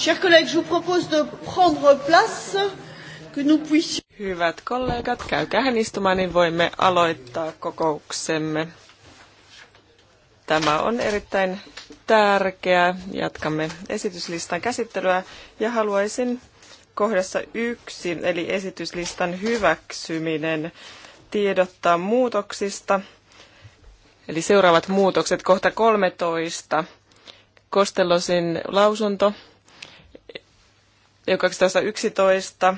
Chers collègues, je vous propose de prendre place, que nous puissions... Hyvät kollegat, käykää istumaan, niin voimme aloittaa kokouksemme. Tämä on erittäin tärkeä. Jatkamme esityslistan käsittelyä ja haluaisin kohdassa yksi, eli esityslistan hyväksyminen, tiedottaa muutoksista. Eli seuraavat muutokset kohta 13. Kostelosin lausunto EU 2011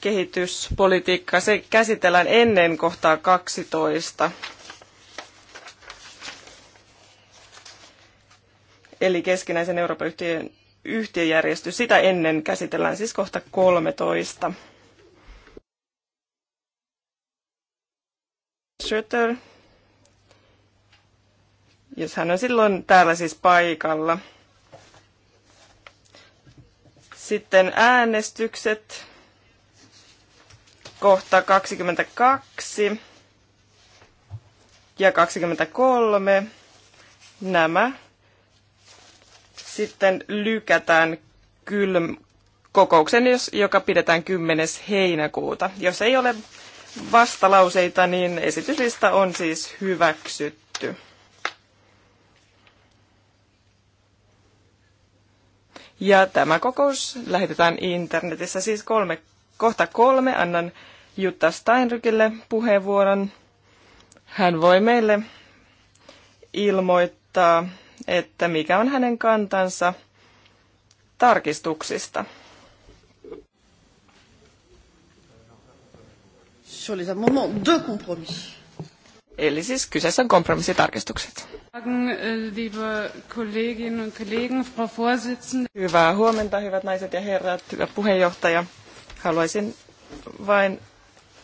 kehityspolitiikka, se käsitellään ennen kohtaa 12. Eli keskinäisen Euroopan yhtiön yhtiöjärjestys, sitä ennen käsitellään siis kohta 13. Schütter, jos hän on silloin täällä siis paikalla. Sitten äänestykset. Kohta 22 ja 23. Nämä sitten lykätään kylm- kokouksen, joka pidetään 10. heinäkuuta. Jos ei ole vastalauseita, niin esityslista on siis hyväksytty. Ja tämä kokous lähetetään internetissä siis kolme, kohta kolme. Annan Jutta Steinrykille puheenvuoron. Hän voi meille ilmoittaa, että mikä on hänen kantansa tarkistuksista. Sur les amendements de compromis. Eli siis kyseessä on kompromissitarkistukset. Äh, Hyvää huomenta, hyvät naiset ja herrat, hyvä puheenjohtaja. Haluaisin vain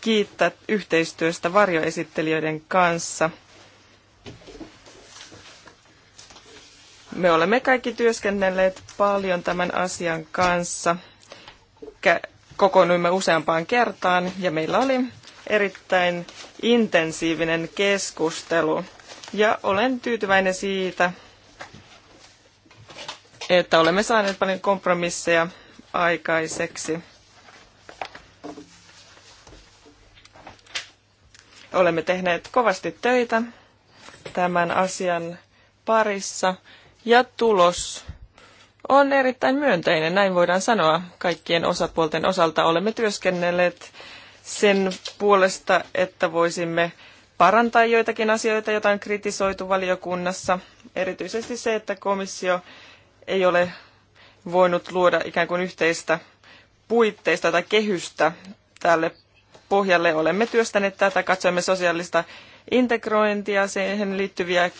kiittää yhteistyöstä varjoesittelijöiden kanssa. Me olemme kaikki työskennelleet paljon tämän asian kanssa. Kokoonnuimme useampaan kertaan ja meillä oli erittäin intensiivinen keskustelu ja olen tyytyväinen siitä, että olemme saaneet paljon kompromisseja aikaiseksi. Olemme tehneet kovasti töitä tämän asian parissa ja tulos on erittäin myönteinen, näin voidaan sanoa. Kaikkien osapuolten osalta olemme työskennelleet sen puolesta, että voisimme parantaa joitakin asioita, joita on kritisoitu valiokunnassa. Erityisesti se, että komissio ei ole voinut luoda ikään kuin yhteistä puitteista tai kehystä tälle pohjalle. Olemme työstäneet tätä, katsoimme sosiaalista integrointia, siihen liittyviä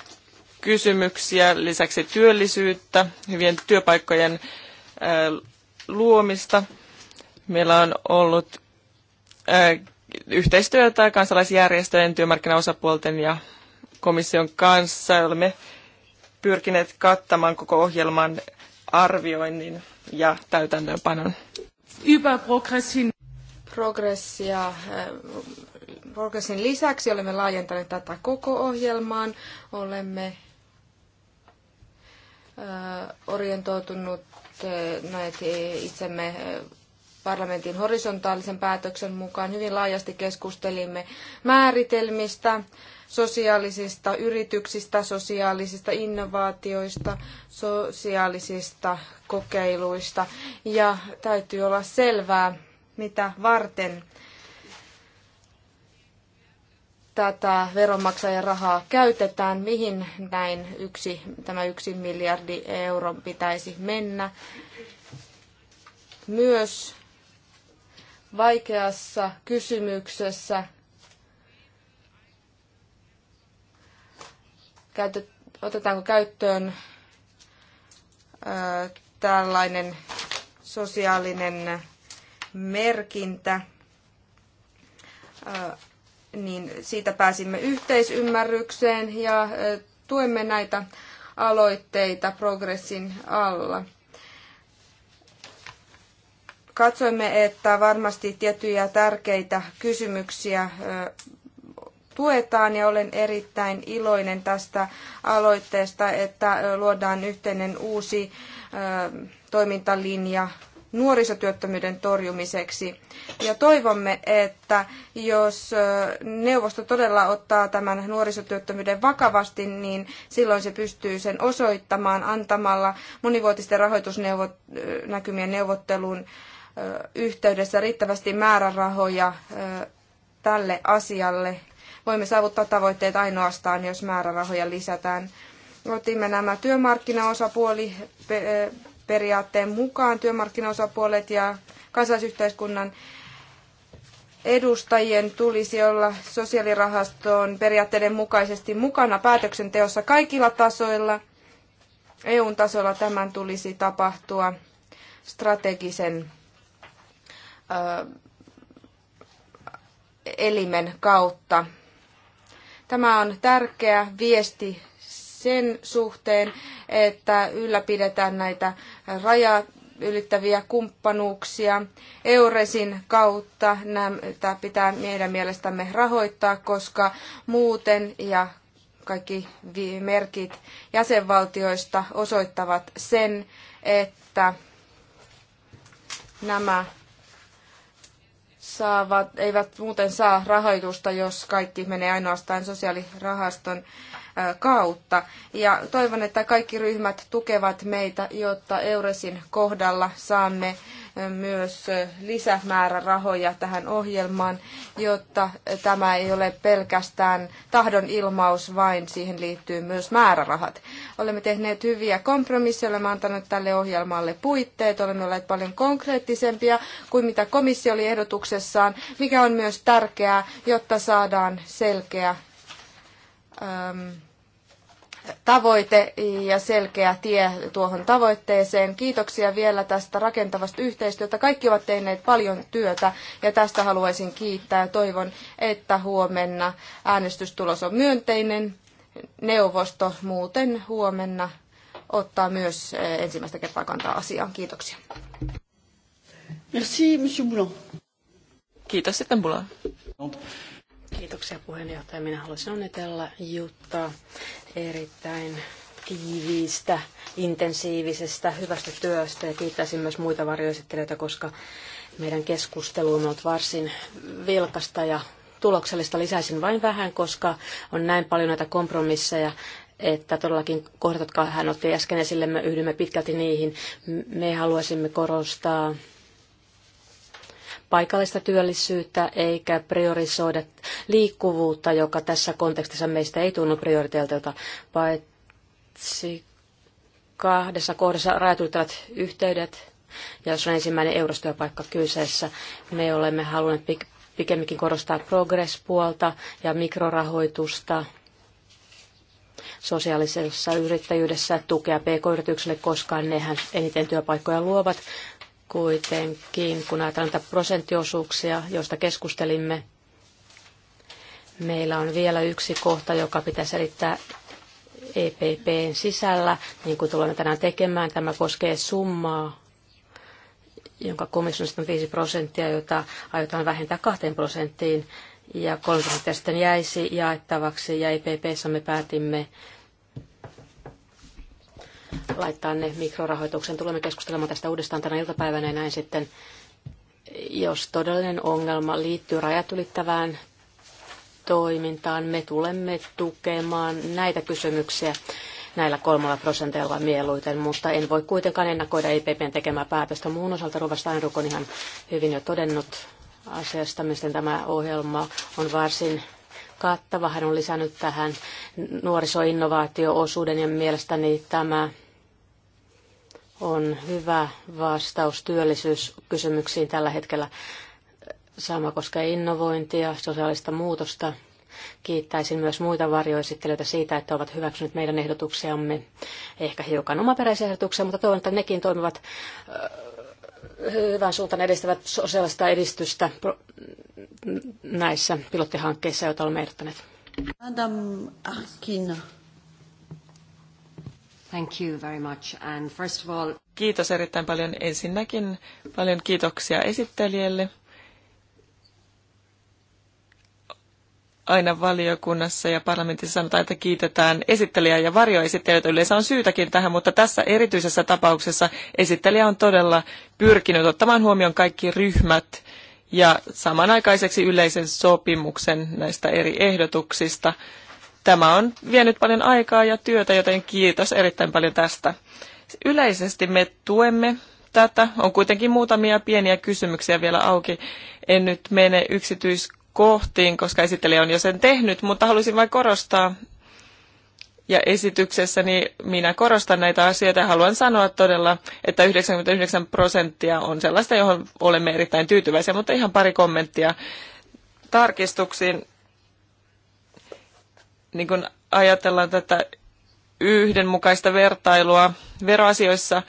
kysymyksiä, lisäksi työllisyyttä, hyvien työpaikkojen luomista. Meillä on ollut yhteistyötä kansalaisjärjestöjen, työmarkkinaosapuolten ja komission kanssa. Olemme pyrkineet kattamaan koko ohjelman arvioinnin ja täytäntöönpanon. Progressin. Progressia, progressin lisäksi olemme laajentaneet tätä koko ohjelmaan. Olemme orientoitunut näet itsemme parlamentin horisontaalisen päätöksen mukaan hyvin laajasti keskustelimme määritelmistä, sosiaalisista yrityksistä, sosiaalisista innovaatioista, sosiaalisista kokeiluista. Ja täytyy olla selvää, mitä varten tätä veronmaksajan rahaa käytetään, mihin näin yksi, tämä yksi miljardi euron pitäisi mennä. Myös vaikeassa kysymyksessä otetaanko käyttöön ö, tällainen sosiaalinen merkintä, ö, niin siitä pääsimme yhteisymmärrykseen ja ö, tuemme näitä aloitteita progressin alla. Katsoimme, että varmasti tiettyjä tärkeitä kysymyksiä tuetaan ja olen erittäin iloinen tästä aloitteesta, että luodaan yhteinen uusi toimintalinja nuorisotyöttömyyden torjumiseksi. Ja toivomme, että jos neuvosto todella ottaa tämän nuorisotyöttömyyden vakavasti, niin silloin se pystyy sen osoittamaan antamalla monivuotisten rahoitusnäkymien neuvottelun yhteydessä riittävästi määrärahoja tälle asialle. Voimme saavuttaa tavoitteet ainoastaan, jos määrärahoja lisätään. Otimme nämä työmarkkinaosapuoli periaatteen mukaan työmarkkinaosapuolet ja kansalaisyhteiskunnan edustajien tulisi olla sosiaalirahaston periaatteiden mukaisesti mukana päätöksenteossa kaikilla tasoilla. EUn tasolla tämän tulisi tapahtua strategisen elimen kautta. Tämä on tärkeä viesti sen suhteen, että ylläpidetään näitä raja ylittäviä kumppanuuksia. Euresin kautta Nämä pitää meidän mielestämme rahoittaa, koska muuten ja kaikki merkit jäsenvaltioista osoittavat sen, että nämä saavat, eivät muuten saa rahoitusta, jos kaikki menee ainoastaan sosiaalirahaston kautta. Ja toivon, että kaikki ryhmät tukevat meitä, jotta Euresin kohdalla saamme myös lisämäärärahoja tähän ohjelmaan, jotta tämä ei ole pelkästään tahdon ilmaus, vain siihen liittyy myös määrärahat. Olemme tehneet hyviä kompromisseja, olemme antaneet tälle ohjelmalle puitteet, olemme olleet paljon konkreettisempia kuin mitä komissio oli ehdotuksessaan, mikä on myös tärkeää, jotta saadaan selkeä ähm, tavoite ja selkeä tie tuohon tavoitteeseen. Kiitoksia vielä tästä rakentavasta yhteistyötä. Kaikki ovat tehneet paljon työtä ja tästä haluaisin kiittää. Toivon, että huomenna äänestystulos on myönteinen. Neuvosto muuten huomenna ottaa myös eh, ensimmäistä kertaa kantaa asiaan. Kiitoksia. Merci, Monsieur Boulan. Kiitos sitten Boulan. Kiitoksia puheenjohtaja. Minä haluaisin onnitella Juttaa erittäin tiiviistä, intensiivisestä, hyvästä työstä ja kiittäisin myös muita varjoesittelijöitä, koska meidän keskustelu on ollut varsin vilkasta ja tuloksellista lisäisin vain vähän, koska on näin paljon näitä kompromisseja, että todellakin kohdat, jotka hän otti äsken esille, me yhdymme pitkälti niihin. Me haluaisimme korostaa paikallista työllisyyttä eikä priorisoida liikkuvuutta, joka tässä kontekstissa meistä ei tunnu prioriteetilta, paitsi kahdessa kohdassa rajatulittavat yhteydet, ja jos on ensimmäinen eurostyöpaikka kyseessä, me olemme halunneet pikemminkin korostaa progress-puolta ja mikrorahoitusta, sosiaalisessa yrittäjyydessä tukea pk-yrityksille, koska nehän eniten työpaikkoja luovat kuitenkin, kun ajatellaan näitä prosenttiosuuksia, joista keskustelimme, meillä on vielä yksi kohta, joka pitäisi selittää EPPn sisällä, niin kuin tulemme tänään tekemään. Tämä koskee summaa, jonka komission on 5 prosenttia, jota aiotaan vähentää 2 prosenttiin, ja 3 prosenttia sitten jäisi jaettavaksi, ja EPPssä me päätimme laittaa ne mikrorahoituksen. Tulemme keskustelemaan tästä uudestaan tänä iltapäivänä ja näin sitten, jos todellinen ongelma liittyy rajat ylittävään toimintaan, me tulemme tukemaan näitä kysymyksiä näillä kolmella prosentilla mieluiten, mutta en voi kuitenkaan ennakoida IPPn e tekemää päätöstä. Muun osalta Rova Steinruk on ihan hyvin jo todennut asiasta, miten tämä ohjelma on varsin kattava. Hän on lisännyt tähän nuorisoinnovaatio-osuuden ja mielestäni tämä on hyvä vastaus työllisyyskysymyksiin tällä hetkellä. Sama koskee innovointia, sosiaalista muutosta. Kiittäisin myös muita varjoesittelijöitä siitä, että ovat hyväksyneet meidän ehdotuksiamme ehkä hiukan omaperäisiä ehdotuksia, mutta toivon, että nekin toimivat hyvän suuntaan edistävät sosiaalista edistystä näissä pilottihankkeissa, joita olemme ehdottaneet. Thank you very much. And first of all... Kiitos erittäin paljon ensinnäkin. Paljon kiitoksia esittelijälle. aina valiokunnassa ja parlamentissa sanotaan, että kiitetään esittelijää ja varjoesittelijöitä. Yleensä on syytäkin tähän, mutta tässä erityisessä tapauksessa esittelijä on todella pyrkinyt ottamaan huomioon kaikki ryhmät ja samanaikaiseksi yleisen sopimuksen näistä eri ehdotuksista. Tämä on vienyt paljon aikaa ja työtä, joten kiitos erittäin paljon tästä. Yleisesti me tuemme tätä. On kuitenkin muutamia pieniä kysymyksiä vielä auki. En nyt mene yksityiskohtaisesti kohtiin, koska esittelijä on jo sen tehnyt, mutta haluaisin vain korostaa, ja esityksessäni minä korostan näitä asioita ja haluan sanoa todella, että 99 prosenttia on sellaista, johon olemme erittäin tyytyväisiä, mutta ihan pari kommenttia tarkistuksiin. Niin kun ajatellaan tätä yhdenmukaista vertailua veroasioissa,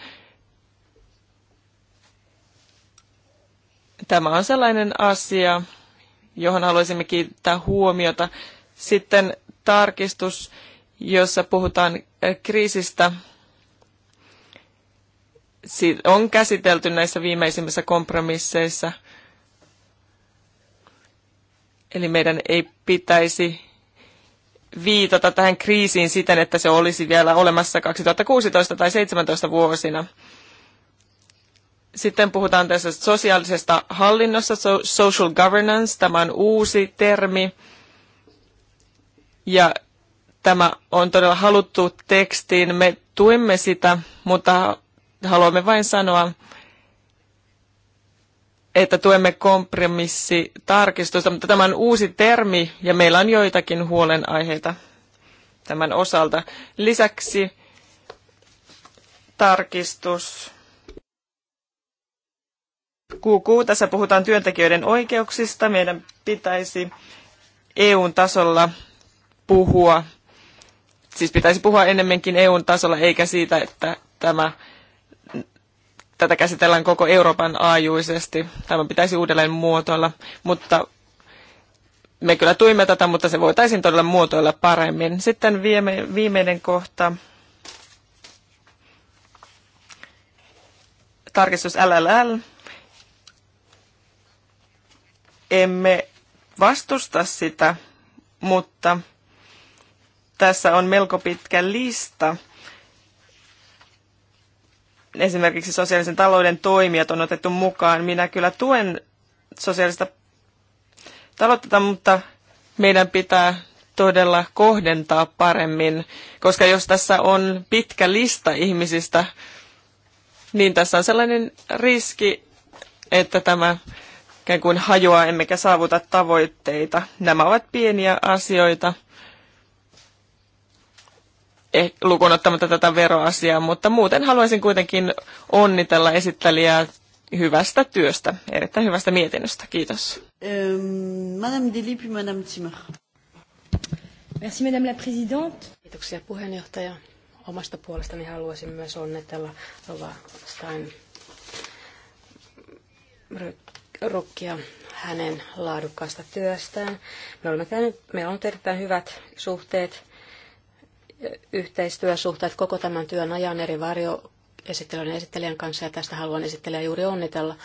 tämä on sellainen asia, johon haluaisimme kiinnittää huomiota. Sitten tarkistus, jossa puhutaan kriisistä, on käsitelty näissä viimeisimmissä kompromisseissa. Eli meidän ei pitäisi viitata tähän kriisiin siten, että se olisi vielä olemassa 2016 tai 2017 vuosina. Sitten puhutaan tässä sosiaalisesta hallinnosta, social governance, tämä on uusi termi. Ja tämä on todella haluttu tekstiin. Me tuemme sitä, mutta haluamme vain sanoa, että tuemme kompromissitarkistusta, mutta tämä on uusi termi ja meillä on joitakin huolenaiheita tämän osalta. Lisäksi tarkistus QQ. Tässä puhutaan työntekijöiden oikeuksista. Meidän pitäisi EUn tasolla puhua, siis pitäisi puhua enemmänkin EUn tasolla, eikä siitä, että tämä, tätä käsitellään koko Euroopan aajuisesti. Tämä pitäisi uudelleen muotoilla, mutta me kyllä tuimme tätä, mutta se voitaisiin todella muotoilla paremmin. Sitten viime, viimeinen kohta. Tarkistus LLL emme vastusta sitä, mutta tässä on melko pitkä lista. Esimerkiksi sosiaalisen talouden toimijat on otettu mukaan. Minä kyllä tuen sosiaalista taloutta, mutta meidän pitää todella kohdentaa paremmin, koska jos tässä on pitkä lista ihmisistä, niin tässä on sellainen riski, että tämä ikään kuin hajoa emmekä saavuta tavoitteita. Nämä ovat pieniä asioita, eh, lukuun ottamatta tätä veroasiaa, mutta muuten haluaisin kuitenkin onnitella esittelijää hyvästä työstä, erittäin hyvästä mietinnöstä. Kiitos. Ähm, madame Deli, puis Madame Timmer. Merci, Madame la Présidente. Kiitoksia puheenjohtaja. Omasta puolestani haluaisin myös onnitella Rova Stein Rukkia hänen laadukkaasta työstään. Me olemme tehneet, meillä on erittäin hyvät suhteet, yhteistyösuhteet koko tämän työn ajan eri varjo ja esittelijän kanssa, ja tästä haluan esittelijä juuri onnitella.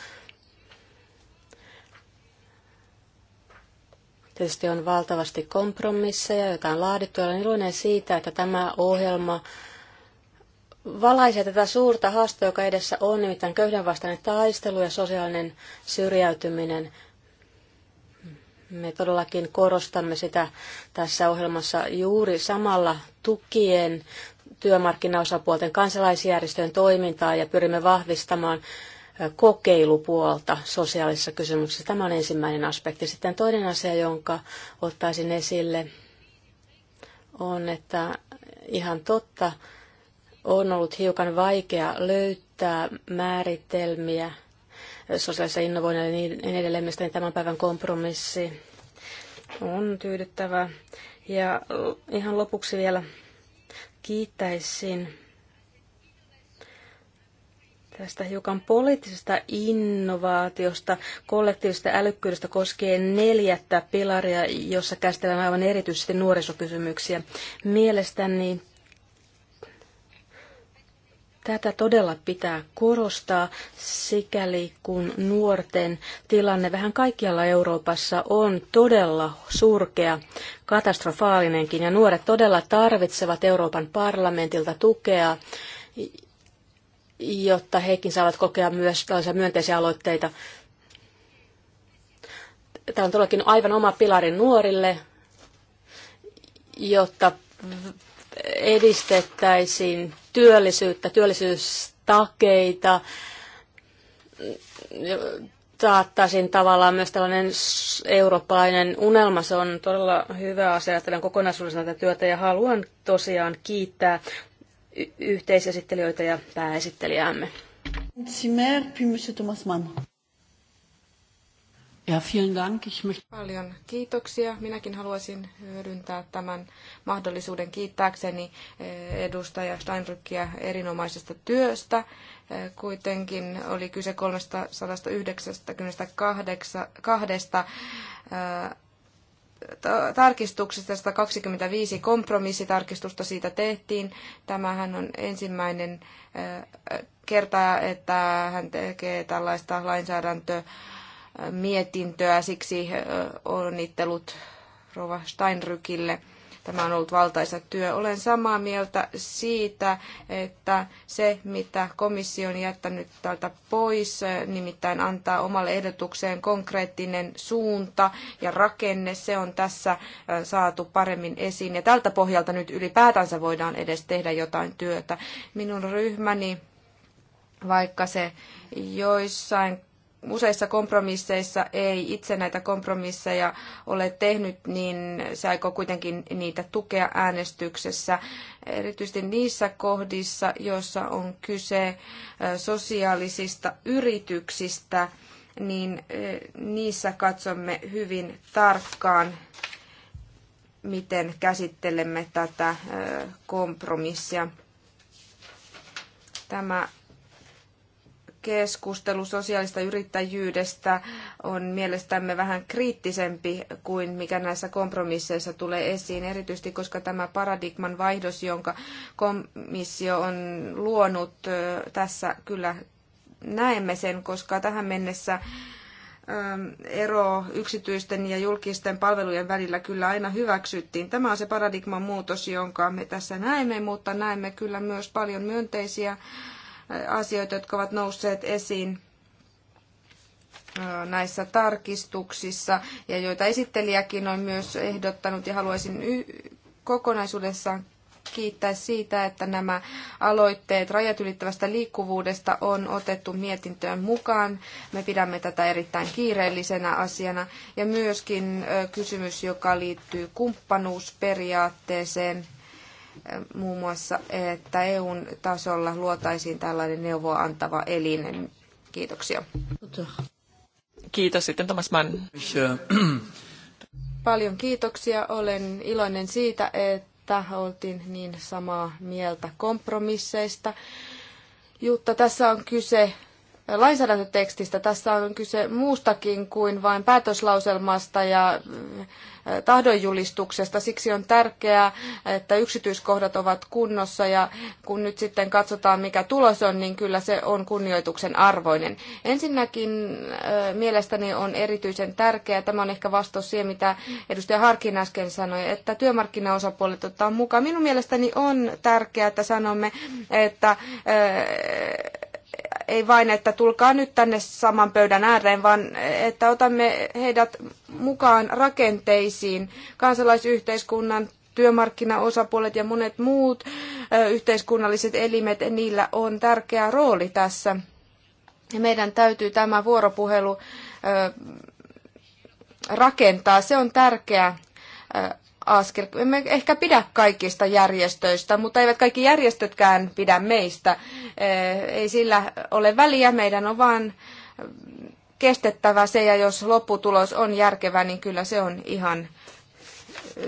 Tietysti on valtavasti kompromisseja, joita on laadittu, ja olen iloinen siitä, että tämä ohjelma valaisee tätä suurta haastoa, joka edessä on, nimittäin vastainen taistelu ja sosiaalinen syrjäytyminen. Me todellakin korostamme sitä tässä ohjelmassa juuri samalla tukien työmarkkinaosapuolten kansalaisjärjestöjen toimintaa ja pyrimme vahvistamaan kokeilupuolta sosiaalisissa kysymyksissä. Tämä on ensimmäinen aspekti. Sitten toinen asia, jonka ottaisin esille, on, että ihan totta, on ollut hiukan vaikea löytää määritelmiä sosiaalisen innovoinnin ja niin edelleen. Mielestäni niin tämän päivän kompromissi on tyydyttävä. Ja ihan lopuksi vielä kiittäisin tästä hiukan poliittisesta innovaatiosta, kollektiivisesta älykkyydestä koskee neljättä pilaria, jossa käsitellään aivan erityisesti nuorisokysymyksiä. Mielestäni Tätä todella pitää korostaa, sikäli kun nuorten tilanne vähän kaikkialla Euroopassa on todella surkea, katastrofaalinenkin, ja nuoret todella tarvitsevat Euroopan parlamentilta tukea, jotta hekin saavat kokea myös tällaisia myönteisiä aloitteita. Tämä on todellakin aivan oma pilari nuorille, jotta edistettäisiin työllisyyttä, työllisyystakeita, taattaisin tavallaan myös tällainen eurooppalainen unelma. Se on todella hyvä asia, tällainen kokonaisuudessa tätä työtä ja haluan tosiaan kiittää yhteisesittelijöitä ja pääesittelijäämme. Zimmer, Thomas Mann. Ja, vielen Dank. Ich möchte... Paljon kiitoksia. Minäkin haluaisin hyödyntää tämän mahdollisuuden kiittääkseni eh, edustaja Steinbrückia erinomaisesta työstä. Eh, kuitenkin oli kyse 392 tarkistuksista 125 kompromissitarkistusta siitä tehtiin. Tämähän on ensimmäinen eh, kerta, että hän tekee tällaista lainsäädäntöä mietintöä, siksi onnittelut Rova Steinrykille. Tämä on ollut valtaisa työ. Olen samaa mieltä siitä, että se, mitä komissio on jättänyt täältä pois, nimittäin antaa omalle ehdotukseen konkreettinen suunta ja rakenne, se on tässä saatu paremmin esiin. Ja tältä pohjalta nyt ylipäätänsä voidaan edes tehdä jotain työtä. Minun ryhmäni, vaikka se joissain useissa kompromisseissa ei itse näitä kompromisseja ole tehnyt, niin se aikoo kuitenkin niitä tukea äänestyksessä. Erityisesti niissä kohdissa, joissa on kyse sosiaalisista yrityksistä, niin niissä katsomme hyvin tarkkaan, miten käsittelemme tätä kompromissia. Tämä keskustelu sosiaalista yrittäjyydestä on mielestämme vähän kriittisempi kuin mikä näissä kompromisseissa tulee esiin, erityisesti koska tämä paradigman vaihdos, jonka komissio on luonut, tässä kyllä näemme sen, koska tähän mennessä ero yksityisten ja julkisten palvelujen välillä kyllä aina hyväksyttiin. Tämä on se paradigman muutos, jonka me tässä näemme, mutta näemme kyllä myös paljon myönteisiä asioita, jotka ovat nousseet esiin näissä tarkistuksissa ja joita esittelijäkin on myös ehdottanut ja haluaisin y- kokonaisuudessaan kiittää siitä, että nämä aloitteet rajat ylittävästä liikkuvuudesta on otettu mietintöön mukaan. Me pidämme tätä erittäin kiireellisenä asiana ja myöskin kysymys, joka liittyy kumppanuusperiaatteeseen muun muassa, että EUn tasolla luotaisiin tällainen neuvoa antava elin. Kiitoksia. Kiitos. Sitten Thomas Mann. Paljon kiitoksia. Olen iloinen siitä, että oltiin niin samaa mieltä kompromisseista. Jutta, tässä on kyse lainsäädäntötekstistä. Tässä on kyse muustakin kuin vain päätöslauselmasta ja äh, tahdonjulistuksesta. Siksi on tärkeää, että yksityiskohdat ovat kunnossa ja kun nyt sitten katsotaan, mikä tulos on, niin kyllä se on kunnioituksen arvoinen. Ensinnäkin äh, mielestäni on erityisen tärkeää, tämä on ehkä vastaus siihen, mitä edustaja Harkin äsken sanoi, että työmarkkinaosapuolet ottaa mukaan. Minun mielestäni on tärkeää, että sanomme, että äh, ei vain, että tulkaa nyt tänne saman pöydän ääreen, vaan että otamme heidät mukaan rakenteisiin, kansalaisyhteiskunnan, työmarkkinaosapuolet ja monet muut yhteiskunnalliset elimet, niillä on tärkeä rooli tässä. Meidän täytyy tämä vuoropuhelu rakentaa. Se on tärkeä askel. Emme ehkä pidä kaikista järjestöistä, mutta eivät kaikki järjestötkään pidä meistä. Eh, ei sillä ole väliä, meidän on vain kestettävä se ja jos lopputulos on järkevä, niin kyllä se on ihan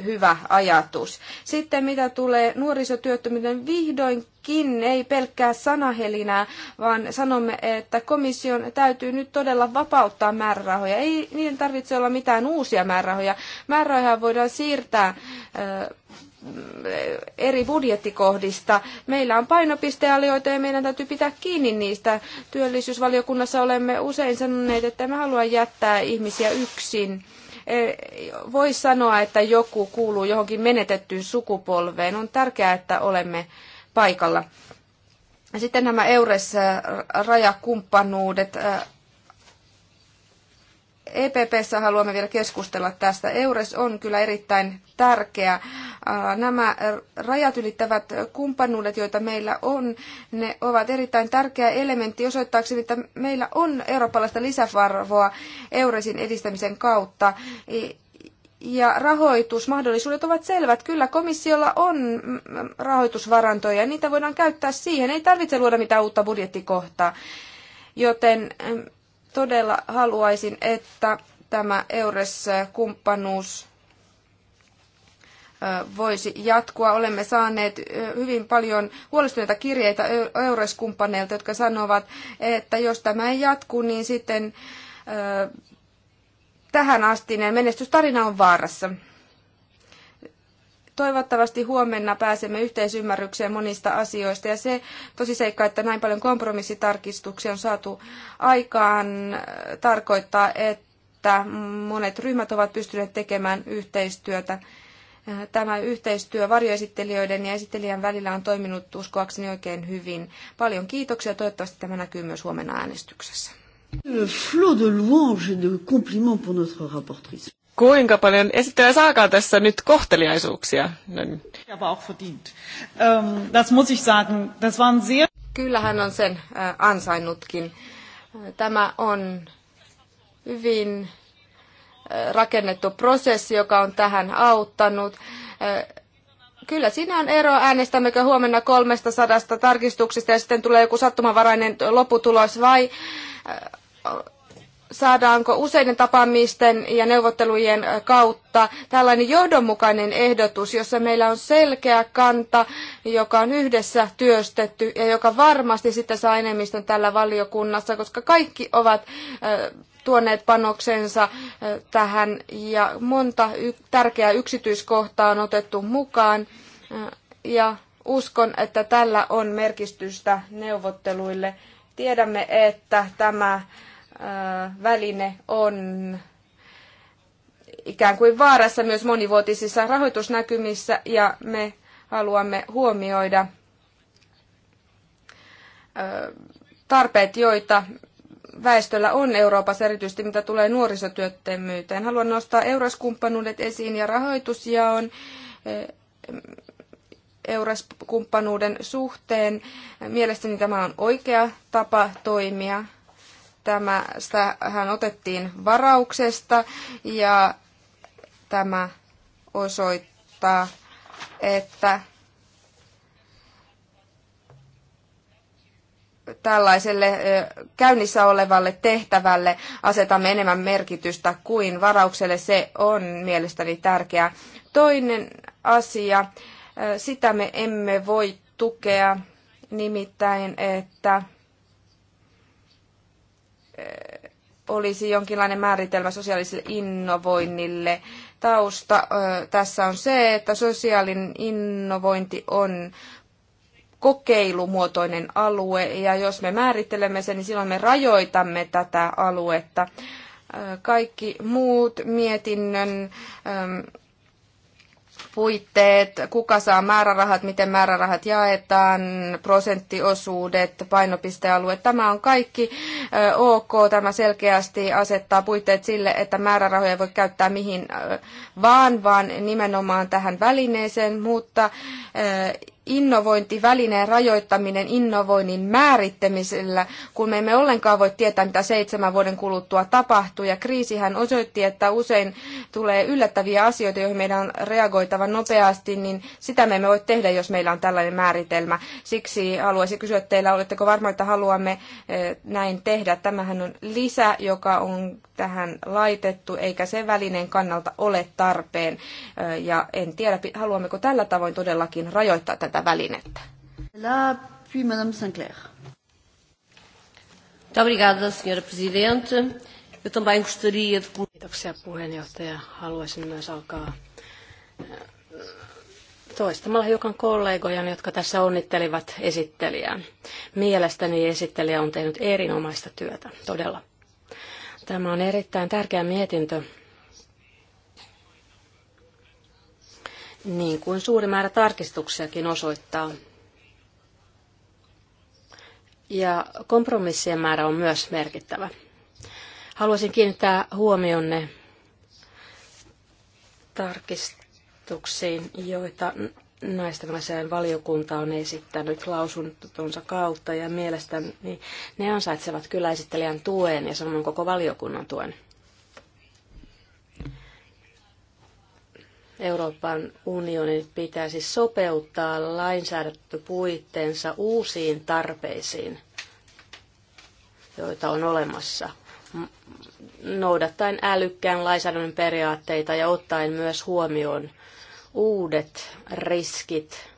hyvä ajatus. Sitten mitä tulee nuorisotyöttömyyden, vihdoinkin ei pelkkää sanahelinää, vaan sanomme, että komission täytyy nyt todella vapauttaa määrärahoja. Ei niiden tarvitse olla mitään uusia määrärahoja. Määrärahoja voidaan siirtää äh, eri budjettikohdista. Meillä on painopistealioita ja meidän täytyy pitää kiinni niistä. Työllisyysvaliokunnassa olemme usein sanoneet, että me halua jättää ihmisiä yksin Eh, voi sanoa, että joku kuuluu johonkin menetettyyn sukupolveen. On tärkeää, että olemme paikalla. Sitten nämä EURES-rajakumppanuudet eh, EPPssä haluamme vielä keskustella tästä. EURES on kyllä erittäin tärkeä. Nämä rajat ylittävät kumppanuudet, joita meillä on, ne ovat erittäin tärkeä elementti osoittaakseni, että meillä on eurooppalaista lisävarvoa EURESin edistämisen kautta. Ja rahoitusmahdollisuudet ovat selvät. Kyllä komissiolla on mm, rahoitusvarantoja ja niitä voidaan käyttää siihen. Ei tarvitse luoda mitään uutta budjettikohtaa. Joten mm, todella haluaisin, että tämä EURES-kumppanuus voisi jatkua. Olemme saaneet hyvin paljon huolestuneita kirjeitä EURES-kumppaneilta, jotka sanovat, että jos tämä ei jatku, niin sitten tähän astinen menestystarina on vaarassa. Toivottavasti huomenna pääsemme yhteisymmärrykseen monista asioista ja se tosiseikka, että näin paljon kompromissitarkistuksia on saatu aikaan, tarkoittaa, että monet ryhmät ovat pystyneet tekemään yhteistyötä. Tämä yhteistyö varjoesittelijöiden ja esittelijän välillä on toiminut uskoakseni oikein hyvin. Paljon kiitoksia. Toivottavasti tämä näkyy myös huomenna äänestyksessä. Flot de louanges et de compliments pour notre rapportrice kuinka paljon esittelijä saakaan tässä nyt kohteliaisuuksia. Ähm, kyllä hän on sen äh, ansainnutkin. Tämä on hyvin äh, rakennettu prosessi, joka on tähän auttanut. Äh, kyllä siinä on ero, äänestämmekö huomenna 300 tarkistuksista ja sitten tulee joku sattumanvarainen lopputulos vai saadaanko useiden tapaamisten ja neuvottelujen kautta tällainen johdonmukainen ehdotus, jossa meillä on selkeä kanta, joka on yhdessä työstetty ja joka varmasti sitten saa enemmistön tällä valiokunnassa, koska kaikki ovat tuoneet panoksensa tähän ja monta tärkeää yksityiskohtaa on otettu mukaan. Ja uskon, että tällä on merkitystä neuvotteluille. Tiedämme, että tämä väline on ikään kuin vaarassa myös monivuotisissa rahoitusnäkymissä ja me haluamme huomioida tarpeet, joita väestöllä on Euroopassa, erityisesti mitä tulee nuorisotyöttömyyteen. Haluan nostaa euroskumppanuudet esiin ja rahoitusjaon euroskumppanuuden suhteen. Mielestäni tämä on oikea tapa toimia. Tämä, hän otettiin varauksesta ja tämä osoittaa, että tällaiselle käynnissä olevalle tehtävälle asetamme enemmän merkitystä kuin varaukselle. Se on mielestäni tärkeää. Toinen asia, sitä me emme voi tukea, nimittäin että olisi jonkinlainen määritelmä sosiaaliselle innovoinnille. Tausta tässä on se, että sosiaalinen innovointi on kokeilumuotoinen alue, ja jos me määrittelemme sen, niin silloin me rajoitamme tätä aluetta. Kaikki muut mietinnön puitteet, kuka saa määrärahat, miten määrärahat jaetaan, prosenttiosuudet, painopistealueet. Tämä on kaikki ok. Tämä selkeästi asettaa puitteet sille, että määrärahoja voi käyttää mihin vaan, vaan nimenomaan tähän välineeseen, mutta innovointivälineen rajoittaminen innovoinnin määrittämisellä, kun me emme ollenkaan voi tietää, mitä seitsemän vuoden kuluttua tapahtuu. Ja kriisihän osoitti, että usein tulee yllättäviä asioita, joihin meidän on reagoitava nopeasti, niin sitä me emme voi tehdä, jos meillä on tällainen määritelmä. Siksi haluaisin kysyä teillä, oletteko varma, että haluamme eh, näin tehdä. Tämähän on lisä, joka on tähän laitettu, eikä se välineen kannalta ole tarpeen. Eh, ja en tiedä, haluammeko tällä tavoin todellakin rajoittaa tätä välinettä. La, puis Madame Sinclair. Obrigada, senhora presidente. Eu também gostaria de... Kiitoksia puheenjohtaja. Haluaisin myös alkaa eh, toistamalla hiukan kollegoja, jotka tässä onnittelivat esittelijää. Mielestäni esittelijä on tehnyt erinomaista työtä, todella. Tämä on erittäin tärkeä mietintö, niin kuin suuri määrä tarkistuksiakin osoittaa. Ja kompromissien määrä on myös merkittävä. Haluaisin kiinnittää huomionne tarkistuksiin, joita naisten valiokunta on esittänyt lausuntonsa kautta ja mielestäni ne ansaitsevat kyllä esittelijän tuen ja samoin koko valiokunnan tuen. Euroopan unionin pitäisi sopeuttaa lainsäädäntöpuitteensa uusiin tarpeisiin, joita on olemassa, noudattaen älykkään lainsäädännön periaatteita ja ottaen myös huomioon uudet riskit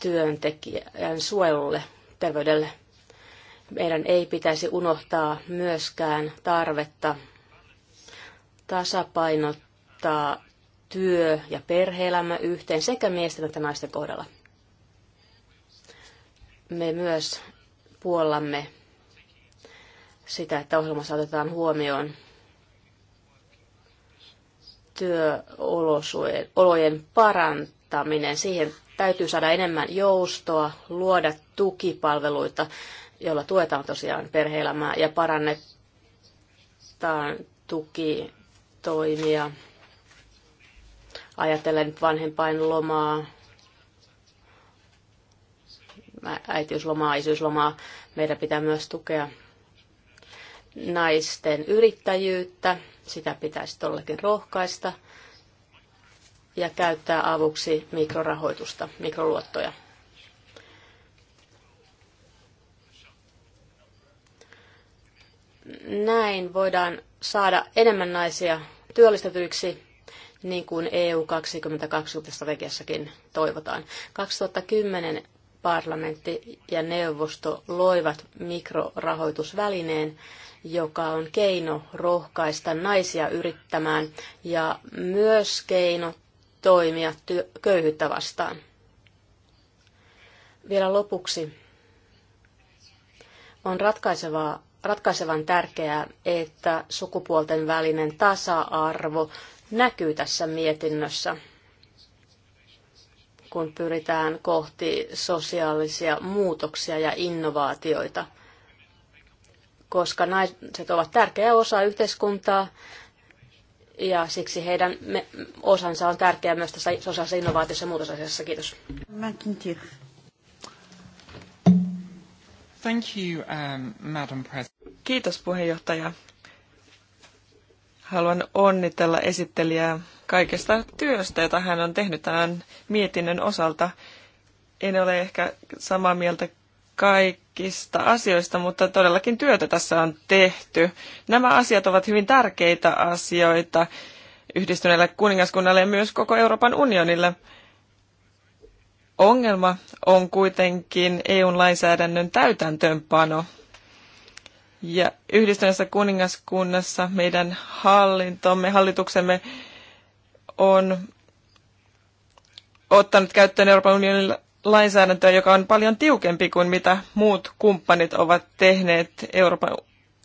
työntekijän suojelulle, terveydelle. Meidän ei pitäisi unohtaa myöskään tarvetta tasapainottaa työ ja perheelämä yhteen sekä miesten että naisten kohdalla. Me myös puollamme sitä, että ohjelmassa otetaan huomioon työolojen parantaminen. Siihen täytyy saada enemmän joustoa, luoda tukipalveluita, joilla tuetaan tosiaan perheelämää ja parannetaan tukitoimia ajatellen vanhempainlomaa, äitiyslomaa, isyyslomaa. Meidän pitää myös tukea naisten yrittäjyyttä, sitä pitäisi todellakin rohkaista ja käyttää avuksi mikrorahoitusta, mikroluottoja. Näin voidaan saada enemmän naisia työllistetyiksi niin kuin EU 2020 strategiassakin toivotaan. 2010 parlamentti ja neuvosto loivat mikrorahoitusvälineen, joka on keino rohkaista naisia yrittämään ja myös keino toimia köyhyyttä vastaan. Vielä lopuksi on ratkaisevaa, ratkaisevan tärkeää, että sukupuolten välinen tasa-arvo näkyy tässä mietinnössä, kun pyritään kohti sosiaalisia muutoksia ja innovaatioita, koska naiset ovat tärkeä osa yhteiskuntaa ja siksi heidän osansa on tärkeää myös tässä sosiaalisessa innovaatiossa ja muutosasiassa. Kiitos. Thank you, um, Madam President. Kiitos puheenjohtaja. Haluan onnitella esittelijää kaikesta työstä, jota hän on tehnyt tämän mietinnön osalta. En ole ehkä samaa mieltä kaikista asioista, mutta todellakin työtä tässä on tehty. Nämä asiat ovat hyvin tärkeitä asioita yhdistyneelle kuningaskunnalle ja myös koko Euroopan unionille. Ongelma on kuitenkin EUn lainsäädännön täytäntöönpano ja yhdistyneessä kuningaskunnassa meidän hallintomme, hallituksemme on ottanut käyttöön Euroopan unionin lainsäädäntöä, joka on paljon tiukempi kuin mitä muut kumppanit ovat tehneet Euroopan,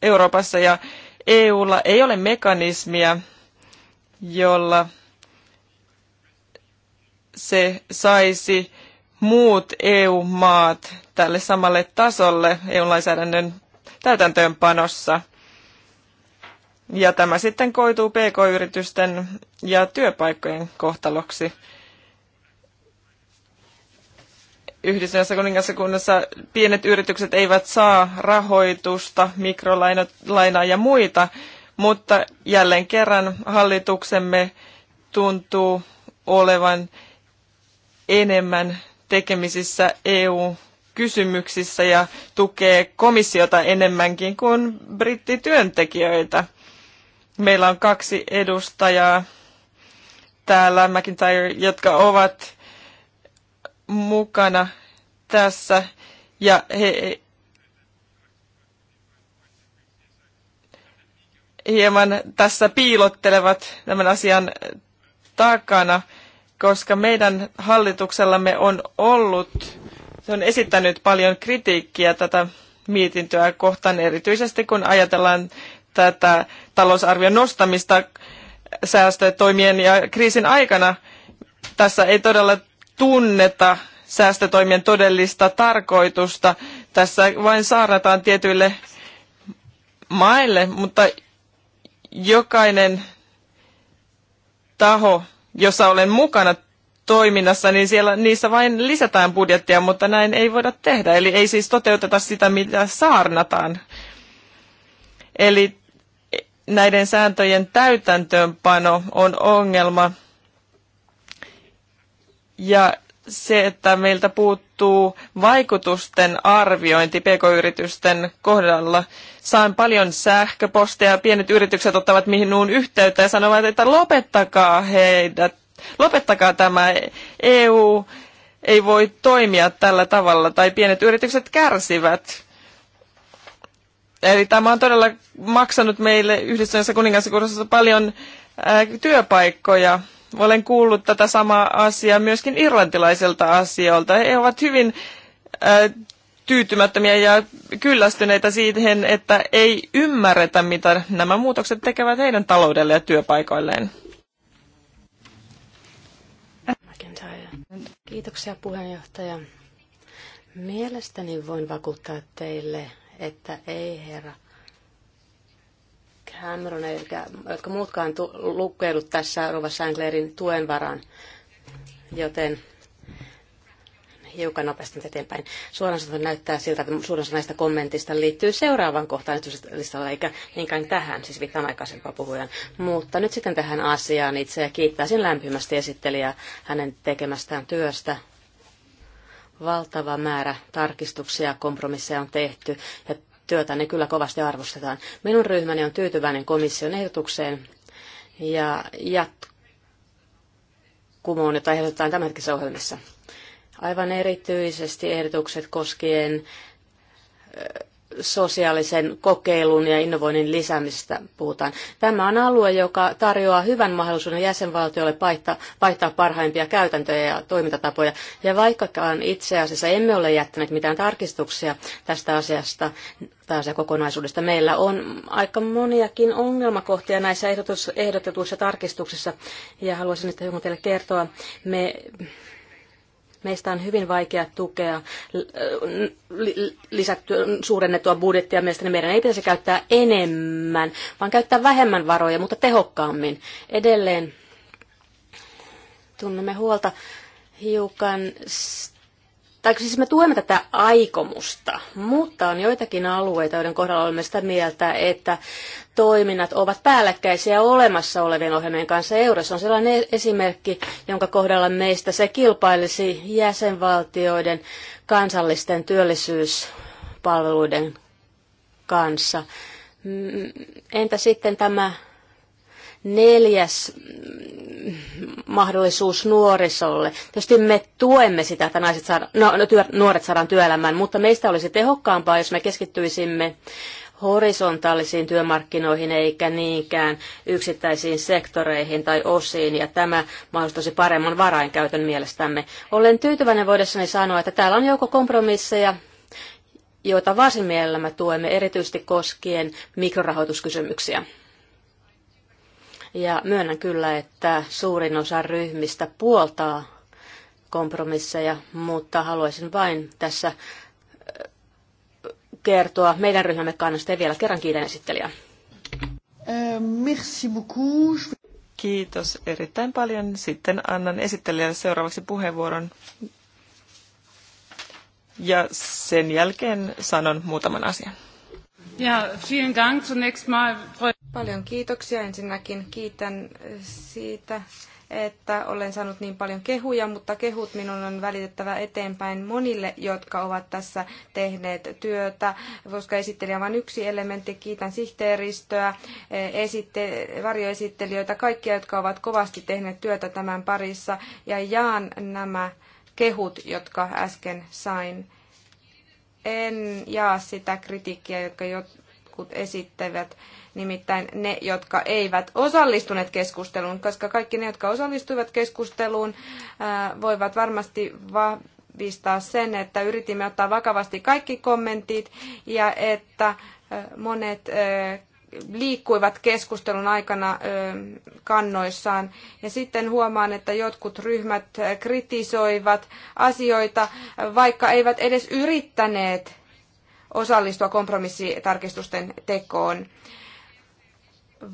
Euroopassa. Ja EUlla ei ole mekanismia, jolla se saisi muut EU-maat tälle samalle tasolle EU-lainsäädännön täytäntöönpanossa. Ja tämä sitten koituu pk-yritysten ja työpaikkojen kohtaloksi. Yhdistyneessä kuningaskunnassa pienet yritykset eivät saa rahoitusta, mikrolainaa ja muita, mutta jälleen kerran hallituksemme tuntuu olevan enemmän tekemisissä EU- kysymyksissä ja tukee komissiota enemmänkin kuin brittityöntekijöitä. Meillä on kaksi edustajaa täällä, McIntyre, jotka ovat mukana tässä ja he hieman tässä piilottelevat tämän asian takana, koska meidän hallituksellamme on ollut se on esittänyt paljon kritiikkiä tätä mietintöä kohtaan, erityisesti kun ajatellaan tätä talousarvion nostamista säästötoimien ja kriisin aikana. Tässä ei todella tunneta säästötoimien todellista tarkoitusta. Tässä vain saarnataan tietyille maille, mutta jokainen taho, jossa olen mukana, toiminnassa, niin siellä, niissä vain lisätään budjettia, mutta näin ei voida tehdä. Eli ei siis toteuteta sitä, mitä saarnataan. Eli näiden sääntöjen täytäntöönpano on ongelma. Ja se, että meiltä puuttuu vaikutusten arviointi pk-yritysten kohdalla. Saan paljon sähköposteja, pienet yritykset ottavat mihin nuun yhteyttä ja sanovat, että lopettakaa heidät Lopettakaa tämä. EU ei voi toimia tällä tavalla tai pienet yritykset kärsivät. Eli tämä on todella maksanut meille yhdistyneessä kuningaskunnassa paljon ää, työpaikkoja. Olen kuullut tätä samaa asiaa myöskin irlantilaiselta asioilta. He ovat hyvin ää, tyytymättömiä ja kyllästyneitä siihen, että ei ymmärretä, mitä nämä muutokset tekevät heidän taloudelle ja työpaikoilleen. Kiitoksia puheenjohtaja. Mielestäni voin vakuuttaa teille, että ei herra Cameron, eikä, jotka muutkaan tu- tässä Rova Sanglerin tuen varaan. Joten hiukan nopeasti eteenpäin. Suoraan sanottuna näyttää siltä, että suurin osa näistä kommentista liittyy seuraavaan kohtaan listalla, eikä niinkään tähän, siis viittaan aikaisempaan puhujan. Mutta nyt sitten tähän asiaan itse ja kiittäisin lämpimästi esittelijää hänen tekemästään työstä. Valtava määrä tarkistuksia ja kompromisseja on tehty ja työtä ne kyllä kovasti arvostetaan. Minun ryhmäni on tyytyväinen komission ehdotukseen ja jatkoon kumoon, jota ehdotetaan tämänhetkisissä ohjelmissa. Aivan erityisesti ehdotukset koskien sosiaalisen kokeilun ja innovoinnin lisäämistä puhutaan. Tämä on alue, joka tarjoaa hyvän mahdollisuuden jäsenvaltioille vaihtaa, vaihtaa parhaimpia käytäntöjä ja toimintatapoja. Ja vaikkakaan itse asiassa emme ole jättäneet mitään tarkistuksia tästä asiasta, tästä kokonaisuudesta, meillä on aika moniakin ongelmakohtia näissä ehdotetuissa tarkistuksissa. Ja haluaisin nyt hieman teille kertoa. Me Meistä on hyvin vaikea tukea lisättyä suurennettua budjettia. Mielestäni meidän ei pitäisi käyttää enemmän, vaan käyttää vähemmän varoja, mutta tehokkaammin. Edelleen tunnemme huolta hiukan tai siis me tuemme tätä aikomusta, mutta on joitakin alueita, joiden kohdalla olemme sitä mieltä, että toiminnat ovat päällekkäisiä olemassa olevien ohjelmien kanssa. Eures on sellainen e- esimerkki, jonka kohdalla meistä se kilpailisi jäsenvaltioiden kansallisten työllisyyspalveluiden kanssa. Mm, entä sitten tämä neljäs mahdollisuus nuorisolle. Tietysti me tuemme sitä, että naiset saada, no, no, työ, nuoret saadaan työelämään, mutta meistä olisi tehokkaampaa, jos me keskittyisimme horisontaalisiin työmarkkinoihin eikä niinkään yksittäisiin sektoreihin tai osiin, ja tämä mahdollistaisi paremman varainkäytön mielestämme. Olen tyytyväinen voidessani sanoa, että täällä on joukko kompromisseja, joita varsin mielellämme tuemme erityisesti koskien mikrorahoituskysymyksiä. Ja myönnän kyllä, että suurin osa ryhmistä puoltaa kompromisseja, mutta haluaisin vain tässä kertoa meidän ryhmämme kannasta ja vielä kerran kiitän esittelijää. Merci beaucoup. Kiitos erittäin paljon. Sitten annan esittelijälle seuraavaksi puheenvuoron. Ja sen jälkeen sanon muutaman asian. Ja, vielen Dank zunächst mal, Paljon kiitoksia. Ensinnäkin kiitän siitä, että olen saanut niin paljon kehuja, mutta kehut minun on välitettävä eteenpäin monille, jotka ovat tässä tehneet työtä. Koska esittelijä vain yksi elementti, kiitän sihteeristöä, esitte, varjoesittelijöitä, kaikkia, jotka ovat kovasti tehneet työtä tämän parissa ja jaan nämä kehut, jotka äsken sain. En jaa sitä kritiikkiä, jotka jotkut esittävät nimittäin ne, jotka eivät osallistuneet keskusteluun, koska kaikki ne, jotka osallistuivat keskusteluun, voivat varmasti vahvistaa sen, että yritimme ottaa vakavasti kaikki kommentit ja että monet liikkuivat keskustelun aikana kannoissaan. Ja sitten huomaan, että jotkut ryhmät kritisoivat asioita, vaikka eivät edes yrittäneet osallistua kompromissitarkistusten tekoon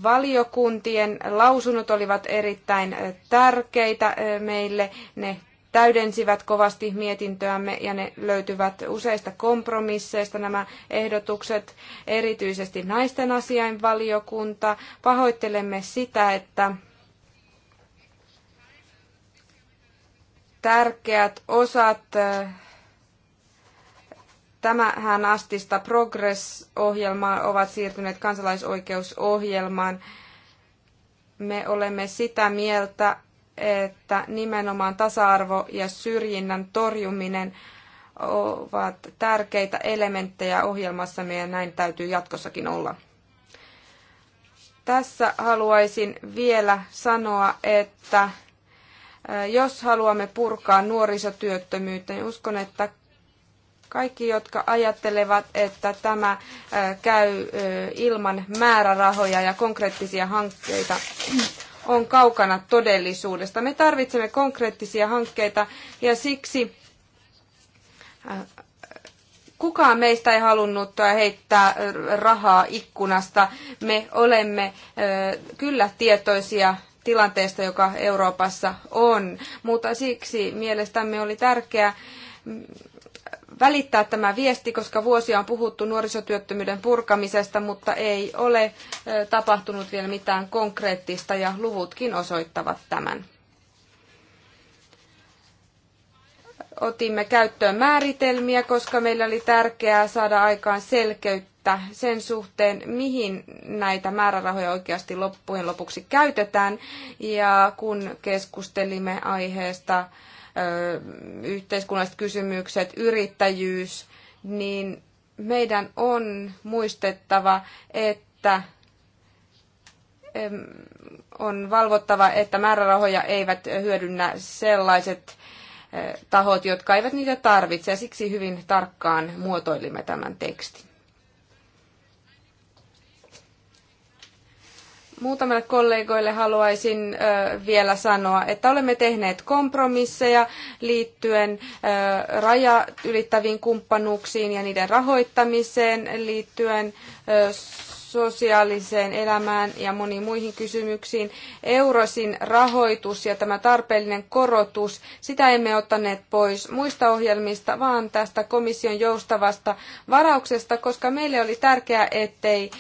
valiokuntien lausunnot olivat erittäin tärkeitä meille. Ne täydensivät kovasti mietintöämme ja ne löytyvät useista kompromisseista nämä ehdotukset, erityisesti naisten asiain valiokunta. Pahoittelemme sitä, että tärkeät osat Tämähän astista Progress-ohjelmaa ovat siirtyneet kansalaisoikeusohjelmaan. Me olemme sitä mieltä, että nimenomaan tasa-arvo ja syrjinnän torjuminen ovat tärkeitä elementtejä ohjelmassamme ja näin täytyy jatkossakin olla. Tässä haluaisin vielä sanoa, että eh, jos haluamme purkaa nuorisotyöttömyyttä, niin uskon, että kaikki, jotka ajattelevat, että tämä käy ilman määrärahoja ja konkreettisia hankkeita, on kaukana todellisuudesta. Me tarvitsemme konkreettisia hankkeita ja siksi kukaan meistä ei halunnut heittää rahaa ikkunasta. Me olemme kyllä tietoisia tilanteesta, joka Euroopassa on, mutta siksi mielestämme oli tärkeää välittää tämä viesti, koska vuosia on puhuttu nuorisotyöttömyyden purkamisesta, mutta ei ole tapahtunut vielä mitään konkreettista ja luvutkin osoittavat tämän. Otimme käyttöön määritelmiä, koska meillä oli tärkeää saada aikaan selkeyttä sen suhteen, mihin näitä määrärahoja oikeasti loppujen lopuksi käytetään. Ja kun keskustelimme aiheesta yhteiskunnalliset kysymykset, yrittäjyys, niin meidän on muistettava, että on valvottava, että määrärahoja eivät hyödynnä sellaiset tahot, jotka eivät niitä tarvitse. Ja siksi hyvin tarkkaan muotoilimme tämän tekstin. muutamille kollegoille haluaisin vielä sanoa, että olemme tehneet kompromisseja liittyen raja ylittäviin kumppanuuksiin ja niiden rahoittamiseen liittyen sosiaaliseen elämään ja moniin muihin kysymyksiin. Eurosin rahoitus ja tämä tarpeellinen korotus, sitä emme ottaneet pois muista ohjelmista, vaan tästä komission joustavasta varauksesta, koska meille oli tärkeää, ettei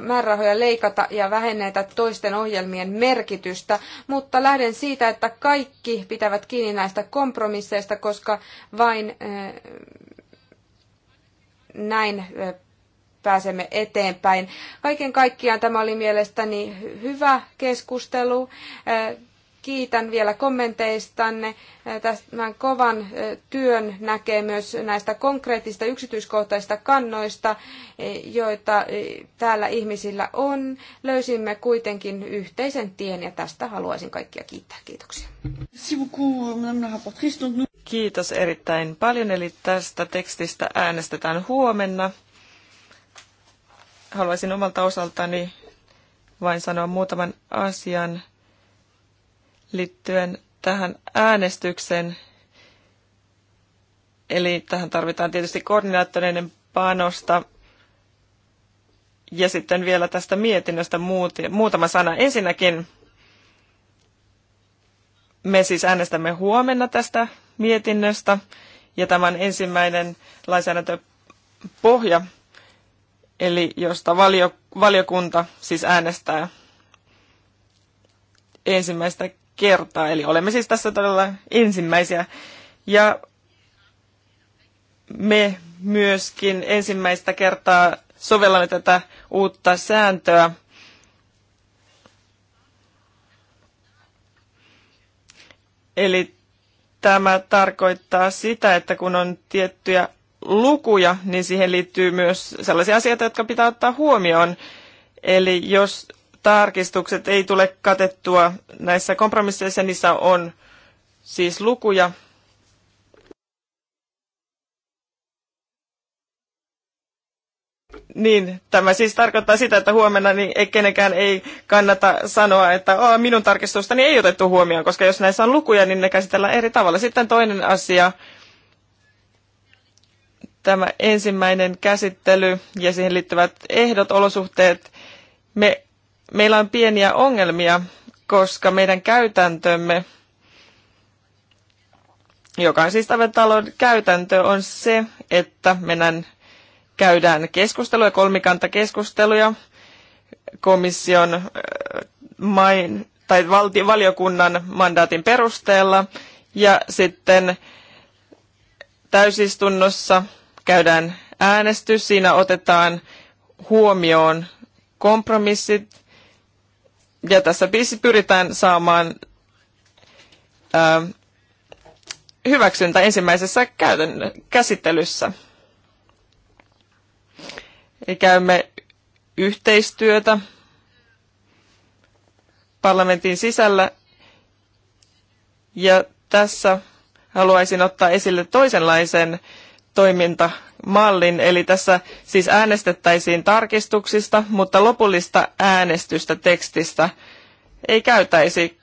määrärahoja leikata ja vähennetä toisten ohjelmien merkitystä, mutta lähden siitä, että kaikki pitävät kiinni näistä kompromisseista, koska vain näin pääsemme eteenpäin. Kaiken kaikkiaan tämä oli mielestäni hyvä keskustelu. Äh, kiitän vielä kommenteistanne. Äh, tämän kovan äh, työn näkee myös näistä konkreettista yksityiskohtaisista kannoista, joita täällä ihmisillä on. Löysimme kuitenkin yhteisen tien ja tästä haluaisin kaikkia kiittää. Kiitoksia. Kiitos erittäin paljon. Eli tästä tekstistä äänestetään huomenna haluaisin omalta osaltani vain sanoa muutaman asian liittyen tähän äänestykseen. Eli tähän tarvitaan tietysti koordinaattoreiden panosta. Ja sitten vielä tästä mietinnöstä muutama sana. Ensinnäkin me siis äänestämme huomenna tästä mietinnöstä ja tämän ensimmäinen lainsäädäntöpohja eli josta valio, valiokunta siis äänestää ensimmäistä kertaa. Eli olemme siis tässä todella ensimmäisiä. Ja me myöskin ensimmäistä kertaa sovellamme tätä uutta sääntöä. Eli tämä tarkoittaa sitä, että kun on tiettyjä lukuja, niin siihen liittyy myös sellaisia asioita, jotka pitää ottaa huomioon. Eli jos tarkistukset ei tule katettua näissä kompromisseissa, niissä on siis lukuja. Niin, tämä siis tarkoittaa sitä, että huomenna niin ei kenenkään ei kannata sanoa, että oh, minun tarkistustani ei otettu huomioon, koska jos näissä on lukuja, niin ne käsitellään eri tavalla. Sitten toinen asia, tämä ensimmäinen käsittely ja siihen liittyvät ehdot, olosuhteet, me, meillä on pieniä ongelmia, koska meidän käytäntömme, joka on siis talon käytäntö, on se, että mennään, käydään keskusteluja, kolmikantakeskusteluja komission main, tai valti, valiokunnan mandaatin perusteella ja sitten täysistunnossa käydään äänestys. Siinä otetaan huomioon kompromissit. Ja tässä biisi pyritään saamaan ää, hyväksyntä ensimmäisessä käytön, käsittelyssä. Eli käymme yhteistyötä parlamentin sisällä. Ja tässä haluaisin ottaa esille toisenlaisen toimintamallin, eli tässä siis äänestettäisiin tarkistuksista, mutta lopullista äänestystä tekstistä ei käytäisi.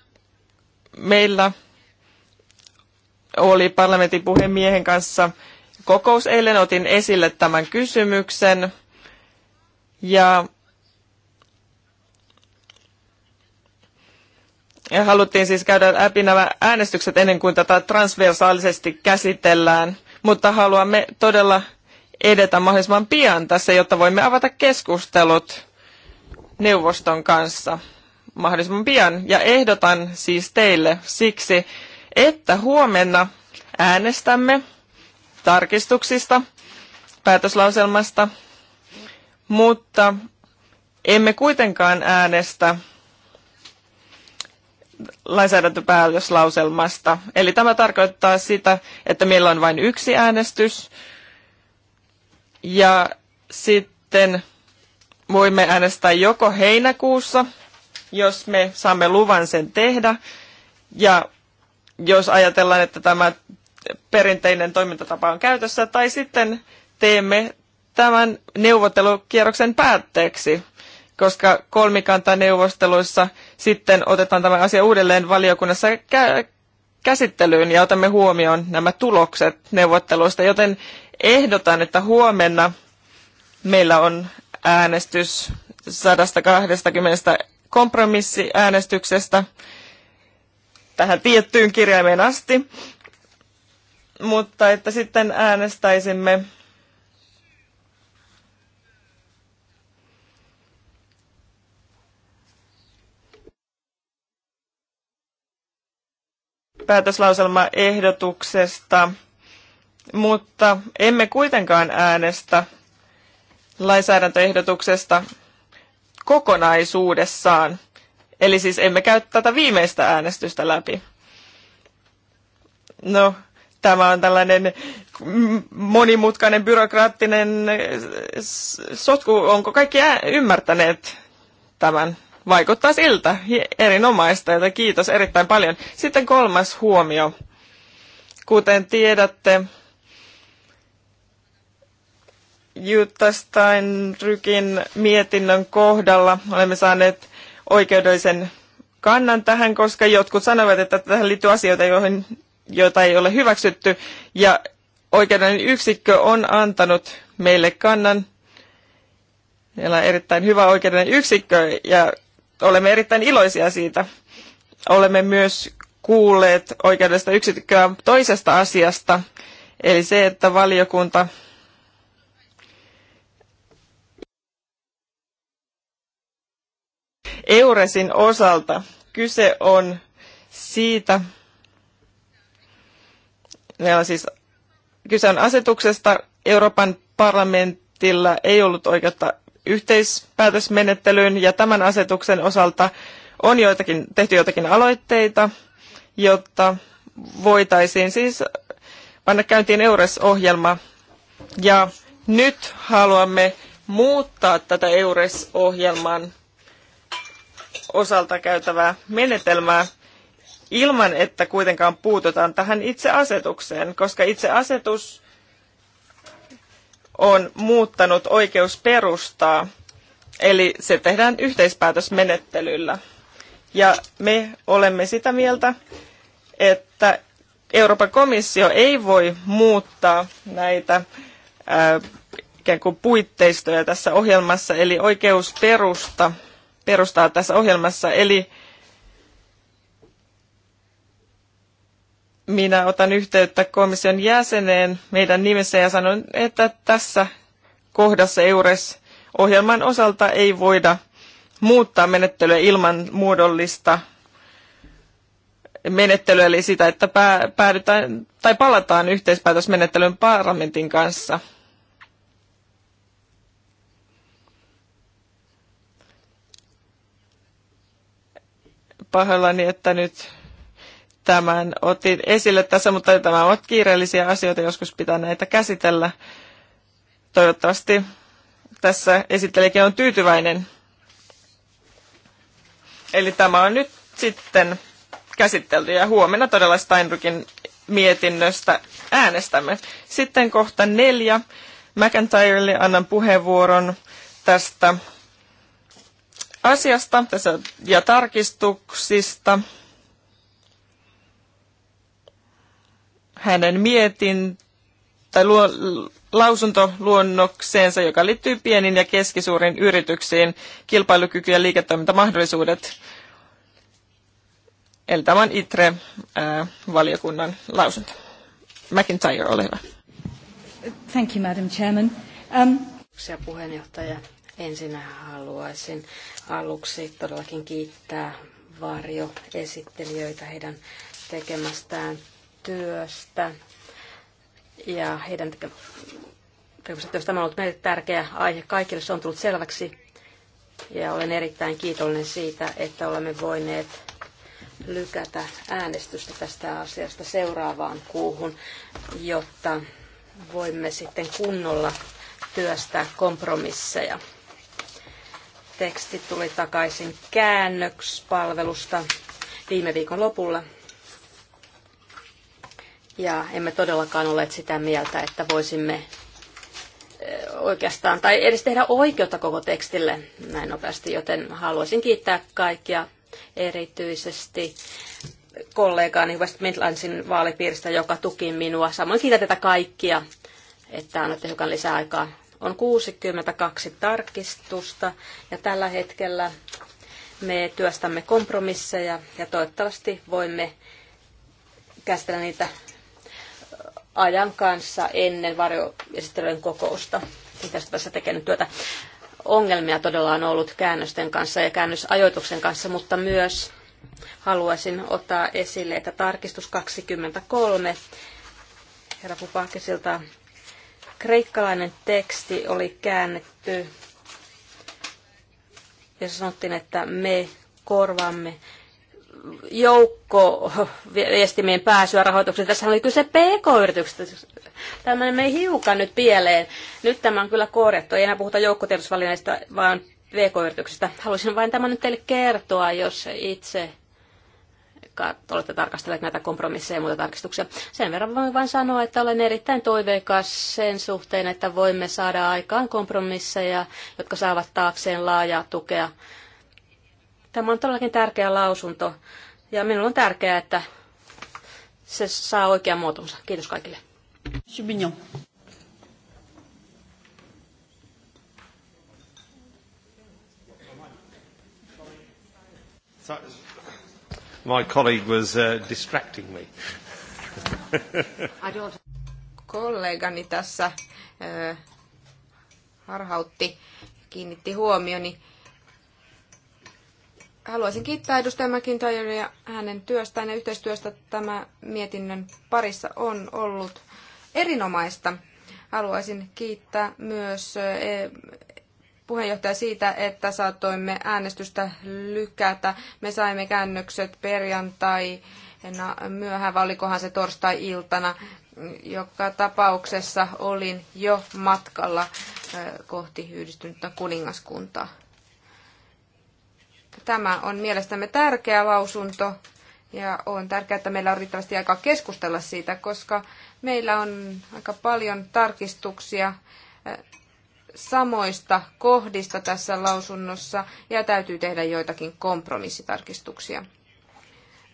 Meillä oli parlamentin puhemiehen kanssa kokous eilen, otin esille tämän kysymyksen ja ja haluttiin siis käydä läpi nämä äänestykset ennen kuin tätä transversaalisesti käsitellään – mutta haluamme todella edetä mahdollisimman pian tässä, jotta voimme avata keskustelut neuvoston kanssa mahdollisimman pian. Ja ehdotan siis teille siksi, että huomenna äänestämme tarkistuksista, päätöslauselmasta, mutta emme kuitenkaan äänestä lainsäädäntöpäätöslauselmasta. Eli tämä tarkoittaa sitä, että meillä on vain yksi äänestys ja sitten voimme äänestää joko heinäkuussa, jos me saamme luvan sen tehdä, ja jos ajatellaan, että tämä perinteinen toimintatapa on käytössä, tai sitten teemme tämän neuvottelukierroksen päätteeksi koska kolmikantaneuvosteluissa sitten otetaan tämä asia uudelleen valiokunnassa käsittelyyn ja otamme huomioon nämä tulokset neuvotteluista, joten ehdotan, että huomenna meillä on äänestys 120 kompromissiäänestyksestä tähän tiettyyn kirjaimeen asti, mutta että sitten äänestäisimme päätöslauselmaehdotuksesta, mutta emme kuitenkaan äänestä lainsäädäntöehdotuksesta kokonaisuudessaan. Eli siis emme käy tätä viimeistä äänestystä läpi. No, tämä on tällainen monimutkainen byrokraattinen sotku. Onko kaikki ymmärtäneet tämän? Vaikuttaa siltä. Erinomaista, joten kiitos erittäin paljon. Sitten kolmas huomio. Kuten tiedätte, Jutta Steinrykin mietinnön kohdalla olemme saaneet oikeudellisen kannan tähän, koska jotkut sanovat, että tähän liittyy asioita, joihin, joita ei ole hyväksytty. Ja oikeudellinen yksikkö on antanut meille kannan. Meillä on erittäin hyvä oikeudellinen yksikkö ja olemme erittäin iloisia siitä. Olemme myös kuulleet oikeudesta yksikköä toisesta asiasta, eli se, että valiokunta Euresin osalta kyse on siitä, meillä on siis kyse on asetuksesta, Euroopan parlamentilla ei ollut oikeutta yhteispäätösmenettelyyn ja tämän asetuksen osalta on joitakin, tehty joitakin aloitteita, jotta voitaisiin siis panna käyntiin EURES-ohjelma. Ja nyt haluamme muuttaa tätä EURES-ohjelman osalta käytävää menetelmää ilman, että kuitenkaan puututaan tähän itse asetukseen, koska itse asetus on muuttanut oikeusperustaa, eli se tehdään yhteispäätösmenettelyllä. Ja me olemme sitä mieltä, että Euroopan komissio ei voi muuttaa näitä ää, ikään kuin puitteistoja tässä ohjelmassa, eli oikeusperusta perustaa tässä ohjelmassa. Eli minä otan yhteyttä komission jäseneen meidän nimessä ja sanon, että tässä kohdassa EURES-ohjelman osalta ei voida muuttaa menettelyä ilman muodollista menettelyä, eli sitä, että päädytään tai palataan yhteispäätösmenettelyn parlamentin kanssa. Pahoillani, että nyt tämän otin esille tässä, mutta tämä on kiireellisiä asioita, joskus pitää näitä käsitellä. Toivottavasti tässä esittelijäkin on tyytyväinen. Eli tämä on nyt sitten käsitelty ja huomenna todella Steinrukin mietinnöstä äänestämme. Sitten kohta neljä. McIntyrelle annan puheenvuoron tästä asiasta tässä ja tarkistuksista. hänen mietin tai luo, lausuntoluonnokseensa, joka liittyy pieniin ja keskisuuriin yrityksiin, kilpailukyky ja liiketoimintamahdollisuudet. Eli tämä on ITRE-valiokunnan lausunto. McIntyre, ole hyvä. Thank you, Madam Chairman. Um... puheenjohtaja, ensin haluaisin aluksi todellakin kiittää varjoesittelijöitä heidän tekemästään työstä ja heidän tekemänsä työstä. on ollut meille tärkeä aihe kaikille, se on tullut selväksi ja olen erittäin kiitollinen siitä, että olemme voineet lykätä äänestystä tästä asiasta seuraavaan kuuhun, jotta voimme sitten kunnolla työstää kompromisseja. Teksti tuli takaisin käännökspalvelusta viime viikon lopulla ja emme todellakaan ole sitä mieltä, että voisimme oikeastaan, tai edes tehdä oikeutta koko tekstille näin nopeasti, joten haluaisin kiittää kaikkia erityisesti kollegaani West Midlandsin vaalipiiristä, joka tuki minua. Samoin kiitän tätä kaikkia, että annatte hiukan lisää aikaa. On 62 tarkistusta ja tällä hetkellä me työstämme kompromisseja ja toivottavasti voimme käsitellä niitä ajan kanssa ennen varjoesittelyjen kokousta. Tästä tässä tekee nyt työtä. Ongelmia todella on ollut käännösten kanssa ja käännösajoituksen kanssa, mutta myös haluaisin ottaa esille, että tarkistus 23 herra Pupakisilta kreikkalainen teksti oli käännetty ja sanottiin, että me korvaamme joukko viestimien pääsyä rahoitukseen. Tässä oli kyse pk yrityksestä Tämä meni hiukan nyt pieleen. Nyt tämä on kyllä korjattu. Ei enää puhuta joukkotiedotusvälineistä, vaan pk yrityksestä Haluaisin vain tämän nyt teille kertoa, jos itse olette tarkastelleet näitä kompromisseja ja muita tarkistuksia. Sen verran voin vain sanoa, että olen erittäin toiveikas sen suhteen, että voimme saada aikaan kompromisseja, jotka saavat taakseen laajaa tukea Tämä on todellakin tärkeä lausunto ja minulla on tärkeää, että se saa oikean muotonsa. Kiitos kaikille. Subignon. My colleague was uh, distracting me. Kollegani tässä uh, harhautti, kiinnitti huomioni. Haluaisin kiittää edustaja ja hänen työstään ja yhteistyöstä tämä mietinnön parissa on ollut erinomaista. Haluaisin kiittää myös e, puheenjohtaja siitä, että saatoimme äänestystä lykätä. Me saimme käännökset perjantai myöhään, vai olikohan se torstai-iltana. Joka tapauksessa olin jo matkalla e, kohti yhdistynyttä kuningaskuntaa. Tämä on mielestämme tärkeä lausunto ja on tärkeää, että meillä on riittävästi aikaa keskustella siitä, koska meillä on aika paljon tarkistuksia eh, samoista kohdista tässä lausunnossa ja täytyy tehdä joitakin kompromissitarkistuksia.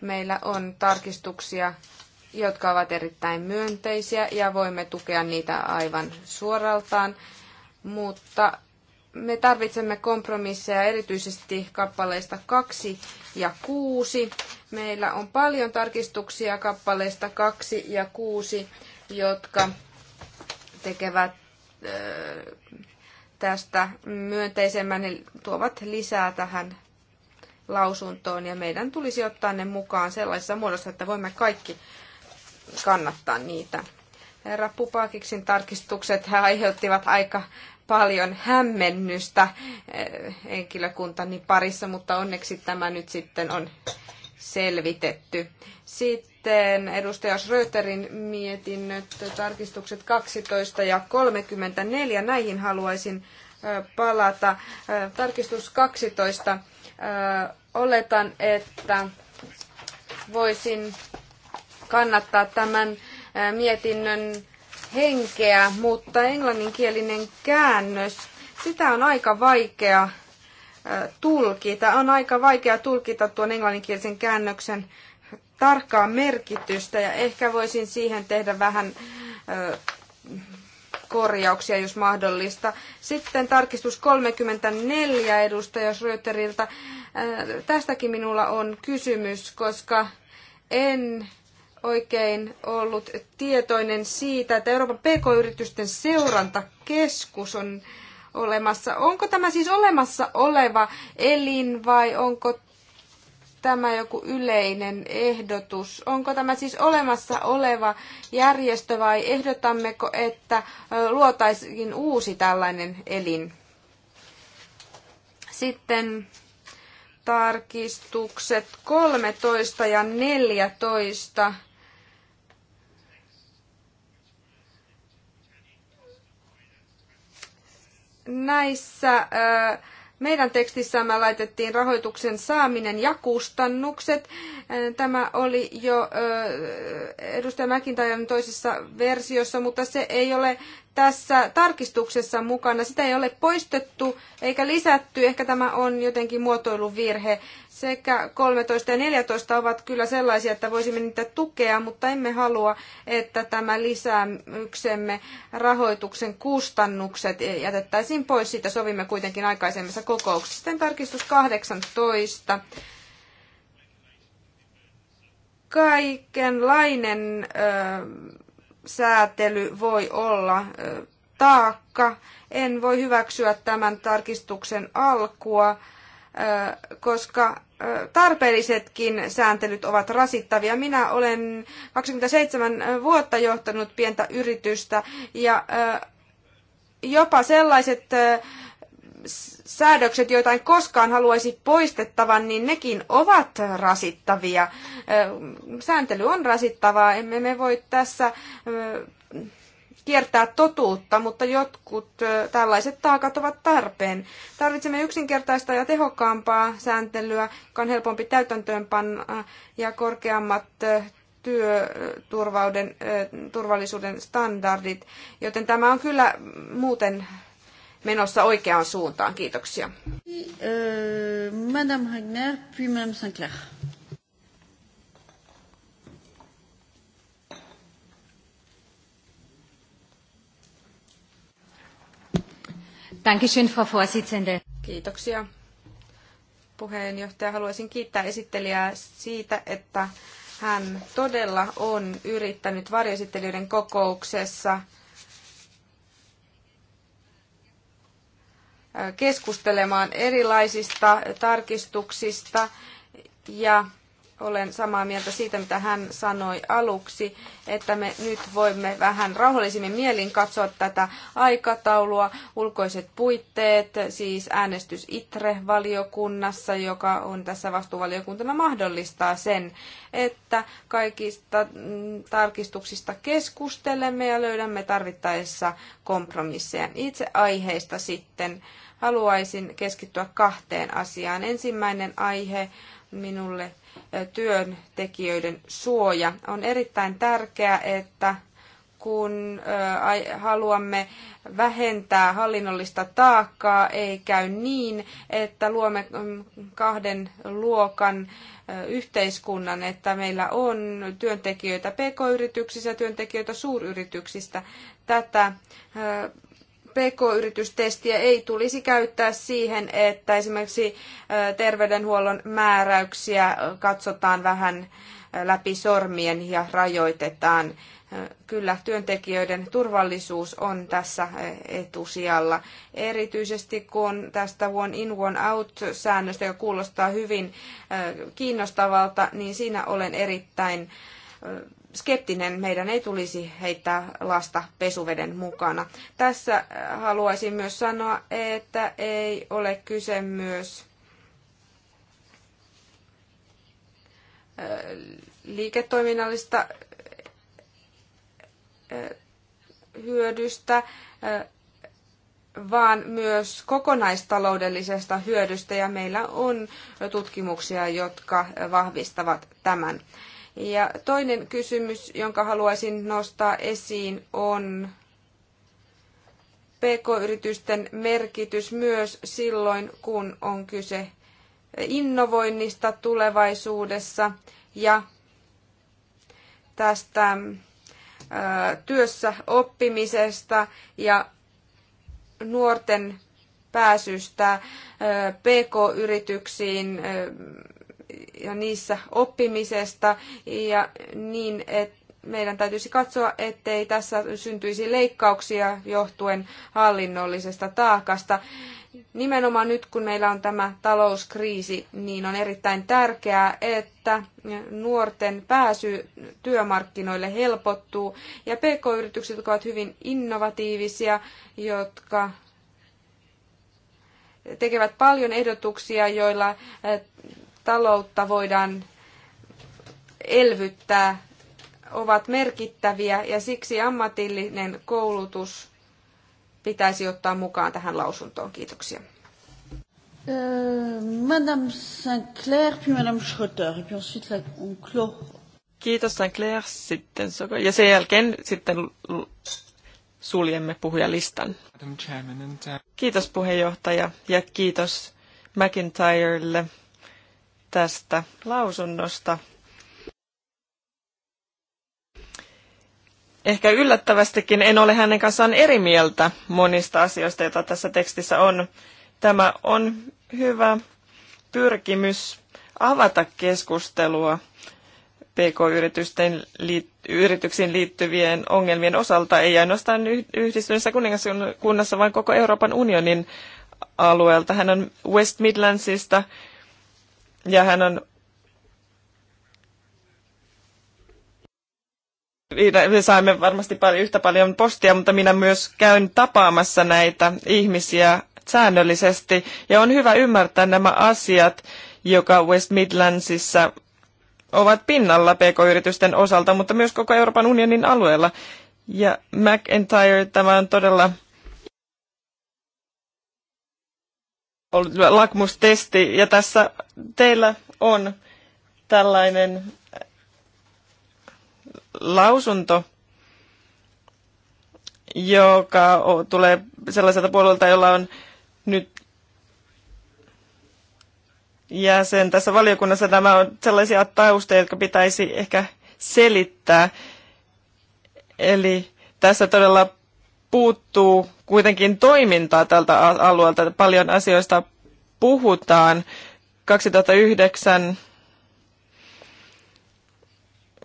Meillä on tarkistuksia, jotka ovat erittäin myönteisiä ja voimme tukea niitä aivan suoraltaan, mutta me tarvitsemme kompromisseja erityisesti kappaleista 2 ja 6. Meillä on paljon tarkistuksia kappaleista 2 ja 6, jotka tekevät tästä myönteisemmän, tuovat lisää tähän lausuntoon ja meidän tulisi ottaa ne mukaan sellaisessa muodossa, että voimme kaikki kannattaa niitä. Herra Pupakiksin tarkistukset he aiheuttivat aika paljon hämmennystä eh, henkilökuntani parissa, mutta onneksi tämä nyt sitten on selvitetty. Sitten edustaja Schröterin mietinnöt, tarkistukset 12 ja 34, näihin haluaisin eh, palata. Eh, tarkistus 12. Oletan, että voisin kannattaa tämän mietinnön henkeä, mutta englanninkielinen käännös, sitä on aika vaikea tulkita. On aika vaikea tulkita tuon englanninkielisen käännöksen tarkkaa merkitystä ja ehkä voisin siihen tehdä vähän korjauksia, jos mahdollista. Sitten tarkistus 34 edustaja Schröteriltä. Tästäkin minulla on kysymys, koska en oikein ollut tietoinen siitä, että Euroopan PK-yritysten seurantakeskus on olemassa. Onko tämä siis olemassa oleva elin vai onko tämä joku yleinen ehdotus? Onko tämä siis olemassa oleva järjestö vai ehdotammeko, että luotaisiin uusi tällainen elin? Sitten tarkistukset 13 ja 14 näissä äh, meidän tekstissämme laitettiin rahoituksen saaminen ja kustannukset. Äh, tämä oli jo äh, edustaja Mäkintajan toisessa versiossa, mutta se ei ole tässä tarkistuksessa mukana. Sitä ei ole poistettu eikä lisätty. Ehkä tämä on jotenkin muotoiluvirhe sekä 13 ja 14 ovat kyllä sellaisia, että voisimme niitä tukea, mutta emme halua, että tämä lisäyksemme rahoituksen kustannukset jätettäisiin pois. Siitä sovimme kuitenkin aikaisemmissa kokouksissa. Sitten tarkistus 18. Kaikenlainen ö, säätely voi olla ö, taakka. En voi hyväksyä tämän tarkistuksen alkua koska tarpeellisetkin sääntelyt ovat rasittavia. Minä olen 27 vuotta johtanut pientä yritystä ja jopa sellaiset säädökset, joita en koskaan haluaisi poistettavan, niin nekin ovat rasittavia. Sääntely on rasittavaa, emme me voi tässä kiertää totuutta, mutta jotkut tällaiset taakat ovat tarpeen. Tarvitsemme yksinkertaista ja tehokkaampaa sääntelyä, joka on helpompi täytäntöönpanna ja korkeammat työturvauden, turvallisuuden standardit, joten tämä on kyllä muuten menossa oikeaan suuntaan. Kiitoksia. Madame Hagner, puis Madame Sinclair. Dankeschön, Frau Vorsitzende. Kiitoksia. Puheenjohtaja, haluaisin kiittää esittelijää siitä, että hän todella on yrittänyt varjoesittelijöiden kokouksessa äh, keskustelemaan erilaisista tarkistuksista ja olen samaa mieltä siitä, mitä hän sanoi aluksi, että me nyt voimme vähän rauhallisimmin mielin katsoa tätä aikataulua, ulkoiset puitteet, siis äänestys ITRE-valiokunnassa, joka on tässä vastuuvaliokuntana mahdollistaa sen, että kaikista mm, tarkistuksista keskustelemme ja löydämme tarvittaessa kompromisseja. Itse aiheista sitten haluaisin keskittyä kahteen asiaan. Ensimmäinen aihe minulle työntekijöiden suoja. On erittäin tärkeää, että kun haluamme vähentää hallinnollista taakkaa, ei käy niin, että luomme mm, kahden luokan yhteiskunnan, että meillä on työntekijöitä pk-yrityksissä ja työntekijöitä suuryrityksistä. Tätä PK-yritystestiä ei tulisi käyttää siihen, että esimerkiksi terveydenhuollon määräyksiä katsotaan vähän läpi sormien ja rajoitetaan. Kyllä työntekijöiden turvallisuus on tässä etusijalla. Erityisesti kun tästä one in one out säännöstä, joka kuulostaa hyvin kiinnostavalta, niin siinä olen erittäin skeptinen. Meidän ei tulisi heittää lasta pesuveden mukana. Tässä äh, haluaisin myös sanoa, että ei ole kyse myös äh, liiketoiminnallista äh, hyödystä, vaan myös kokonaistaloudellisesta hyödystä, ja meillä on tutkimuksia, jotka vahvistavat tämän. Ja toinen kysymys, jonka haluaisin nostaa esiin, on PK-yritysten merkitys myös silloin, kun on kyse innovoinnista tulevaisuudessa ja tästä työssä oppimisesta ja nuorten pääsystä PK-yrityksiin ja niissä oppimisesta ja niin, että meidän täytyisi katsoa, ettei tässä syntyisi leikkauksia johtuen hallinnollisesta taakasta. Nimenomaan nyt, kun meillä on tämä talouskriisi, niin on erittäin tärkeää, että nuorten pääsy työmarkkinoille helpottuu ja pk-yritykset, jotka ovat hyvin innovatiivisia, jotka tekevät paljon ehdotuksia, joilla taloutta voidaan elvyttää, ovat merkittäviä ja siksi ammatillinen koulutus pitäisi ottaa mukaan tähän lausuntoon. Kiitoksia. Euh, Madame Sinclair, puis Madame Schroeter, puis ensuite la, on Kiitos Sinclair, sitten Soko. Ja sen jälkeen sitten suljemme puhujalistan. Uh, kiitos puheenjohtaja ja kiitos McIntyrelle tästä lausunnosta. Ehkä yllättävästikin en ole hänen kanssaan eri mieltä monista asioista, joita tässä tekstissä on. Tämä on hyvä pyrkimys avata keskustelua PK-yritysten yrityksiin liittyvien ongelmien osalta, ei ainoastaan yhdistyneessä kuningaskunnassa, vaan koko Euroopan unionin alueelta. Hän on West Midlandsista, ja hän on me saimme varmasti paljon, yhtä paljon postia, mutta minä myös käyn tapaamassa näitä ihmisiä säännöllisesti. Ja on hyvä ymmärtää nämä asiat, joka West Midlandsissa ovat pinnalla pk-yritysten osalta, mutta myös koko Euroopan unionin alueella. Ja McIntyre, tämä on todella lakmustesti, ja tässä teillä on tällainen lausunto, joka tulee sellaiselta puolelta, jolla on nyt jäsen tässä valiokunnassa. Nämä on sellaisia taustoja, jotka pitäisi ehkä selittää. Eli tässä todella puuttuu kuitenkin toimintaa tältä alueelta. Paljon asioista puhutaan, 2009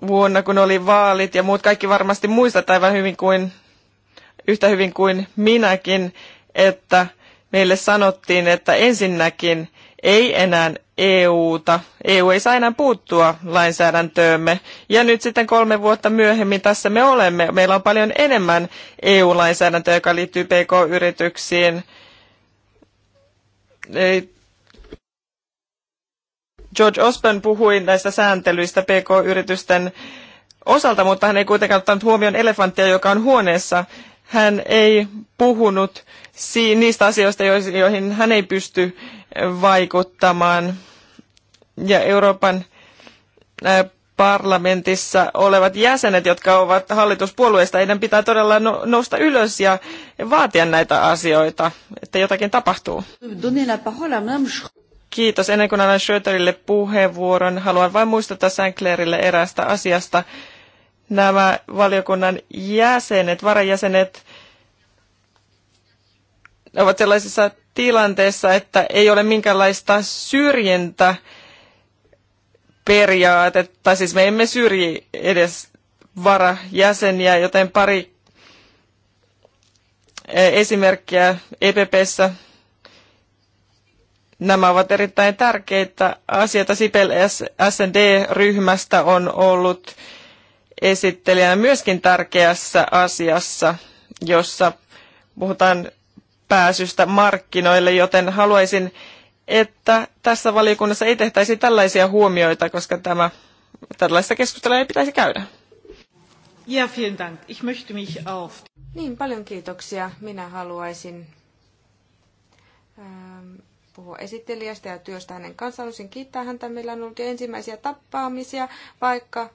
vuonna, kun oli vaalit ja muut kaikki varmasti muistat aivan hyvin kuin, yhtä hyvin kuin minäkin, että meille sanottiin, että ensinnäkin ei enää EUta, EU ei saa enää puuttua lainsäädäntöömme. Ja nyt sitten kolme vuotta myöhemmin tässä me olemme. Meillä on paljon enemmän EU-lainsäädäntöä, joka liittyy PK-yrityksiin, George Osborne puhui näistä sääntelyistä PK-yritysten osalta, mutta hän ei kuitenkaan ottanut huomioon elefanttia, joka on huoneessa. Hän ei puhunut niistä asioista, joihin hän ei pysty vaikuttamaan. Ja Euroopan parlamentissa olevat jäsenet, jotka ovat hallituspuolueista, heidän pitää todella no-, nousta ylös ja vaatia näitä asioita, että jotakin tapahtuu. Kiitos. Ennen kuin annan Schröterille puheenvuoron, haluan vain muistuttaa Sanklerille eräästä asiasta. Nämä valiokunnan jäsenet, varajäsenet, ovat sellaisessa tilanteessa, että ei ole minkäänlaista syrjintä periaatetta, siis me emme syrji edes varajäseniä, joten pari eh, esimerkkiä EPPssä Nämä ovat erittäin tärkeitä asioita. Sipel SND-ryhmästä on ollut esittelijänä myöskin tärkeässä asiassa, jossa puhutaan pääsystä markkinoille, joten haluaisin, että tässä valiokunnassa ei tehtäisi tällaisia huomioita, koska tämä, tällaista keskustelua ei pitäisi käydä. Ja, vielen Dank. Ich möchte mich auf... Niin, paljon kiitoksia. Minä haluaisin äh, puhua esittelijästä ja työstä hänen kanssaan. Haluaisin kiittää häntä. Meillä on ollut ensimmäisiä tappaamisia, vaikka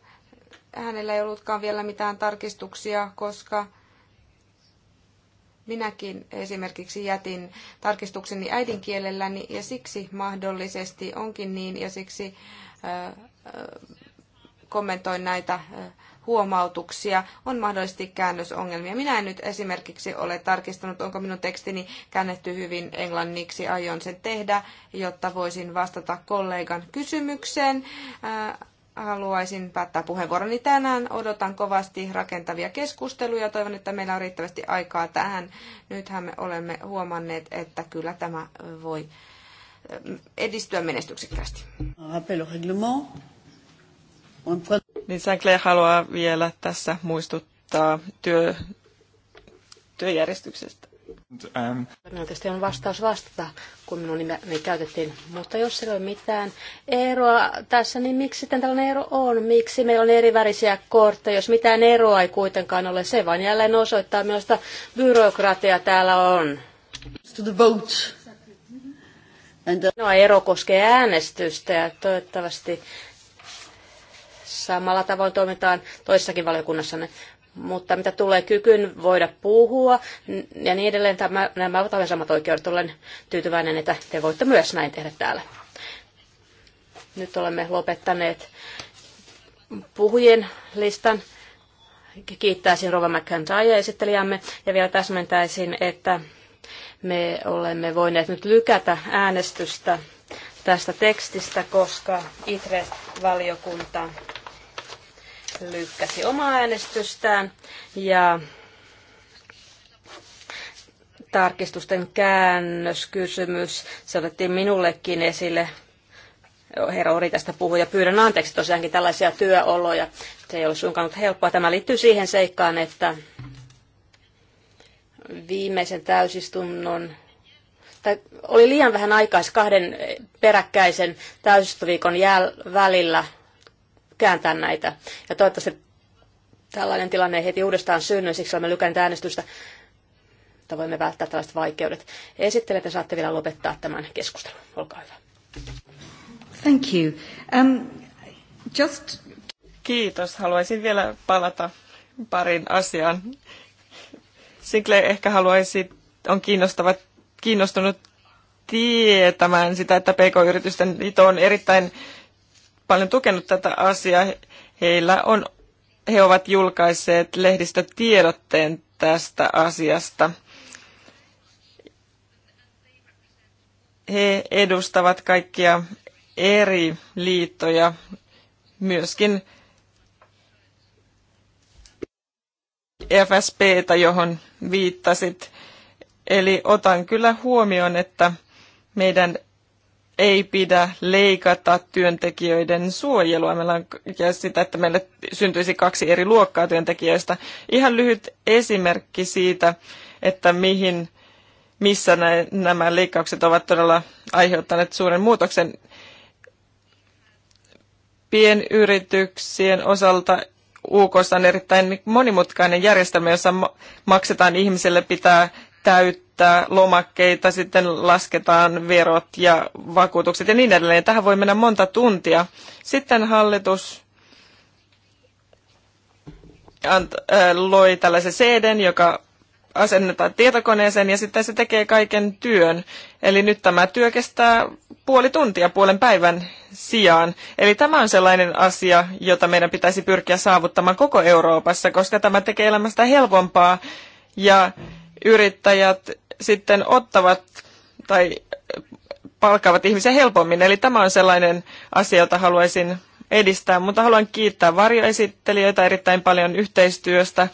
hänellä ei ollutkaan vielä mitään tarkistuksia, koska minäkin esimerkiksi jätin tarkistukseni äidinkielelläni ja siksi mahdollisesti onkin niin ja siksi äh, äh, kommentoin näitä äh, huomautuksia, on mahdollisesti käännösongelmia. Minä en nyt esimerkiksi ole tarkistanut, onko minun tekstini käännetty hyvin englanniksi. Aion sen tehdä, jotta voisin vastata kollegan kysymykseen äh, haluaisin päättää puheenvuoroni tänään. Odotan kovasti rakentavia keskusteluja. Toivon, että meillä on riittävästi aikaa tähän. Nythän me olemme huomanneet, että kyllä tämä voi äh, edistyä menestyksekkäästi. Niin Sinclair haluaa vielä tässä muistuttaa työ, työjärjestyksestä. Ähm. on vastaus vastata, kun minun nimeni käytettiin. Mutta jos ei ole mitään eroa tässä, niin miksi sitten tällainen ero on? Miksi meillä on eri värisiä kortteja, jos mitään eroa ei kuitenkaan ole? Se vaan jälleen osoittaa, millaista byrokratia täällä on. To the vote. Uh, no, ero koskee äänestystä ja toivottavasti Samalla tavoin toimitaan toissakin valiokunnassanne. Mutta mitä tulee kykyyn voida puhua ja niin edelleen, tämä, nämä ovat aivan samat oikeudet. Olen tyytyväinen, että te voitte myös näin tehdä täällä. Nyt olemme lopettaneet puhujien listan. Kiittäisin Rova McIntyre esittelijämme ja vielä täsmentäisin, että me olemme voineet nyt lykätä äänestystä tästä tekstistä, koska ITRE-valiokunta lykkäsi omaa äänestystään ja tarkistusten käännöskysymys, se otettiin minullekin esille. Herra Ori tästä puhui ja pyydän anteeksi tosiaankin tällaisia työoloja. Se ei ole suinkaan ollut helppoa. Tämä liittyy siihen seikkaan, että viimeisen täysistunnon tai oli liian vähän aikaa kahden peräkkäisen täysistuviikon jäl- välillä – kääntää näitä. Ja toivottavasti tällainen tilanne ei heti uudestaan synny, siksi olemme lykänneet äänestystä, että voimme välttää tällaiset vaikeudet. Esittelen, että saatte vielä lopettaa tämän keskustelun. Olkaa hyvä. Thank you. Um, just... Kiitos. Haluaisin vielä palata parin asiaan. Sinclair ehkä haluaisi, on kiinnostava, kiinnostunut tietämään sitä, että PK-yritysten liitto on erittäin paljon tukenut tätä asiaa. Heillä on, he ovat julkaisseet lehdistötiedotteen tästä asiasta. He edustavat kaikkia eri liittoja, myöskin FSPtä, johon viittasit. Eli otan kyllä huomioon, että meidän ei pidä leikata työntekijöiden suojelua meillä on, ja sitä, että meille syntyisi kaksi eri luokkaa työntekijöistä. Ihan lyhyt esimerkki siitä, että mihin, missä nä, nämä leikkaukset ovat todella aiheuttaneet suuren muutoksen. Pienyrityksien osalta UK on erittäin monimutkainen järjestelmä, jossa maksetaan ihmiselle pitää täyttää lomakkeita, sitten lasketaan verot ja vakuutukset ja niin edelleen. Tähän voi mennä monta tuntia. Sitten hallitus ant, äh, loi tällaisen cd joka asennetaan tietokoneeseen ja sitten se tekee kaiken työn. Eli nyt tämä työ kestää puoli tuntia puolen päivän sijaan. Eli tämä on sellainen asia, jota meidän pitäisi pyrkiä saavuttamaan koko Euroopassa, koska tämä tekee elämästä helpompaa ja yrittäjät sitten ottavat tai palkkaavat ihmisiä helpommin. Eli tämä on sellainen asia, jota haluaisin edistää, mutta haluan kiittää varjoesittelijöitä erittäin paljon yhteistyöstä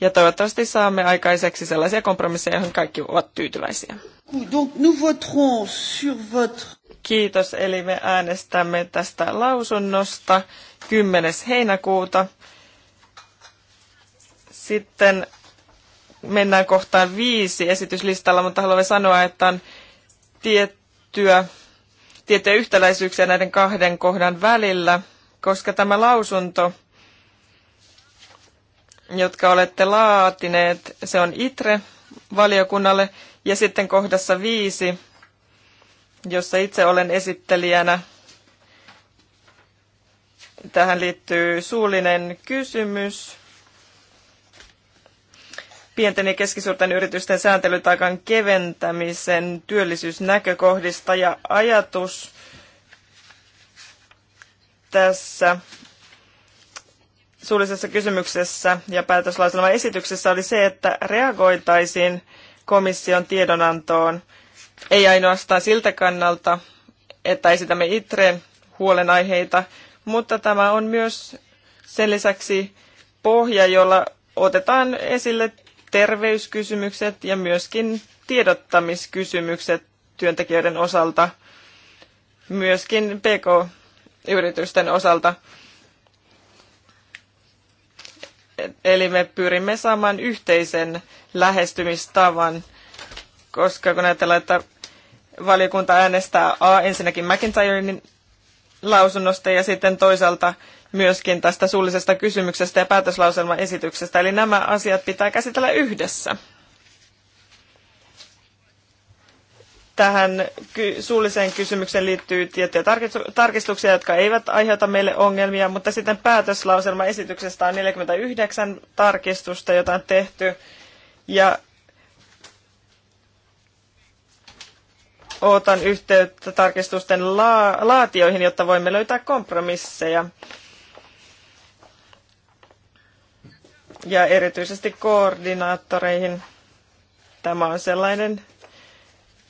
ja toivottavasti saamme aikaiseksi sellaisia kompromisseja, joihin kaikki ovat tyytyväisiä. Kiitos, eli me äänestämme tästä lausunnosta 10. heinäkuuta. Sitten mennään kohtaan viisi esityslistalla, mutta haluan sanoa, että on tiettyä, tiettyä yhtäläisyyksiä näiden kahden kohdan välillä, koska tämä lausunto, jotka olette laatineet, se on ITRE valiokunnalle ja sitten kohdassa viisi, jossa itse olen esittelijänä. Tähän liittyy suullinen kysymys pienten ja keskisuurten yritysten sääntelytaakan keventämisen työllisyysnäkökohdista ja ajatus tässä suullisessa kysymyksessä ja päätöslauselman esityksessä oli se, että reagoitaisiin komission tiedonantoon, ei ainoastaan siltä kannalta, että esitämme ITREn huolenaiheita, mutta tämä on myös sen lisäksi pohja, jolla otetaan esille terveyskysymykset ja myöskin tiedottamiskysymykset työntekijöiden osalta, myöskin PK-yritysten osalta. Eli me pyrimme saamaan yhteisen lähestymistavan, koska kun ajatellaan, että valiokunta äänestää A ensinnäkin McIntyrein lausunnosta ja sitten toisaalta myöskin tästä suullisesta kysymyksestä ja päätöslauselmaesityksestä. Eli nämä asiat pitää käsitellä yhdessä. Tähän suulliseen kysymykseen liittyy tiettyjä tarkistuksia, jotka eivät aiheuta meille ongelmia, mutta sitten esityksestä on 49 tarkistusta, jota on tehty. Ja otan yhteyttä tarkistusten la- laatioihin, jotta voimme löytää kompromisseja. ja erityisesti koordinaattoreihin. Tämä on sellainen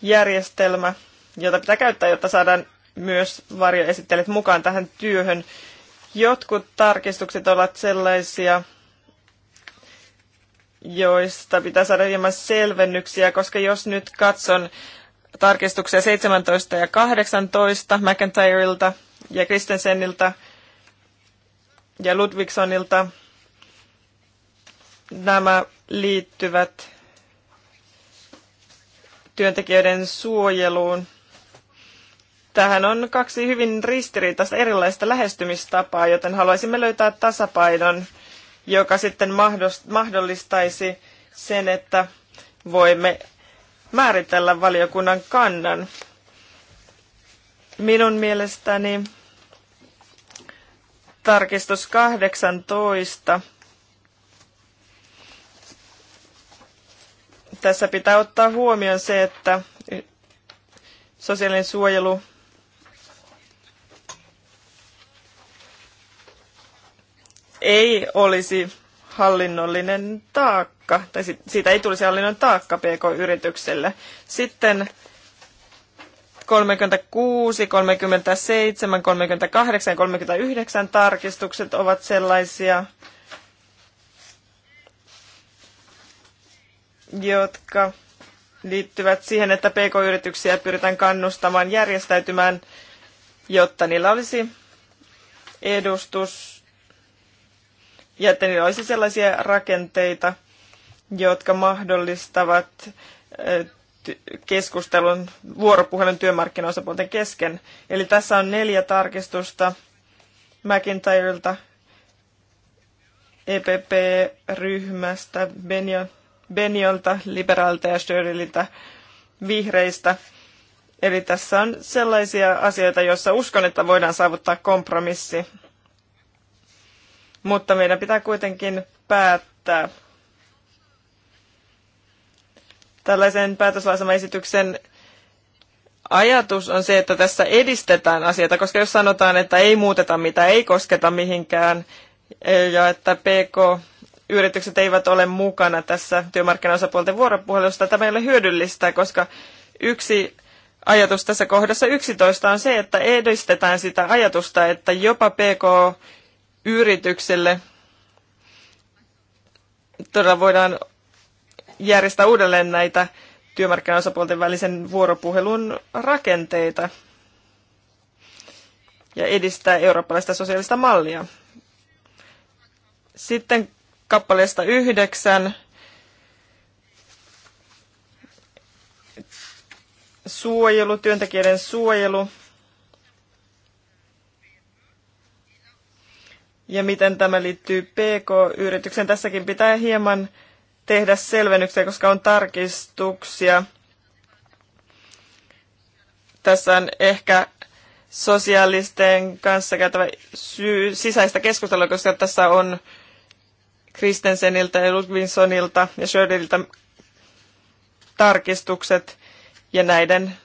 järjestelmä, jota pitää käyttää, jotta saadaan myös varjoesittelijät mukaan tähän työhön. Jotkut tarkistukset ovat sellaisia, joista pitää saada hieman selvennyksiä, koska jos nyt katson tarkistuksia 17 ja 18 McIntyreilta ja Kristensenilta ja Ludvigsonilta, Nämä liittyvät työntekijöiden suojeluun. Tähän on kaksi hyvin ristiriitaista erilaista lähestymistapaa, joten haluaisimme löytää tasapainon, joka sitten mahdollistaisi sen, että voimme määritellä valiokunnan kannan. Minun mielestäni tarkistus 18 Tässä pitää ottaa huomioon se, että sosiaalinen suojelu ei olisi hallinnollinen taakka, tai siitä ei tulisi hallinnon taakka PK-yritykselle. Sitten 36, 37, 38 ja 39 tarkistukset ovat sellaisia, jotka liittyvät siihen, että pk-yrityksiä pyritään kannustamaan järjestäytymään, jotta niillä olisi edustus ja että niillä olisi sellaisia rakenteita, jotka mahdollistavat keskustelun, vuoropuhelun työmarkkinaosapuolten kesken. Eli tässä on neljä tarkistusta McIntyreilta, EPP-ryhmästä, Benja Beniolta, liberaalta ja Störililtä vihreistä. Eli tässä on sellaisia asioita, joissa uskon, että voidaan saavuttaa kompromissi. Mutta meidän pitää kuitenkin päättää. Tällaisen päätöslausemaesityksen ajatus on se, että tässä edistetään asioita, koska jos sanotaan, että ei muuteta mitä, ei kosketa mihinkään, ja että PK yritykset eivät ole mukana tässä työmarkkinaosapuolten vuoropuhelussa. Tämä ei ole hyödyllistä, koska yksi ajatus tässä kohdassa 11 on se, että edistetään sitä ajatusta, että jopa PK-yrityksille todella voidaan järjestää uudelleen näitä työmarkkinaosapuolten välisen vuoropuhelun rakenteita ja edistää eurooppalaista sosiaalista mallia. Sitten kappaleesta yhdeksän suojelu, työntekijöiden suojelu ja miten tämä liittyy PK-yritykseen. Tässäkin pitää hieman tehdä selvennyksiä, koska on tarkistuksia. Tässä on ehkä sosiaalisten kanssa käytävä sisäistä keskustelua, koska tässä on Kristenseniltä ja Ludvinsonilta ja Schröderiltä tarkistukset ja näiden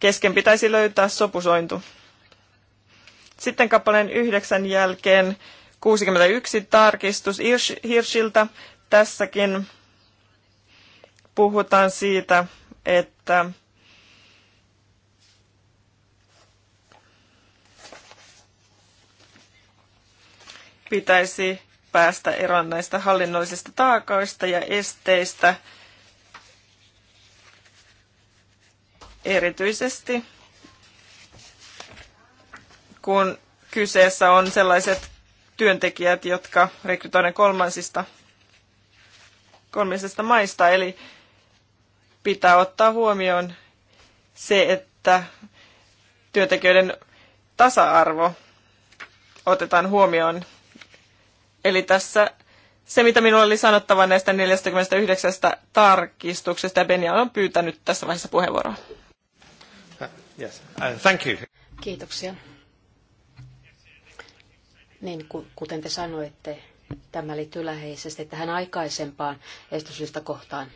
kesken pitäisi löytää sopusointu. Sitten kappaleen yhdeksän jälkeen 61 tarkistus Hirschiltä. Tässäkin puhutaan siitä, että pitäisi päästä eroon näistä hallinnollisista taakoista ja esteistä, erityisesti kun kyseessä on sellaiset työntekijät, jotka rekrytoidaan kolmansista, kolmansista maista. Eli pitää ottaa huomioon se, että työntekijöiden tasa-arvo otetaan huomioon Eli tässä se, mitä minulla oli sanottava näistä 49 tarkistuksesta, ja Benja on pyytänyt tässä vaiheessa puheenvuoroa. Uh, yes. Uh, thank you. Kiitoksia. Niin, kuten te sanoitte, tämä liittyy läheisesti tähän aikaisempaan estosyistä kohtaan.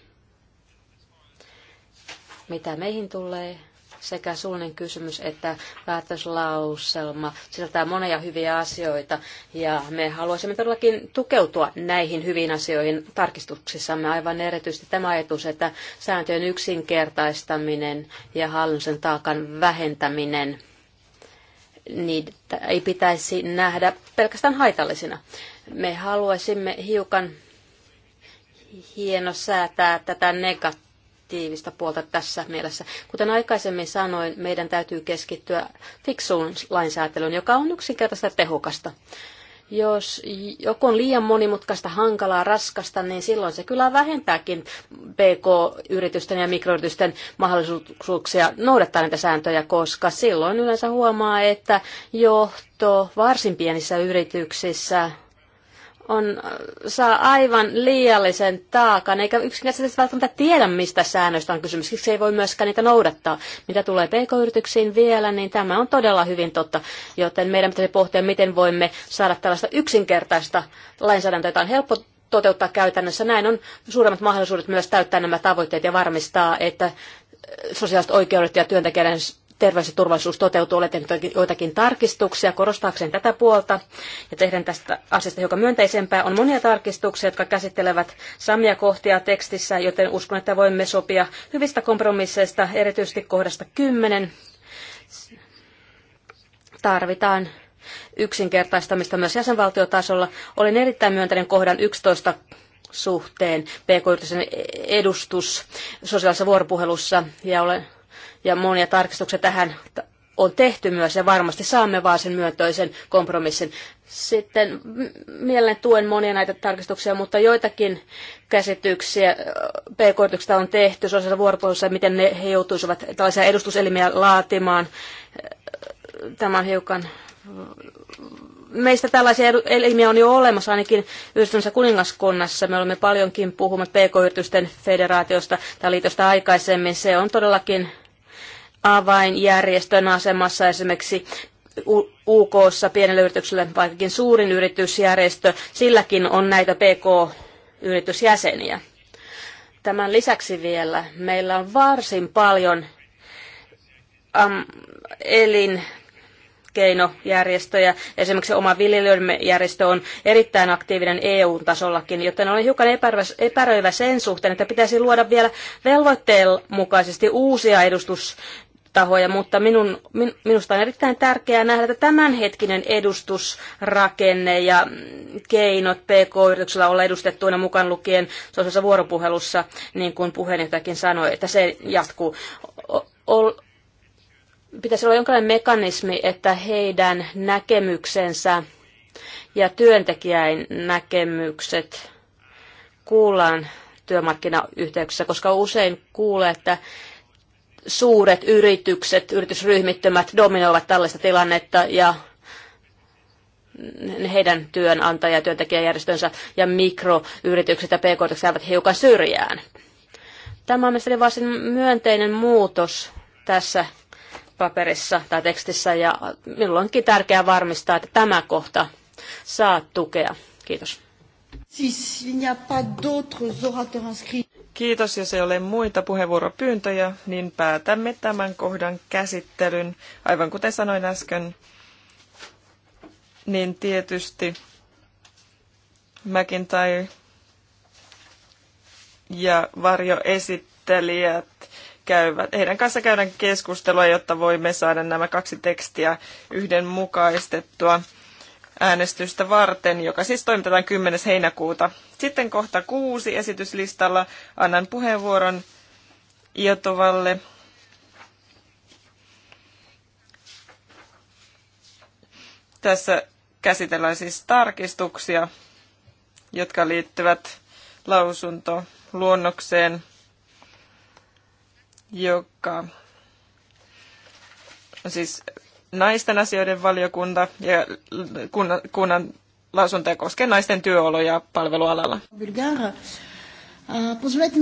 Mitä meihin tulee, sekä suullinen kysymys että päätöslauselma sisältää monia hyviä asioita ja me haluaisimme todellakin tukeutua näihin hyviin asioihin tarkistuksissamme aivan erityisesti tämä ajatus, että sääntöjen yksinkertaistaminen ja hallinnollisen taakan vähentäminen niitä ei pitäisi nähdä pelkästään haitallisina. Me haluaisimme hiukan hieno säätää tätä negatiivista positiivista puolta tässä mielessä. Kuten aikaisemmin sanoin, meidän täytyy keskittyä fiksuun lainsäätelyyn, joka on yksinkertaista tehokasta. Jos joku on liian monimutkaista, hankalaa, raskasta, niin silloin se kyllä vähentääkin PK-yritysten ja mikroyritysten mahdollisuuksia noudattaa näitä sääntöjä, koska silloin yleensä huomaa, että johto varsin pienissä yrityksissä on, saa aivan liiallisen taakan, eikä yksinkertaisesti välttämättä tiedä, mistä säännöistä on kysymys. Siksi ei voi myöskään niitä noudattaa. Mitä tulee pk-yrityksiin vielä, niin tämä on todella hyvin totta. Joten meidän pitäisi pohtia, miten voimme saada tällaista yksinkertaista lainsäädäntöä, jota on helppo toteuttaa käytännössä. Näin on suuremmat mahdollisuudet myös täyttää nämä tavoitteet ja varmistaa, että sosiaaliset oikeudet ja työntekijän terveys ja turvallisuus toteutuu. Olen tehnyt joitakin tarkistuksia korostaakseen tätä puolta ja tehdään tästä asiasta hiukan myönteisempää. On monia tarkistuksia, jotka käsittelevät samia kohtia tekstissä, joten uskon, että voimme sopia hyvistä kompromisseista, erityisesti kohdasta 10. Tarvitaan yksinkertaistamista myös jäsenvaltiotasolla. Olin erittäin myönteinen kohdan 11 suhteen pk-yritysten edustus sosiaalisessa vuoropuhelussa ja olen ja monia tarkistuksia tähän on tehty myös ja varmasti saamme vaan sen myöntöisen kompromissin. Sitten mielen tuen monia näitä tarkistuksia, mutta joitakin käsityksiä pk on tehty sosiaalisessa vuoropuhelussa, miten ne, he joutuisivat tällaisia edustuselimiä laatimaan. Tämä on hiukan meistä tällaisia elimiä on jo olemassa, ainakin yhdistyneessä kuningaskunnassa. Me olemme paljonkin puhumassa PK-yritysten federaatiosta tai liitosta aikaisemmin. Se on todellakin avainjärjestön asemassa esimerkiksi UKssa pienelle yritykselle, vaikkakin suurin yritysjärjestö, silläkin on näitä PK-yritysjäseniä. Tämän lisäksi vielä meillä on varsin paljon am, elin keinojärjestöjä. Esimerkiksi oma viljelijöiden järjestö on erittäin aktiivinen EU-tasollakin, joten olen hiukan epäröivä sen suhteen, että pitäisi luoda vielä velvoitteen mukaisesti uusia edustus, tahoja, mutta minun, min, minusta on erittäin tärkeää nähdä, että tämänhetkinen edustusrakenne ja keinot PK-yrityksellä olla edustettuina mukaan lukien sosiaalisessa vuoropuhelussa, niin kuin puheenjohtajakin sanoi, että se jatkuu. O, o, pitäisi olla jonkinlainen mekanismi, että heidän näkemyksensä ja työntekijän näkemykset kuullaan työmarkkinayhteyksissä, koska usein kuulee, että suuret yritykset, yritysryhmittymät dominoivat tällaista tilannetta ja heidän työnantaja- ja työntekijäjärjestönsä ja mikroyritykset ja pk jäävät hiukan syrjään. Tämä on mielestäni varsin myönteinen muutos tässä paperissa tai tekstissä ja minulla onkin tärkeää varmistaa, että tämä kohta saa tukea. Kiitos. Siis, Kiitos, jos ei ole muita puheenvuoropyyntöjä, niin päätämme tämän kohdan käsittelyn. Aivan kuten sanoin äsken, niin tietysti McIntyre ja varjoesittelijät käyvät, heidän kanssa käydään keskustelua, jotta voimme saada nämä kaksi tekstiä yhdenmukaistettua äänestystä varten, joka siis toimitetaan 10. heinäkuuta. Sitten kohta kuusi esityslistalla annan puheenvuoron Iotovalle. Tässä käsitellään siis tarkistuksia, jotka liittyvät lausuntoluonnokseen, joka siis naisten asioiden valiokunta ja kunnan, kunnan lausuntoja koskee naisten työoloja palvelualalla. Позволете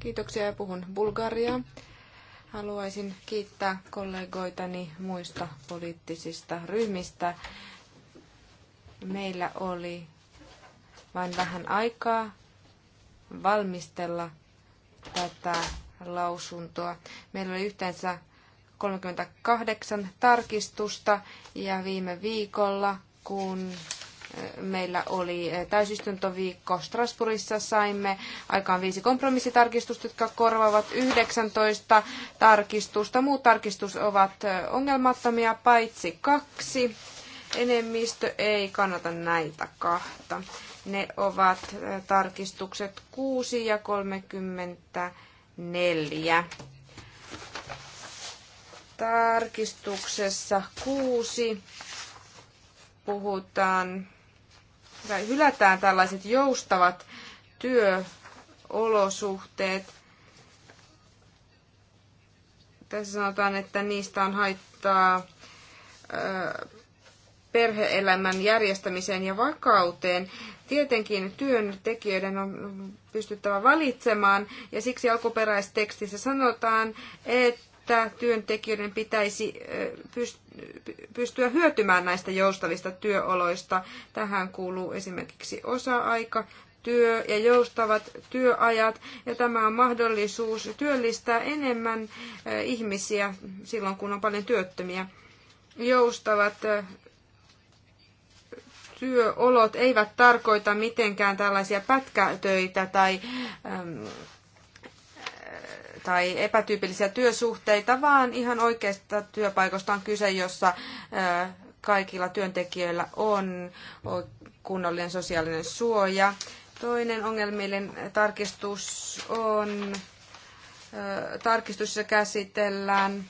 Kiitoksia ja puhun Bulgaria. Haluaisin kiittää kollegoitani muista poliittisista ryhmistä. Meillä oli vain vähän aikaa valmistella tätä lausuntoa. Meillä oli yhteensä 38 tarkistusta ja viime viikolla, kun meillä oli täysistuntoviikko Strasbourgissa, saimme aikaan viisi kompromissitarkistusta, jotka korvaavat 19 tarkistusta. Muut tarkistus ovat ongelmattomia, paitsi kaksi. Enemmistö ei kannata näitä kahta. Ne ovat tarkistukset 6 ja 30 neljä. Tarkistuksessa kuusi puhutaan tai hylätään tällaiset joustavat työolosuhteet. Tässä sanotaan, että niistä on haittaa perheelämän järjestämiseen ja vakauteen. Tietenkin työntekijöiden on pystyttävä valitsemaan. Ja siksi alkuperäistekstissä sanotaan, että työntekijöiden pitäisi pystyä hyötymään näistä joustavista työoloista. Tähän kuuluu esimerkiksi osa-aika, työ ja joustavat työajat. Ja tämä on mahdollisuus työllistää enemmän ihmisiä silloin, kun on paljon työttömiä. Joustavat työolot eivät tarkoita mitenkään tällaisia pätkätöitä tai, äm, tai epätyypillisiä työsuhteita, vaan ihan oikeasta työpaikasta on kyse, jossa ä, kaikilla työntekijöillä on kunnollinen sosiaalinen suoja. Toinen ongelmien tarkistus on, ä, tarkistuksessa käsitellään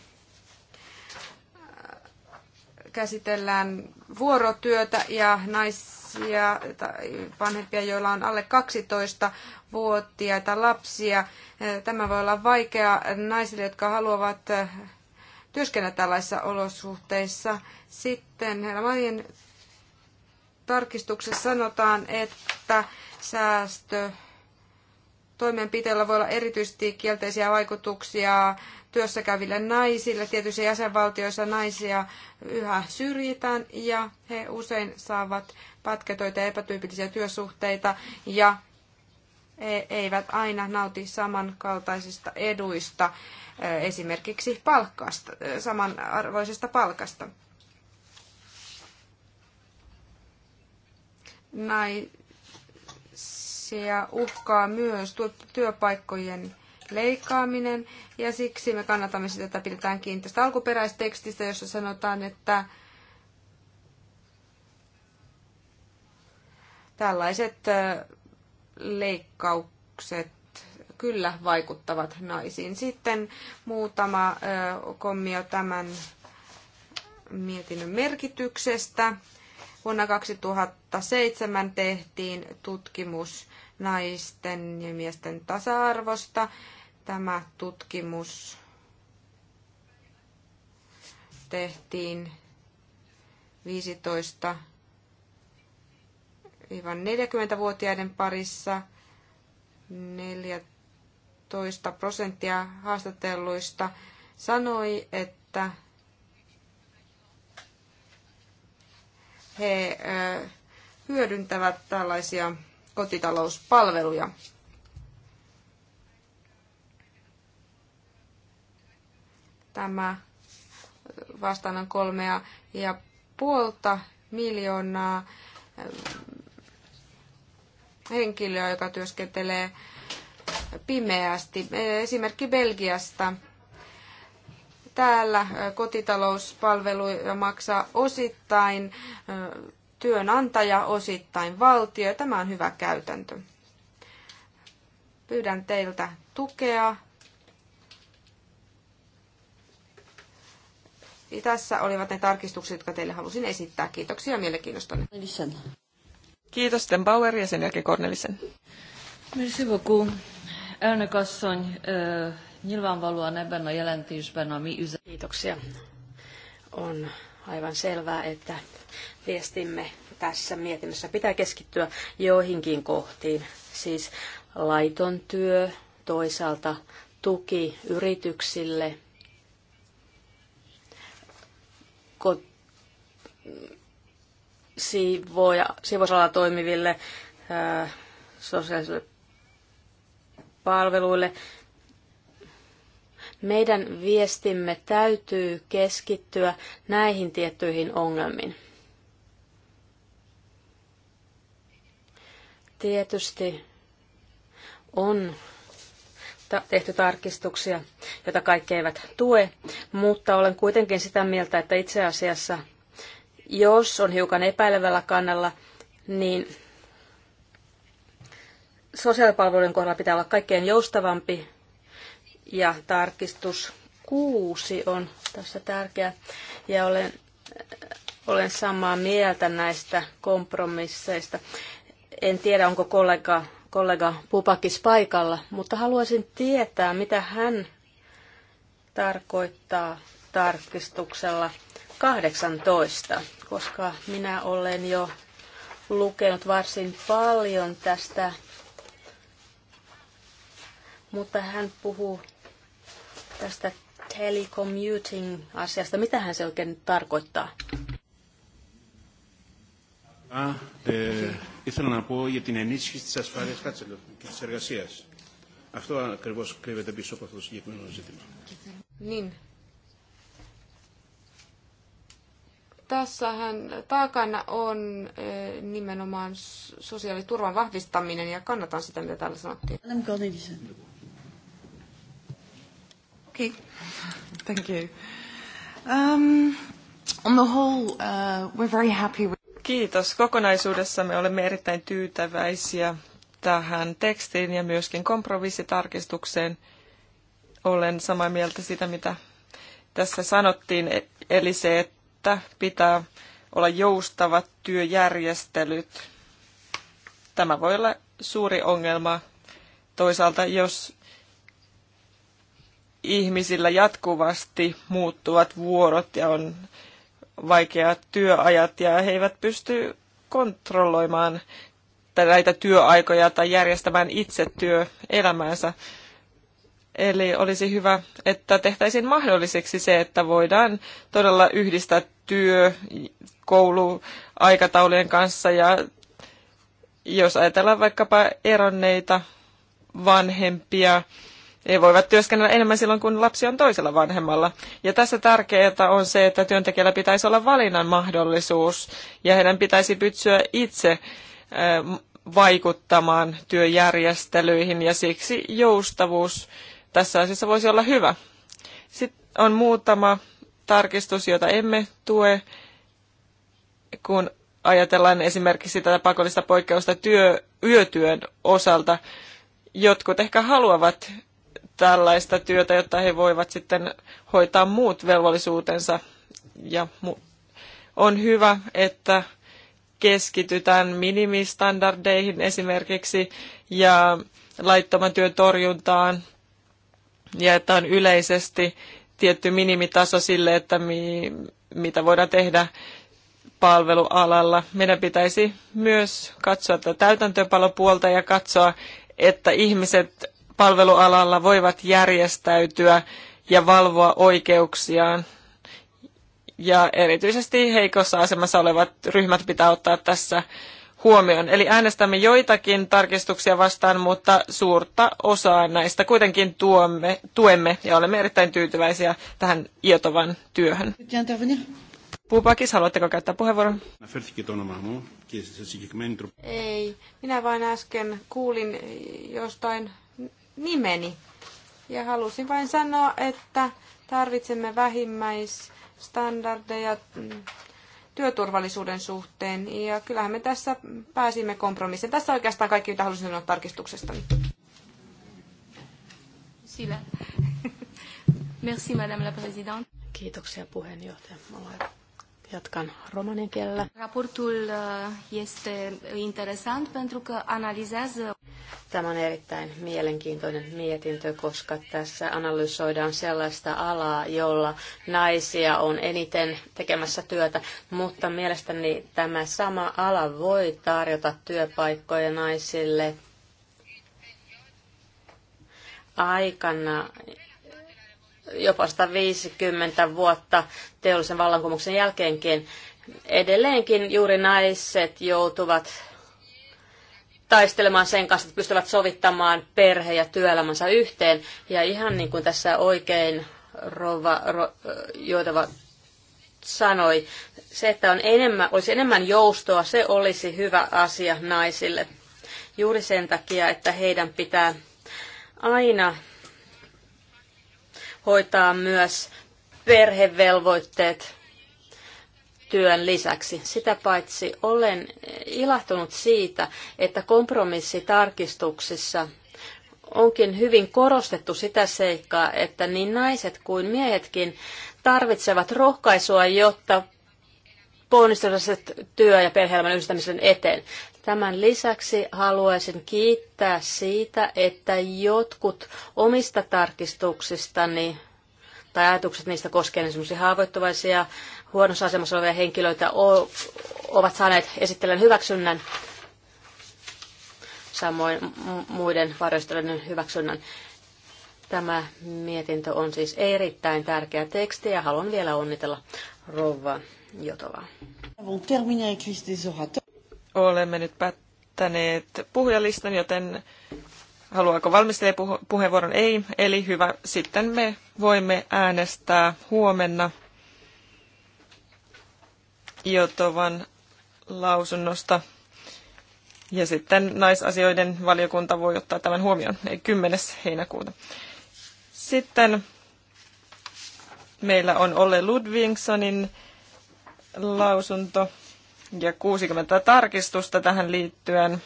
käsitellään vuorotyötä ja naisia tai vanhempia, joilla on alle 12-vuotiaita lapsia. Tämä voi olla vaikea naisille, jotka haluavat eh, työskennellä tällaisissa olosuhteissa. Sitten herra Marien tarkistuksessa sanotaan, että säästö toimenpiteillä voi olla erityisesti kielteisiä vaikutuksia työssäkäville naisille. Tietyissä jäsenvaltioissa naisia yhä syrjitään ja he usein saavat pätkätöitä ja epätyypillisiä työsuhteita ja he eivät aina nauti samankaltaisista eduista, eh, esimerkiksi palkkasta, eh, samanarvoisesta palkasta. Naisia uhkaa myös työpaikkojen leikkaaminen, ja siksi me kannatamme sitä, että pidetään kiinni tästä alkuperäistekstistä, jossa sanotaan, että tällaiset leikkaukset kyllä vaikuttavat naisiin. Sitten muutama kommio tämän mietinnön merkityksestä. Vuonna 2007 tehtiin tutkimus naisten ja miesten tasa-arvosta. Tämä tutkimus tehtiin 15-40-vuotiaiden parissa. 14 prosenttia haastatelluista sanoi, että he hyödyntävät tällaisia kotitalouspalveluja. Tämä vastaan kolmea ja puolta miljoonaa eh, henkilöä, joka työskentelee pimeästi. Esimerkki Belgiasta. Täällä eh, kotitalouspalveluja maksaa osittain eh, työnantaja, osittain valtio. Tämä on hyvä käytäntö. Pyydän teiltä tukea. Tässä olivat ne tarkistukset, jotka teille halusin esittää. Kiitoksia mielenkiinnostanne. Kiitos, Sten Bauer ja sen jälkeen Cornelisen. Merci beaucoup. Elnök asszony, nyilvánvalóan ebben a mi Kiitoksia. On aivan selvää, että viestimme tässä mietinnössä pitää keskittyä joihinkin kohtiin, siis laiton työ, toisaalta tuki yrityksille, siivoja, siivosalalla toimiville ää, sosiaalisille palveluille. Meidän viestimme täytyy keskittyä näihin tiettyihin ongelmiin. Tietysti on tehty tarkistuksia, joita kaikki eivät tue, mutta olen kuitenkin sitä mieltä, että itse asiassa, jos on hiukan epäilevällä kannalla, niin sosiaalipalveluiden kohdalla pitää olla kaikkein joustavampi ja tarkistus kuusi on tässä tärkeä ja olen, olen samaa mieltä näistä kompromisseista. En tiedä, onko kollega, kollega Pupakis paikalla, mutta haluaisin tietää, mitä hän tarkoittaa tarkistuksella 18, koska minä olen jo lukenut varsin paljon tästä, mutta hän puhuu tästä telecommuting-asiasta. Mitä hän se oikein tarkoittaa? Α, ε, ήθελα να πω για την ενίσχυση της ασφάλειας κάτσελων και της εργασίας. Αυτό ακριβώς κρύβεται πίσω από αυτό το συγκεκριμένο ζήτημα. Niin. Tässähän takana on nimenomaan sosiaaliturvan vahvistaminen ja kannatan sitä, mitä täällä sanottiin. Okay. Thank you. Um, on the whole, uh, we're very happy Kiitos. Kokonaisuudessa me olemme erittäin tyytäväisiä tähän tekstiin ja myöskin kompromissitarkistukseen. Olen samaa mieltä sitä, mitä tässä sanottiin, e- eli se, että pitää olla joustavat työjärjestelyt. Tämä voi olla suuri ongelma toisaalta, jos ihmisillä jatkuvasti muuttuvat vuorot ja on vaikeat työajat ja he eivät pysty kontrolloimaan näitä työaikoja tai järjestämään itse työelämäänsä. Eli olisi hyvä, että tehtäisiin mahdolliseksi se, että voidaan todella yhdistää työ kouluaikataulujen kanssa ja jos ajatellaan vaikkapa eronneita vanhempia, he voivat työskennellä enemmän silloin, kun lapsi on toisella vanhemmalla. Ja tässä tärkeää on se, että työntekijällä pitäisi olla valinnan mahdollisuus ja heidän pitäisi pystyä itse vaikuttamaan työjärjestelyihin ja siksi joustavuus tässä asiassa voisi olla hyvä. Sitten on muutama tarkistus, jota emme tue, kun ajatellaan esimerkiksi tätä pakollista poikkeusta työ, yötyön osalta. Jotkut ehkä haluavat tällaista työtä, jotta he voivat sitten hoitaa muut velvollisuutensa. Ja on hyvä, että keskitytään minimistandardeihin esimerkiksi ja laittoman työn torjuntaan ja että on yleisesti tietty minimitaso sille, että mi, mitä voidaan tehdä palvelualalla. Meidän pitäisi myös katsoa tätä täytäntöönpalopuolta ja katsoa, että ihmiset palvelualalla voivat järjestäytyä ja valvoa oikeuksiaan. Ja erityisesti heikossa asemassa olevat ryhmät pitää ottaa tässä huomioon. Eli äänestämme joitakin tarkistuksia vastaan, mutta suurta osaa näistä kuitenkin tuomme, tuemme ja olemme erittäin tyytyväisiä tähän Iotovan työhön. Puupakis, haluatteko käyttää puheenvuoron? Ei, minä vain äsken kuulin jostain nimeni. Ja halusin vain sanoa, että tarvitsemme vähimmäisstandardeja mm, työturvallisuuden suhteen. Ja kyllähän me tässä pääsimme kompromissiin. Tässä oikeastaan kaikki, mitä halusin sanoa tarkistuksesta. Merci, madame la présidente. Kiitoksia puheenjohtaja. Olen Jatkan romanin kielellä. Raportul uh, este interesant pentru că analizează... Tämä on erittäin mielenkiintoinen mietintö, koska tässä analysoidaan sellaista alaa, jolla naisia on eniten tekemässä työtä, mutta mielestäni tämä sama ala voi tarjota työpaikkoja naisille aikana, jopa 150 vuotta teollisen vallankumouksen jälkeenkin. Edelleenkin juuri naiset joutuvat taistelemaan sen kanssa, että pystyvät sovittamaan perhe- ja työelämänsä yhteen. Ja ihan niin kuin tässä oikein Rova, ro, Joitava sanoi, se, että on enemmän, olisi enemmän joustoa, se olisi hyvä asia naisille. Juuri sen takia, että heidän pitää aina hoitaa myös perhevelvoitteet työn lisäksi. Sitä paitsi olen ilahtunut siitä, että kompromissitarkistuksissa onkin hyvin korostettu sitä seikkaa, että niin naiset kuin miehetkin tarvitsevat rohkaisua, jotta ponnistukset työ- ja perhe-elämän yhdistämisen eteen. Tämän lisäksi haluaisin kiittää siitä, että jotkut omista tarkistuksistani tai ajatukset niistä koskien esimerkiksi haavoittuvaisia, huonossa asemassa olevia henkilöitä ovat saaneet esittelen hyväksynnän, samoin muiden varjostelijoiden hyväksynnän. Tämä mietintö on siis erittäin tärkeä teksti ja haluan vielä onnitella rouva Jotovaa. Olemme nyt päättäneet puhujalistan, joten haluaako valmistaja puheenvuoron? Ei. Eli hyvä, sitten me voimme äänestää huomenna Jotovan lausunnosta. Ja sitten naisasioiden valiokunta voi ottaa tämän huomioon, eli 10. heinäkuuta. Sitten meillä on Olle Ludvingsonin lausunto ja 60 tarkistusta tähän liittyen.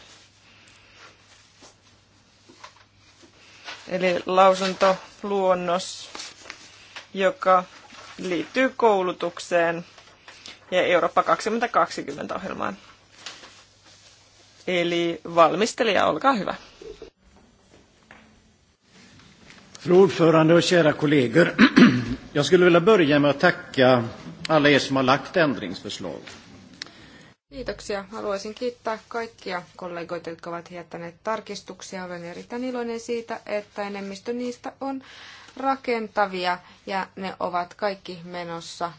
Eli lausuntoluonnos, joka liittyy koulutukseen ja Eurooppa 2020-ohjelmaan. Eli valmistelija, olkaa hyvä. Fru ordförande och kära kollegor. Jag skulle vilja börja med att tacka alla er som har lagt ändringsförslag. Kiitoksia. Haluaisin kiittää kaikkia kollegoita, jotka ovat jättäneet tarkistuksia. Olen erittäin iloinen siitä, että enemmistö niistä on rakentavia ja ne ovat kaikki menossa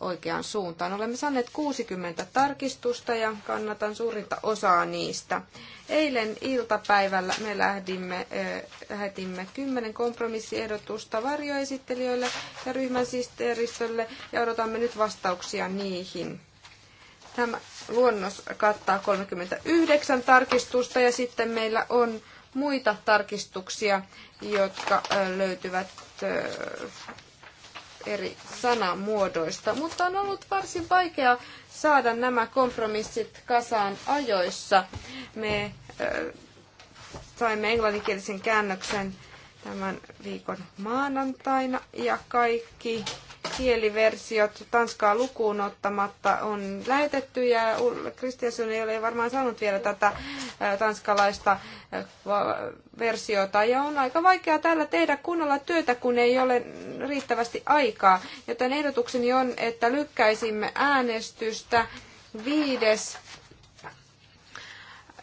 oikeaan suuntaan. Olemme saaneet 60 tarkistusta ja kannatan suurinta osaa niistä. Eilen iltapäivällä me lähdimme, eh, lähetimme kymmenen kompromissiehdotusta varjoesittelijöille ja ryhmän sihteeristölle ja odotamme nyt vastauksia niihin. Tämä luonnos kattaa 39 tarkistusta ja sitten meillä on muita tarkistuksia, jotka löytyvät eri sanamuodoista, mutta on ollut varsin vaikea saada nämä kompromissit kasaan ajoissa. Me saimme englanninkielisen käännöksen tämän viikon maanantaina ja kaikki kieliversiot Tanskaa lukuun ottamatta on lähetetty ja Kristiansson ei ole varmaan saanut vielä tätä tanskalaista versiota ja on aika vaikea täällä tehdä kunnolla työtä, kun ei ole riittävästi aikaa. Joten ehdotukseni on, että lykkäisimme äänestystä viides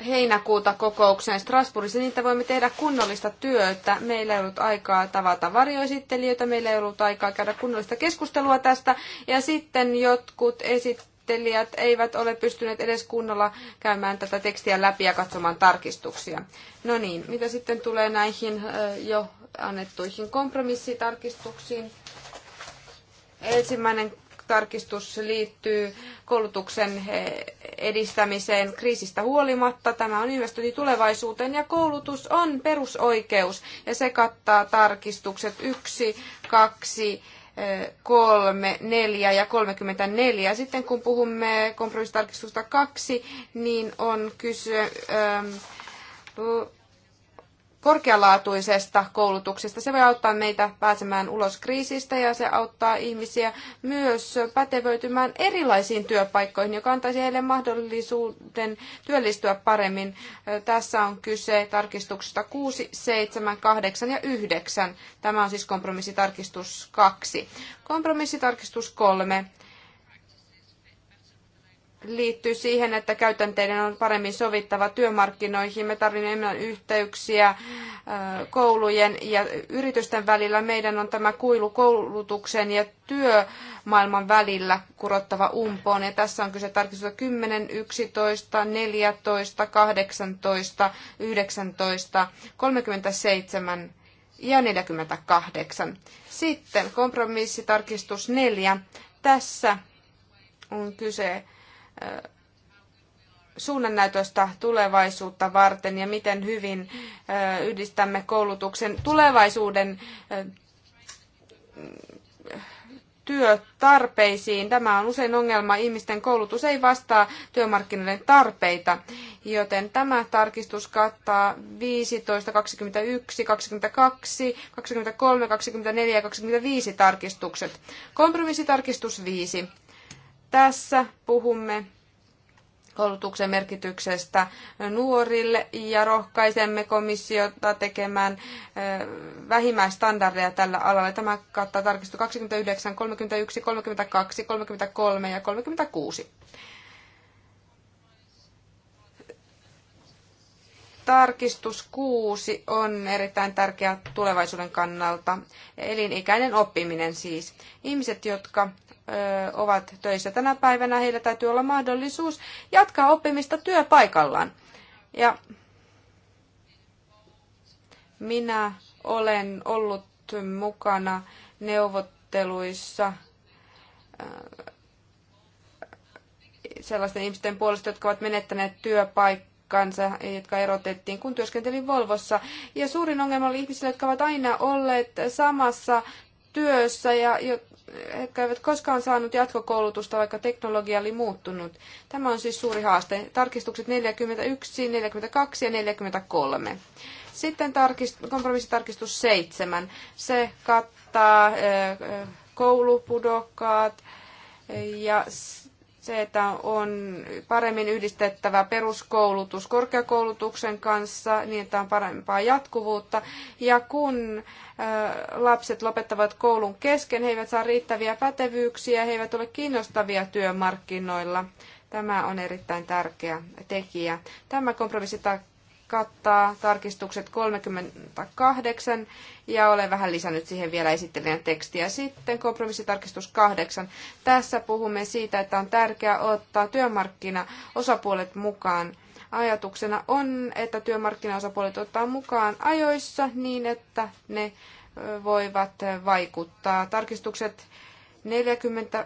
heinäkuuta kokoukseen Strasbourgissa, niin että voimme tehdä kunnollista työtä. Meillä ei ollut aikaa tavata varjoesittelijöitä, meillä ei ollut aikaa käydä kunnollista keskustelua tästä, ja sitten jotkut esittelijät eivät ole pystyneet edes kunnolla käymään tätä tekstiä läpi ja katsomaan tarkistuksia. No niin, mitä sitten tulee näihin jo annettuihin kompromissitarkistuksiin? Ensimmäinen tarkistus liittyy koulutuksen edistämiseen kriisistä huolimatta. Tämä on investointi tulevaisuuteen ja koulutus on perusoikeus ja se kattaa tarkistukset yksi, kaksi, kolme, neljä ja 34. Sitten kun puhumme kompromissitarkistusta kaksi, niin on kyse ähm, korkealaatuisesta koulutuksesta. Se voi auttaa meitä pääsemään ulos kriisistä ja se auttaa ihmisiä myös pätevöitymään erilaisiin työpaikkoihin, joka antaisi heille mahdollisuuden työllistyä paremmin. Tässä on kyse tarkistuksesta 6, 7, 8 ja 9. Tämä on siis kompromissitarkistus 2. Kompromissitarkistus 3 liittyy siihen, että käytänteiden on paremmin sovittava työmarkkinoihin. Me tarvitsemme enemmän yhteyksiä koulujen ja yritysten välillä. Meidän on tämä kuilu koulutuksen ja työmaailman välillä kurottava umpoon. Ja tässä on kyse tarkistusta 10, 11, 14, 18, 19, 37 ja 48. Sitten kompromissitarkistus 4. Tässä on kyse suunnannäytöstä tulevaisuutta varten ja miten hyvin yhdistämme koulutuksen tulevaisuuden työtarpeisiin. Tämä on usein ongelma. Ihmisten koulutus ei vastaa työmarkkinoiden tarpeita, joten tämä tarkistus kattaa 15, 21, 22, 23, 24 ja 25 tarkistukset. Kompromissitarkistus 5. Tässä puhumme koulutuksen merkityksestä nuorille ja rohkaisemme komissiota tekemään vähimmäistandardeja tällä alalla. Tämä kattaa tarkistu 29, 31, 32, 33 ja 36. Tarkistus 6 on erittäin tärkeä tulevaisuuden kannalta, elinikäinen oppiminen siis. Ihmiset, jotka ovat töissä tänä päivänä, heillä täytyy olla mahdollisuus jatkaa oppimista työpaikallaan. Ja minä olen ollut mukana neuvotteluissa sellaisten ihmisten puolesta, jotka ovat menettäneet työpaikkansa, jotka erotettiin, kun työskentelin Volvossa. Ja suurin ongelma oli ihmisille, jotka ovat aina olleet samassa työssä ja jotka eivät koskaan saanut jatkokoulutusta, vaikka teknologia oli muuttunut. Tämä on siis suuri haaste. Tarkistukset 41, 42 ja 43. Sitten tarkist, kompromissitarkistus 7. Se kattaa koulupudokkaat ja se, että on paremmin yhdistettävä peruskoulutus korkeakoulutuksen kanssa niin, että on parempaa jatkuvuutta. Ja kun lapset lopettavat koulun kesken, he eivät saa riittäviä pätevyyksiä, he eivät ole kiinnostavia työmarkkinoilla. Tämä on erittäin tärkeä tekijä. Tämä kompromissi kattaa tarkistukset 38 ja olen vähän lisännyt siihen vielä esittelijän tekstiä. Sitten kompromissitarkistus 8. Tässä puhumme siitä, että on tärkeää ottaa työmarkkinaosapuolet mukaan. Ajatuksena on, että työmarkkinaosapuolet ottaa mukaan ajoissa niin, että ne voivat vaikuttaa. Tarkistukset 45,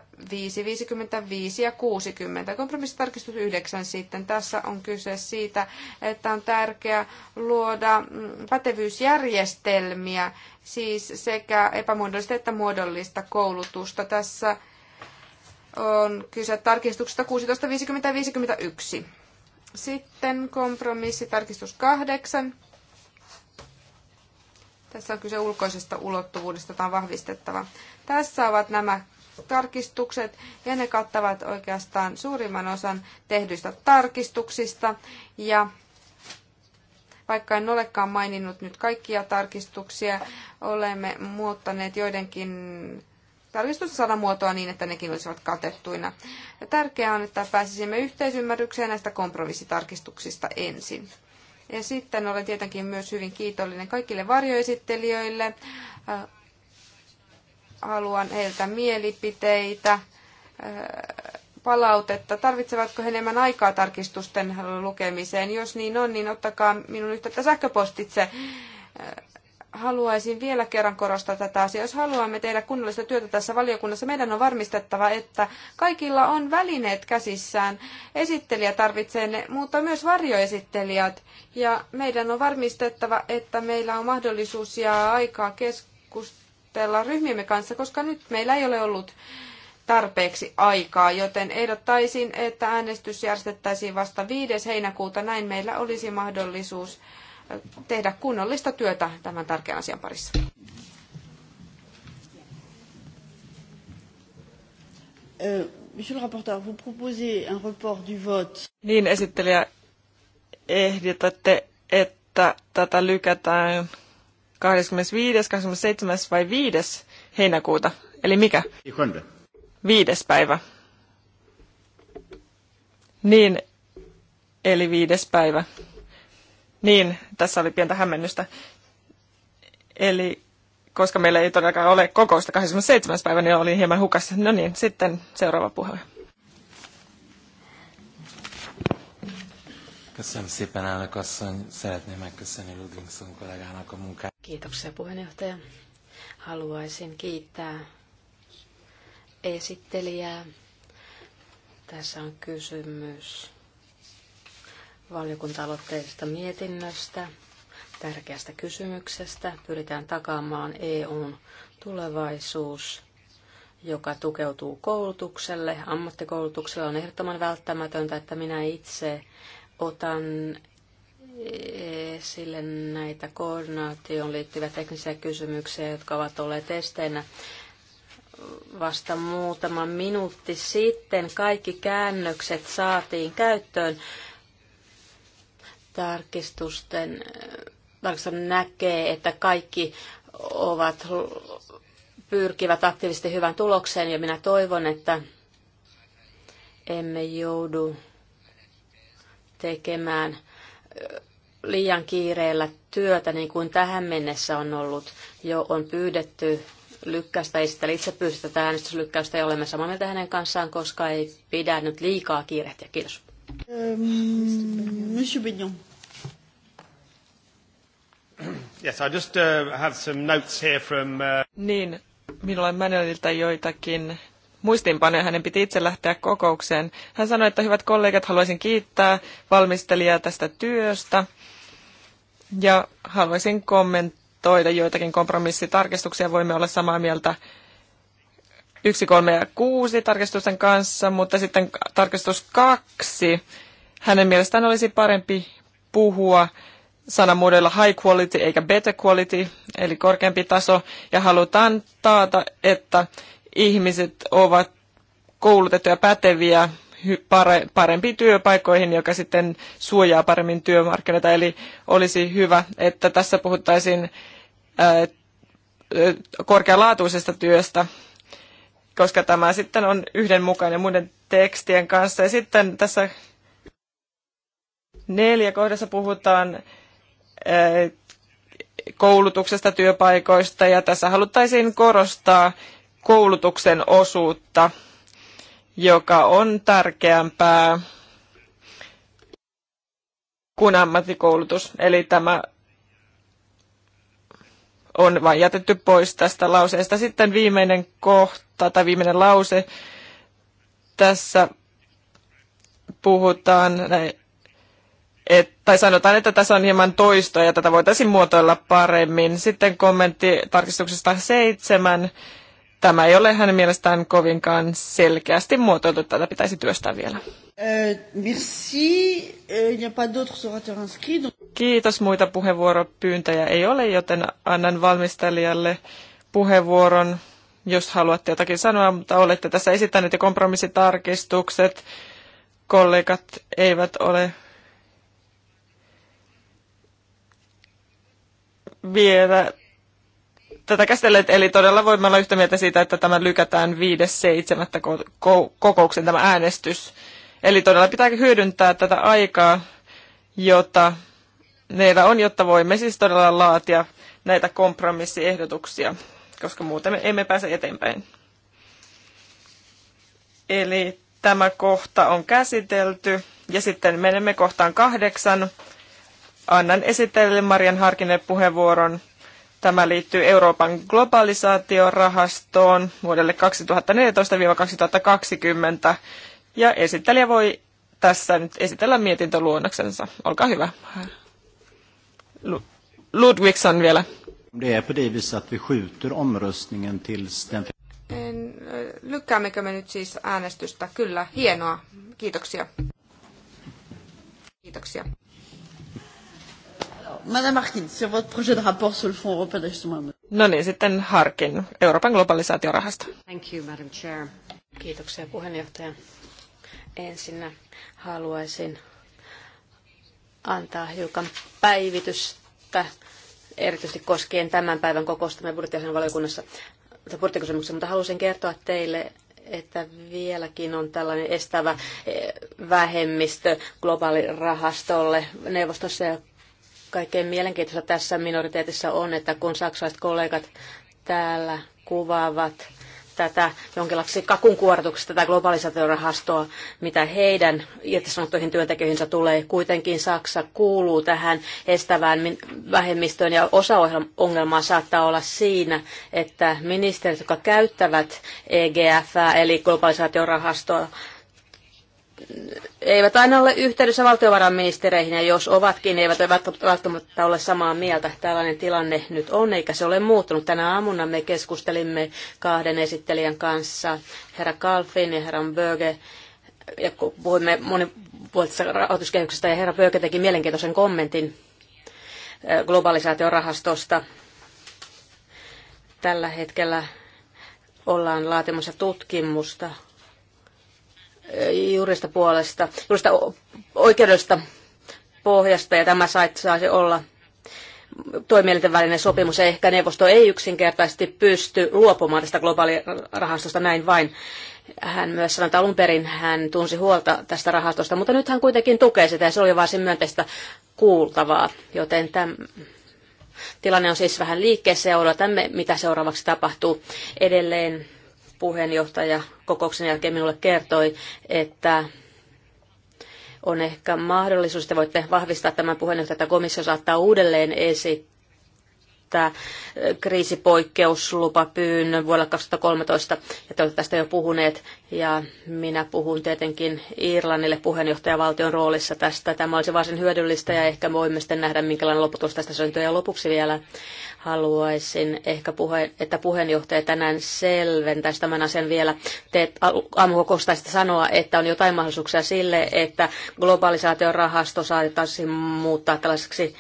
55 ja 60. Kompromissitarkistus 9 sitten. Tässä on kyse siitä, että on tärkeää luoda pätevyysjärjestelmiä, siis sekä epämuodollista että muodollista koulutusta. Tässä on kyse tarkistuksesta 16, 50 ja 51. Sitten kompromissitarkistus 8 tässä on kyse ulkoisesta ulottuvuudesta, jota on vahvistettava. Tässä ovat nämä tarkistukset ja ne kattavat oikeastaan suurimman osan tehdyistä tarkistuksista. Ja vaikka en olekaan maininnut nyt kaikkia tarkistuksia, olemme muuttaneet joidenkin tarkistusten muotoa niin, että nekin olisivat katettuina. Ja tärkeää on, että pääsisimme yhteisymmärrykseen näistä kompromissitarkistuksista ensin. Ja sitten olen tietenkin myös hyvin kiitollinen kaikille varjoesittelijöille. Haluan heiltä mielipiteitä, palautetta. Tarvitsevatko he enemmän aikaa tarkistusten lukemiseen? Jos niin on, niin ottakaa minun yhteyttä sähköpostitse haluaisin vielä kerran korostaa tätä asiaa. Jos haluamme tehdä kunnollista työtä tässä valiokunnassa, meidän on varmistettava, että kaikilla on välineet käsissään. Esittelijä tarvitsee ne, mutta myös varjoesittelijät. Ja meidän on varmistettava, että meillä on mahdollisuus ja aikaa keskustella ryhmiemme kanssa, koska nyt meillä ei ole ollut tarpeeksi aikaa, joten ehdottaisin, että äänestys järjestettäisiin vasta 5. heinäkuuta. Näin meillä olisi mahdollisuus tehdä kunnollista työtä tämän tärkeän asian parissa. Euh, monsieur le rapporteur, vous proposez un report du vote. Niin esittelijä ehdotatte, että tätä lykätään 25., 27. vai 5. heinäkuuta. Eli mikä? Viides päivä. Niin, eli viides päivä. Niin, tässä oli pientä hämmennystä. Eli koska meillä ei todellakaan ole kokousta 27. päivä, niin oli hieman hukassa. No niin, sitten seuraava puhe. Köszönöm szépen, elnök asszony. Szeretném megköszönni Ludvigson kollégának a munkát. Kiitoksia puheenjohtaja. Haluaisin kiittää esittelijää. Tässä on kysymys valiokunta-aloitteisesta mietinnöstä, tärkeästä kysymyksestä. Pyritään takaamaan EUn tulevaisuus, joka tukeutuu koulutukselle. Ammattikoulutuksella on ehdottoman välttämätöntä, että minä itse otan esille näitä koordinaatioon liittyviä teknisiä kysymyksiä, jotka ovat olleet esteenä vasta muutama minuutti sitten kaikki käännökset saatiin käyttöön tarkistusten tarkistus näkee, että kaikki ovat pyrkivät aktiivisesti hyvän tulokseen ja minä toivon, että emme joudu tekemään liian kiireellä työtä, niin kuin tähän mennessä on ollut. Jo on pyydetty lykkäystä, ei sitä itse pyydetä äänestyslykkäystä, ja olemme samaa mieltä hänen kanssaan, koska ei pidä nyt liikaa kiirehtiä. Kiitos. Um, Monsieur Bignon. Yes, I just uh, have some notes here from... Uh... Niin, minulla on Manuelilta joitakin muistiinpanoja. Hänen piti itse lähteä kokoukseen. Hän sanoi, että hyvät kollegat, haluaisin kiittää valmistelijaa tästä työstä. Ja haluaisin kommentoida joitakin kompromissitarkistuksia. Voimme olla samaa mieltä 1, 3 ja 6 tarkistusten kanssa, mutta sitten tarkistus 2. Hänen mielestään olisi parempi puhua sanamuodella high quality eikä better quality, eli korkeampi taso, ja halutaan taata, että ihmiset ovat koulutettuja päteviä parempiin työpaikoihin, joka sitten suojaa paremmin työmarkkinoita. Eli olisi hyvä, että tässä puhuttaisiin korkealaatuisesta työstä koska tämä sitten on yhdenmukainen muiden tekstien kanssa. Ja sitten tässä neljä kohdassa puhutaan eh, koulutuksesta, työpaikoista ja tässä haluttaisiin korostaa koulutuksen osuutta, joka on tärkeämpää kuin ammattikoulutus. Eli tämä on vain jätetty pois tästä lauseesta. Sitten viimeinen kohta tai viimeinen lause. Tässä puhutaan, et, tai sanotaan, että tässä on hieman toistoa ja tätä voitaisiin muotoilla paremmin. Sitten kommentti tarkistuksesta seitsemän. Tämä ei ole hänen mielestään kovinkaan selkeästi muotoiltu. Tätä pitäisi työstää vielä. Euh, merci. Euh, il n'y a pas d'autres orateurs inscrits. Kiitos, muita puheenvuoropyyntöjä ei ole, joten annan valmistelijalle puheenvuoron, jos haluatte jotakin sanoa, mutta olette tässä esittäneet jo kompromissitarkistukset. Kollegat eivät ole vielä tätä käsitelleet, eli todella voimme olla yhtä mieltä siitä, että tämä lykätään 5.7. kokouksen tämä äänestys. Eli todella pitää hyödyntää tätä aikaa, jota meillä on, jotta voimme siis todella laatia näitä kompromissiehdotuksia, koska muuten me emme pääse eteenpäin. Eli tämä kohta on käsitelty. Ja sitten menemme kohtaan kahdeksan. Annan esittelijälle Marian Harkinen puheenvuoron. Tämä liittyy Euroopan globalisaatiorahastoon vuodelle 2014-2020. Ja esittelijä voi tässä nyt esitellä mietintöluonnoksensa. Olkaa hyvä. Ludvigsson vielä. Det är på det viset att vi skjuter omröstningen tills den... Lykkäämmekö me nyt siis äänestystä? Kyllä, hienoa. Kiitoksia. Kiitoksia. Madame Harkin, sur votre projet de rapport sur le Fonds européen d'ajustement. No niin, sitten Harkin, Euroopan globalisaatiorahasta. Thank you, Madam Chair. Kiitoksia puheenjohtaja. Ensinnä haluaisin antaa hiukan päivitystä, erityisesti koskien tämän päivän meidän budjettiasian valiokunnassa budjettikysymyksen, mutta halusin kertoa teille, että vieläkin on tällainen estävä e, vähemmistö globaalirahastolle neuvostossa ja kaikkein mielenkiintoista tässä minoriteetissa on, että kun saksalaiset kollegat täällä kuvaavat tätä jonkinlaiseksi kakunkuortuksesta tätä globalisaatiorahastoa, mitä heidän irtisanottuihin työntekijöihinsä tulee. Kuitenkin Saksa kuuluu tähän estävään vähemmistöön ja osa ongelmaa saattaa olla siinä, että ministerit, jotka käyttävät EGF eli globalisaatiorahastoa, eivät aina ole yhteydessä valtiovarainministereihin, ja jos ovatkin, eivät välttämättä ole samaa mieltä. Tällainen tilanne nyt on, eikä se ole muuttunut. Tänä aamuna me keskustelimme kahden esittelijän kanssa, herra Kalfin ja herra Böge, ja kun puhuimme monivuotisesta rahoituskehyksestä, ja herra Böge teki mielenkiintoisen kommentin eh, globalisaatiorahastosta. Tällä hetkellä ollaan laatimassa tutkimusta juurista puolesta, juurista oikeudellista pohjasta, ja tämä saisi olla toimielinten välinen sopimus, ja ehkä neuvosto ei yksinkertaisesti pysty luopumaan tästä globaalirahastosta näin vain. Hän myös sanoi, että alun perin hän tunsi huolta tästä rahastosta, mutta nyt hän kuitenkin tukee sitä, ja se oli varsin myönteistä kuultavaa, joten tämän tilanne on siis vähän liikkeessä ja odotamme, mitä seuraavaksi tapahtuu. Edelleen puheenjohtaja kokouksen jälkeen minulle kertoi, että on ehkä mahdollisuus, että voitte vahvistaa tämän puheenjohtajan, että komissio saattaa uudelleen esittää kriisipoikkeuslupapyynnön vuonna 2013, ja te olette tästä jo puhuneet, ja minä puhun tietenkin Irlannille puheenjohtajavaltion roolissa tästä. Tämä olisi varsin hyödyllistä, ja ehkä voimme sitten nähdä, minkälainen lopputulos tästä syntyy. Ja lopuksi vielä haluaisin ehkä, puhe, että puheenjohtaja tänään selventäisi tämän asian vielä. Te aamukokoustaisitte sanoa, että on jotain mahdollisuuksia sille, että globalisaation rahasto saataisiin muuttaa tällaiseksi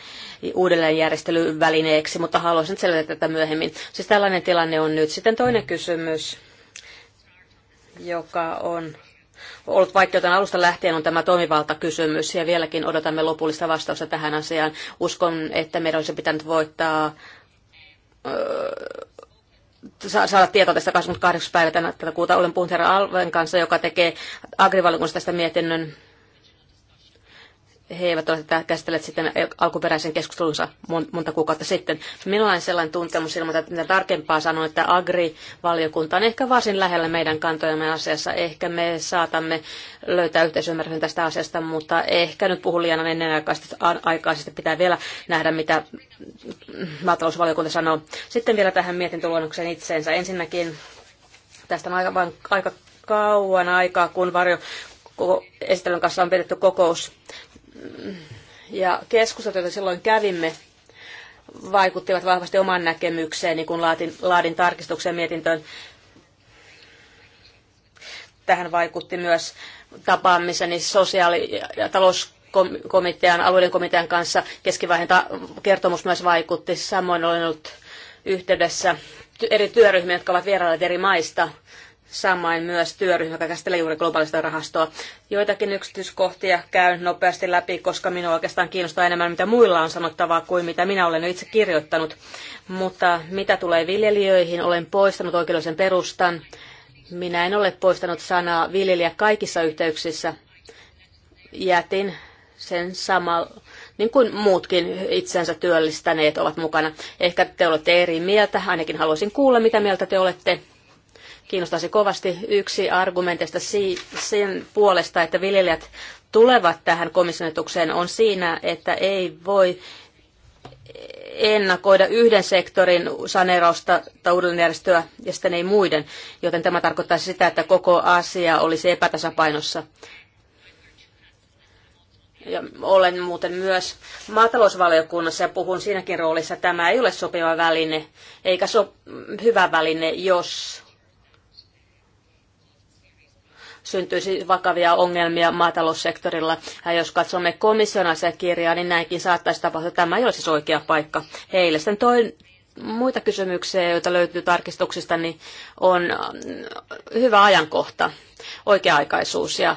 uudelleenjärjestelyvälineeksi, mutta haluaisin selvitä tätä myöhemmin. Siis tällainen tilanne on nyt. Sitten toinen kysymys, joka on ollut vaikeutena alusta lähtien on tämä toimivaltakysymys ja vieläkin odotamme lopullista vastausta tähän asiaan. Uskon, että meidän olisi pitänyt voittaa Öö, saada tietoa tästä 28. päivä tänä, tätä kuuta. Olen puhunut herra Alven kanssa, joka tekee agrivalikunnassa tästä mietinnön he eivät ole tätä käsitelleet sitten alkuperäisen keskustelunsa monta kuukautta sitten. Minulla on sellainen tuntemus ilman, että mitä tarkempaa sanon, että Agri-valiokunta on ehkä varsin lähellä meidän kantojamme asiassa. Ehkä me saatamme löytää yhteisymmärryksen tästä asiasta, mutta ehkä nyt puhun liian ennenaikaisesti. Aikaisesti pitää vielä nähdä, mitä maatalousvaliokunta sanoo. Sitten vielä tähän mietintöluonnokseen itseensä. Ensinnäkin tästä on aika, vain, aika kauan aikaa, kun varjo esittelyn kanssa on pidetty kokous ja keskustelut, joita silloin kävimme, vaikuttivat vahvasti oman näkemykseeni, niin kun laadin, laadin tarkistuksen mietintöön. Tähän vaikutti myös tapaamiseni sosiaali- ja talouskomitean, alueiden komitean kanssa. Keskivaiheen kertomus myös vaikutti. Samoin olen ollut yhteydessä eri työryhmiä, jotka ovat vierailleet eri maista – Samoin myös työryhmä käsittelee juuri globaalista rahastoa. Joitakin yksityiskohtia käyn nopeasti läpi, koska minua oikeastaan kiinnostaa enemmän, mitä muilla on sanottavaa kuin mitä minä olen itse kirjoittanut. Mutta mitä tulee viljelijöihin, olen poistanut oikeudellisen perustan. Minä en ole poistanut sanaa viljelijä kaikissa yhteyksissä. Jätin sen samalla niin kuin muutkin itsensä työllistäneet ovat mukana. Ehkä te olette eri mieltä, ainakin haluaisin kuulla, mitä mieltä te olette kiinnostaisi kovasti yksi argumenteista sen puolesta, että viljelijät tulevat tähän komissionetukseen on siinä, että ei voi ennakoida yhden sektorin saneerausta tai uudelleenjärjestöä ja sitten ei muiden, joten tämä tarkoittaisi sitä, että koko asia olisi epätasapainossa. Ja olen muuten myös maatalousvaliokunnassa ja puhun siinäkin roolissa, että tämä ei ole sopiva väline, eikä so- hyvä väline, jos syntyisi vakavia ongelmia maataloussektorilla. Ja jos katsomme komission asiakirjaa, niin näinkin saattaisi tapahtua. Tämä ei ole siis oikea paikka heille. Sitten muita kysymyksiä, joita löytyy tarkistuksista, niin on mm, hyvä ajankohta, oikea-aikaisuus ja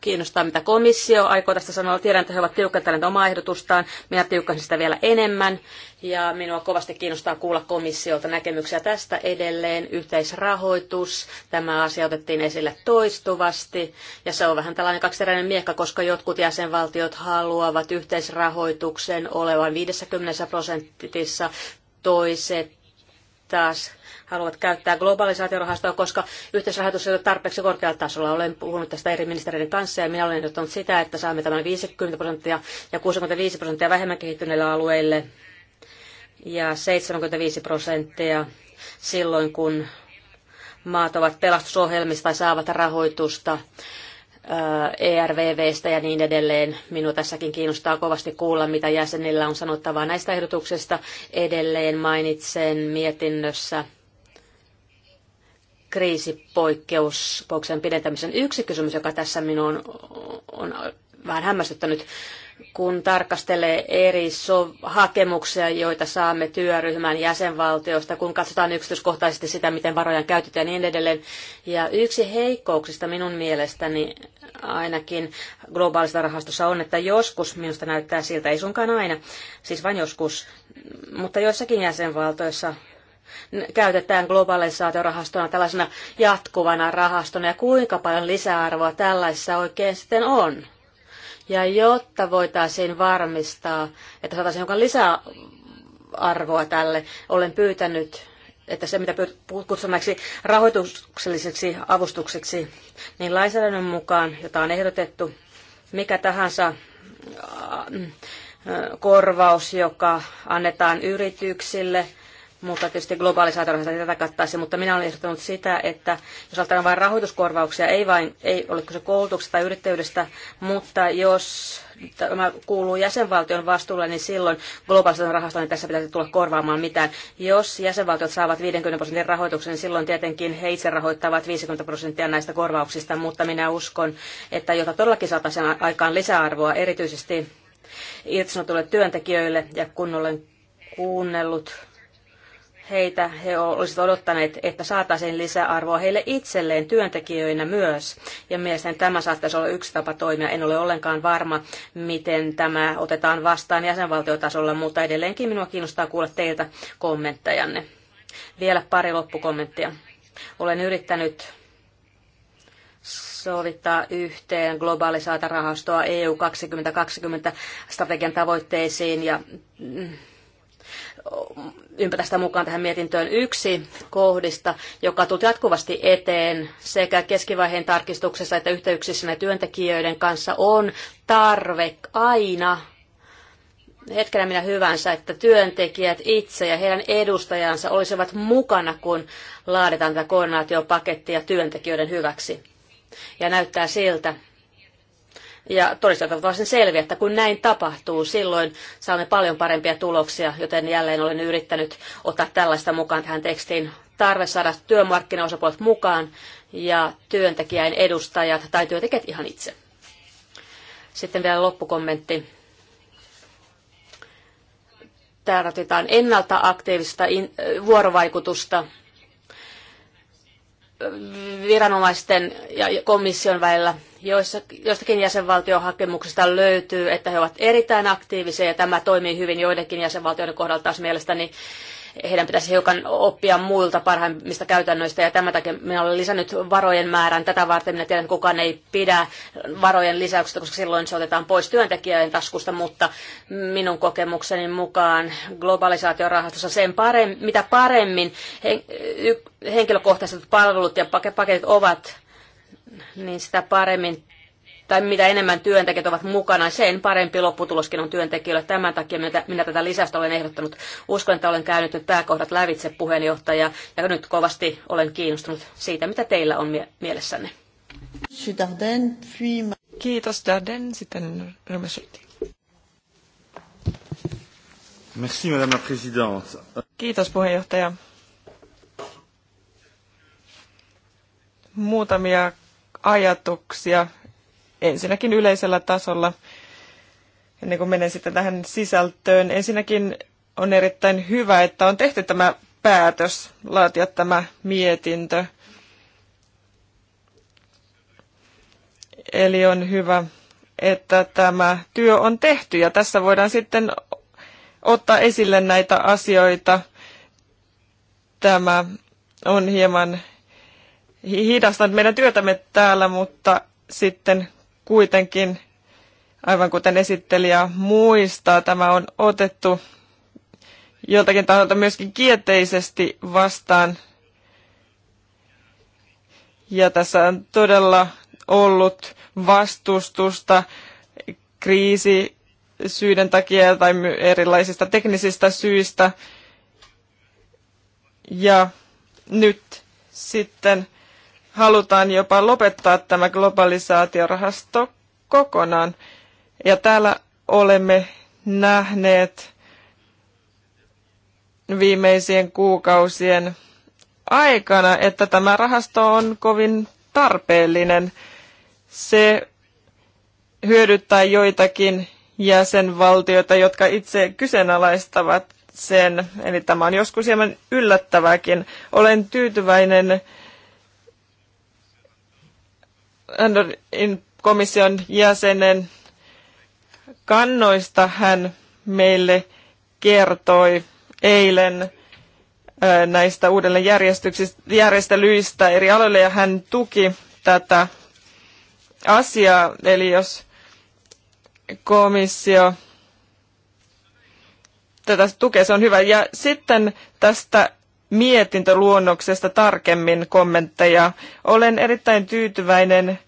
kiinnostaa, mitä komissio aikoo tästä sanoa. Tiedän, että he ovat tiukentaneet omaa ehdotustaan. Minä tiukkasin sitä vielä enemmän ja minua kovasti kiinnostaa kuulla komissiolta näkemyksiä tästä edelleen. Yhteisrahoitus, tämä asia otettiin esille toistuvasti ja se on vähän tällainen kaksiteräinen miekka, koska jotkut jäsenvaltiot haluavat yhteisrahoituksen olevan 50 prosentissa, toiset taas haluavat käyttää globalisaatiorahastoa, koska yhteisrahoitus ei ole tarpeeksi korkealla tasolla. Olen puhunut tästä eri ministeriöiden kanssa ja minä olen ehdottanut sitä, että saamme tämän 50 prosenttia ja 65 prosenttia vähemmän kehittyneille alueille ja 75 prosenttia silloin, kun maat ovat pelastusohjelmissa tai saavat rahoitusta ERVVstä ja niin edelleen. Minua tässäkin kiinnostaa kovasti kuulla, mitä jäsenillä on sanottavaa näistä ehdotuksista. Edelleen mainitsen mietinnössä kriisipoikkeuspoiksen pidentämisen yksi kysymys, joka tässä minun on vähän hämmästyttänyt, kun tarkastelee eri hakemuksia, joita saamme työryhmän jäsenvaltiosta, kun katsotaan yksityiskohtaisesti sitä, miten varoja on käytetty ja niin edelleen. Ja yksi heikkouksista minun mielestäni ainakin globaalista rahastossa on, että joskus minusta näyttää siltä, ei sunkaan aina, siis vain joskus, mutta joissakin jäsenvaltoissa käytetään globalisaatiorahastona tällaisena jatkuvana rahastona ja kuinka paljon lisäarvoa tällaisessa oikein sitten on. Ja jotta voitaisiin varmistaa, että saataisiin jonkun lisäarvoa tälle, olen pyytänyt että se mitä kutsumaksi rahoitukselliseksi avustukseksi, niin lainsäädännön mukaan, jota on ehdotettu, mikä tahansa äh, korvaus, joka annetaan yrityksille, mutta tietysti globaalisaatioita tätä kattaisi, mutta minä olen ehdottanut sitä, että jos ajatellaan vain rahoituskorvauksia, ei vain, ei ole kyse koulutuksesta tai yrittäjyydestä, mutta jos tämä kuuluu jäsenvaltion vastuulle, niin silloin globaalisen rahaston niin tässä pitäisi tulla korvaamaan mitään. Jos jäsenvaltiot saavat 50 prosentin rahoituksen, niin silloin tietenkin he itse rahoittavat 50 prosenttia näistä korvauksista, mutta minä uskon, että jota todellakin saataisiin aikaan lisäarvoa erityisesti irtisanotuille työntekijöille ja kun olen kuunnellut heitä he olisivat odottaneet, että saataisiin lisäarvoa heille itselleen työntekijöinä myös. Ja mielestäni tämä saattaisi olla yksi tapa toimia. En ole ollenkaan varma, miten tämä otetaan vastaan jäsenvaltiotasolla, mutta edelleenkin minua kiinnostaa kuulla teiltä kommenttejanne. Vielä pari loppukommenttia. Olen yrittänyt sovittaa yhteen globaalisaata rahastoa EU 2020 strategian tavoitteisiin ja mm, ympätä sitä mukaan tähän mietintöön yksi kohdista, joka tuli jatkuvasti eteen sekä keskivaiheen tarkistuksessa että yhteyksissä työntekijöiden kanssa on tarve aina hetkenä minä hyvänsä, että työntekijät itse ja heidän edustajansa olisivat mukana, kun laaditaan tätä koordinaatiopakettia työntekijöiden hyväksi. Ja näyttää siltä, ja todistajat ovat varsin selviä, että kun näin tapahtuu, silloin saamme paljon parempia tuloksia, joten jälleen olen yrittänyt ottaa tällaista mukaan tähän tekstiin. Tarve saada työmarkkinaosapuolet mukaan ja työntekijän edustajat tai työntekijät ihan itse. Sitten vielä loppukommentti. Tarvitaan ennalta aktiivista vuorovaikutusta viranomaisten ja komission välillä. Joissa, jostakin hakemuksista löytyy, että he ovat erittäin aktiivisia ja tämä toimii hyvin joidenkin jäsenvaltioiden kohdalla taas mielestäni heidän pitäisi hiukan oppia muilta parhaimmista käytännöistä, ja tämän takia minä olen lisännyt varojen määrän tätä varten. Minä tiedän, että kukaan ei pidä varojen lisäyksestä, koska silloin se otetaan pois työntekijöiden taskusta, mutta minun kokemukseni mukaan globalisaatiorahastossa sen paremmin, mitä paremmin henkilökohtaiset palvelut ja paketit ovat, niin sitä paremmin tai mitä enemmän työntekijät ovat mukana, sen parempi lopputuloskin on työntekijöille. Tämän takia minä, minä tätä lisäystä olen ehdottanut. Uskon, että olen käynyt nyt pääkohdat lävitse puheenjohtaja, ja nyt kovasti olen kiinnostunut siitä, mitä teillä on mie- mielessänne. Kiitos Darden, sitten Merci, Madame la Présidente. Kiitos puheenjohtaja. Muutamia ajatuksia ensinnäkin yleisellä tasolla, ennen kuin menen sitten tähän sisältöön. Ensinnäkin on erittäin hyvä, että on tehty tämä päätös laatia tämä mietintö. Eli on hyvä, että tämä työ on tehty ja tässä voidaan sitten ottaa esille näitä asioita. Tämä on hieman hidastanut meidän työtämme täällä, mutta sitten kuitenkin, aivan kuten esittelijä muistaa, tämä on otettu joltakin taholta myöskin kielteisesti vastaan. Ja tässä on todella ollut vastustusta kriisi syiden takia tai erilaisista teknisistä syistä. Ja nyt sitten halutaan jopa lopettaa tämä globalisaatiorahasto kokonaan. Ja täällä olemme nähneet viimeisien kuukausien aikana, että tämä rahasto on kovin tarpeellinen. Se hyödyttää joitakin jäsenvaltioita, jotka itse kyseenalaistavat sen. Eli tämä on joskus hieman yllättäväkin. Olen tyytyväinen Andorin komission jäsenen kannoista hän meille kertoi eilen näistä uudelleen järjestelyistä eri aloille ja hän tuki tätä asiaa. Eli jos komissio tätä tukee, se on hyvä. Ja sitten tästä mietintöluonnoksesta tarkemmin kommentteja. Olen erittäin tyytyväinen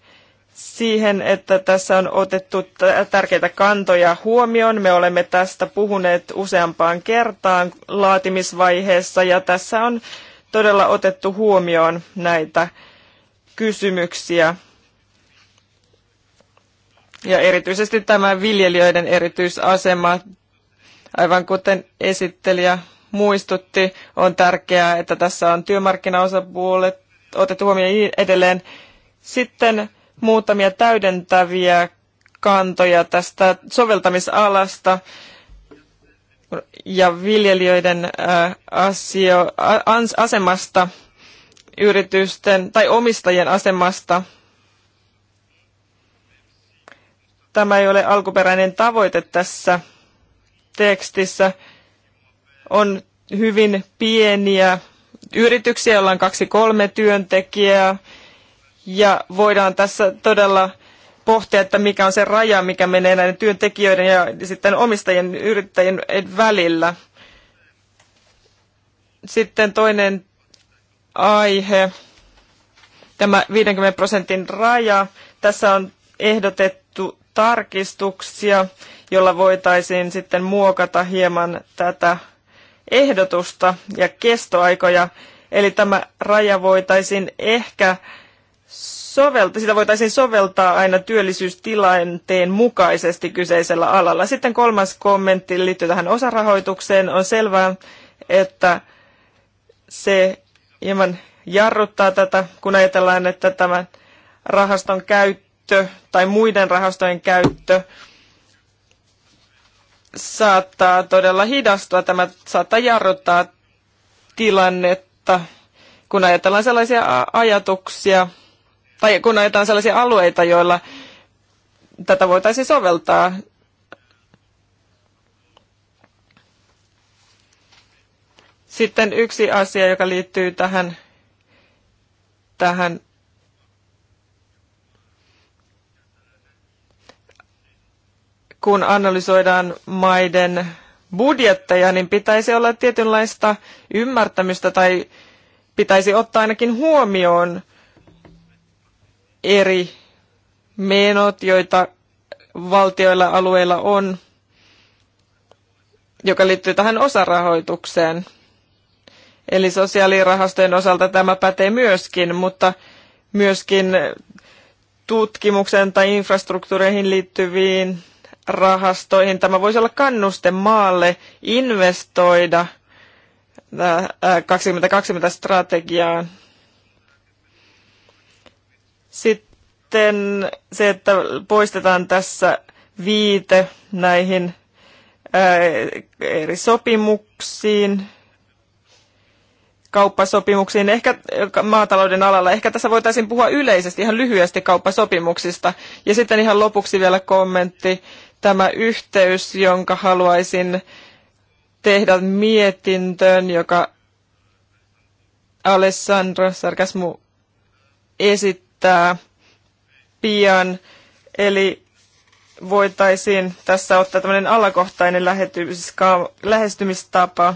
siihen, että tässä on otettu tärkeitä kantoja huomioon. Me olemme tästä puhuneet useampaan kertaan laatimisvaiheessa ja tässä on todella otettu huomioon näitä kysymyksiä. Ja erityisesti tämä viljelijöiden erityisasema, aivan kuten esittelijä muistutti. On tärkeää, että tässä on työmarkkinaosapuolet otettu huomioon niin edelleen. Sitten muutamia täydentäviä kantoja tästä soveltamisalasta ja viljelijöiden äh, asio, asemasta, yritysten tai omistajien asemasta. Tämä ei ole alkuperäinen tavoite tässä tekstissä on hyvin pieniä yrityksiä, joilla on kaksi kolme työntekijää ja voidaan tässä todella pohtia, että mikä on se raja, mikä menee näiden työntekijöiden ja sitten omistajien yrittäjien välillä. Sitten toinen aihe, tämä 50 prosentin raja. Tässä on ehdotettu tarkistuksia, jolla voitaisiin sitten muokata hieman tätä ehdotusta ja kestoaikoja, eli tämä raja voitaisiin ehkä soveltaa, sitä voitaisiin soveltaa aina työllisyystilanteen mukaisesti kyseisellä alalla. Sitten kolmas kommentti liittyy tähän osarahoitukseen. On selvää, että se hieman jarruttaa tätä, kun ajatellaan, että tämän rahaston käyttö tai muiden rahastojen käyttö saattaa todella hidastua, tämä saattaa jarruttaa tilannetta, kun ajatellaan sellaisia ajatuksia, tai kun ajatellaan sellaisia alueita, joilla tätä voitaisiin soveltaa. Sitten yksi asia, joka liittyy tähän, tähän kun analysoidaan maiden budjetteja, niin pitäisi olla tietynlaista ymmärtämystä tai pitäisi ottaa ainakin huomioon eri menot, joita valtioilla alueilla on, joka liittyy tähän osarahoitukseen. Eli sosiaalirahastojen osalta tämä pätee myöskin, mutta myöskin tutkimuksen tai infrastruktuureihin liittyviin rahastoihin. Tämä voisi olla kannuste maalle investoida 2020 äh, äh, strategiaan. Sitten se, että poistetaan tässä viite näihin äh, eri sopimuksiin, kauppasopimuksiin, ehkä maatalouden alalla. Ehkä tässä voitaisiin puhua yleisesti ihan lyhyesti kauppasopimuksista. Ja sitten ihan lopuksi vielä kommentti tämä yhteys, jonka haluaisin tehdä mietintöön, joka Alessandro Sarkasmu esittää pian. Eli voitaisiin tässä ottaa tämmöinen alakohtainen lähestymistapa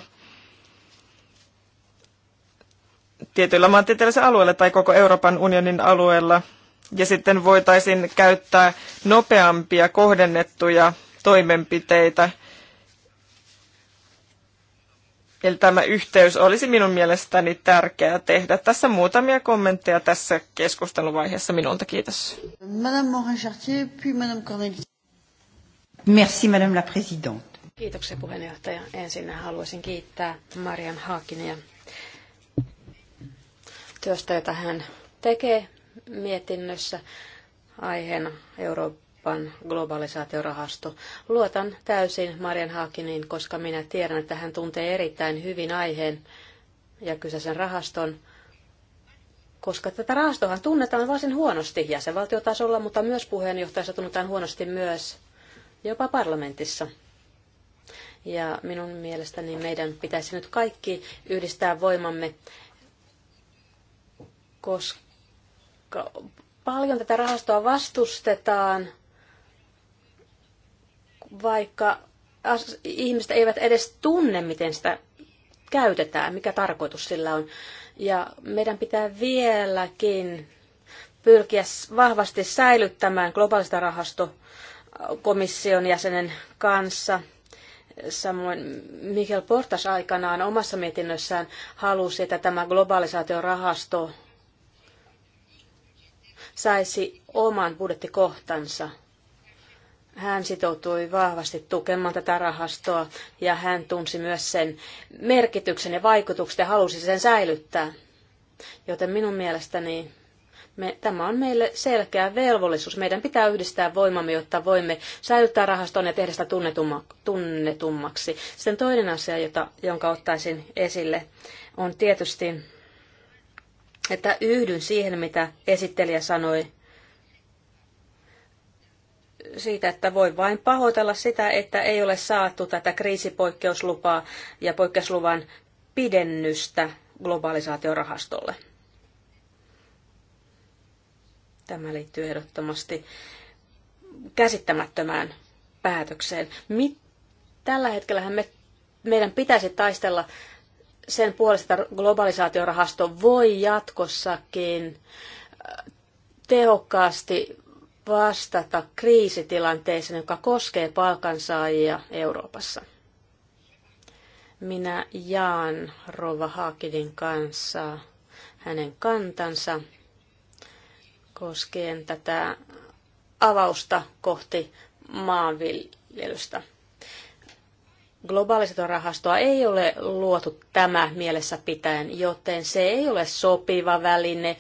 tietyillä maantieteellisillä alueilla tai koko Euroopan unionin alueella – ja sitten voitaisiin käyttää nopeampia kohdennettuja toimenpiteitä. Eli tämä yhteys olisi minun mielestäni tärkeää tehdä. Tässä muutamia kommentteja tässä keskusteluvaiheessa minulta. Kiitos. Madame Morin-Chartier, puis Madame Cornelis. Merci, Madame la Présidente. Kiitoksia puheenjohtaja. Ensin haluaisin kiittää Marian Haakinia työstä, jota hän tekee mietinnössä aiheena Euroopan globalisaatiorahasto. Luotan täysin Marian Haakiniin, koska minä tiedän, että hän tuntee erittäin hyvin aiheen ja kyseisen rahaston, koska tätä rahastohan tunnetaan varsin huonosti jäsenvaltiotasolla, mutta myös puheenjohtajassa tunnetaan huonosti myös jopa parlamentissa. Ja minun mielestäni meidän pitäisi nyt kaikki yhdistää voimamme, koska paljon tätä rahastoa vastustetaan, vaikka ihmiset eivät edes tunne, miten sitä käytetään, mikä tarkoitus sillä on. Ja meidän pitää vieläkin pyrkiä vahvasti säilyttämään globaalista rahastokomission jäsenen kanssa. Samoin Michael Portas aikanaan omassa mietinnössään halusi, että tämä globalisaatiorahasto rahasto saisi oman budjettikohtansa. Hän sitoutui vahvasti tukemaan tätä rahastoa ja hän tunsi myös sen merkityksen ja vaikutukset ja halusi sen säilyttää. Joten minun mielestäni me, tämä on meille selkeä velvollisuus. Meidän pitää yhdistää voimamme, jotta voimme säilyttää rahaston ja tehdä sitä tunnetumma, tunnetummaksi. Sitten toinen asia, jota, jonka ottaisin esille, on tietysti että yhdyn siihen, mitä esittelijä sanoi siitä, että voi vain pahoitella sitä, että ei ole saatu tätä kriisipoikkeuslupaa ja poikkeusluvan pidennystä globalisaatiorahastolle. Tämä liittyy ehdottomasti käsittämättömään päätökseen. Mit, tällä hetkellä me, meidän pitäisi taistella sen puolesta, että globalisaatiorahasto voi jatkossakin äh, tehokkaasti vastata kriisitilanteeseen, joka koskee palkansaajia Euroopassa. Minä jaan Rova Haakidin kanssa hänen kantansa koskien tätä avausta kohti maanviljelystä. Globaalisatorrahastoa ei ole luotu tämä mielessä pitäen, joten se ei ole sopiva väline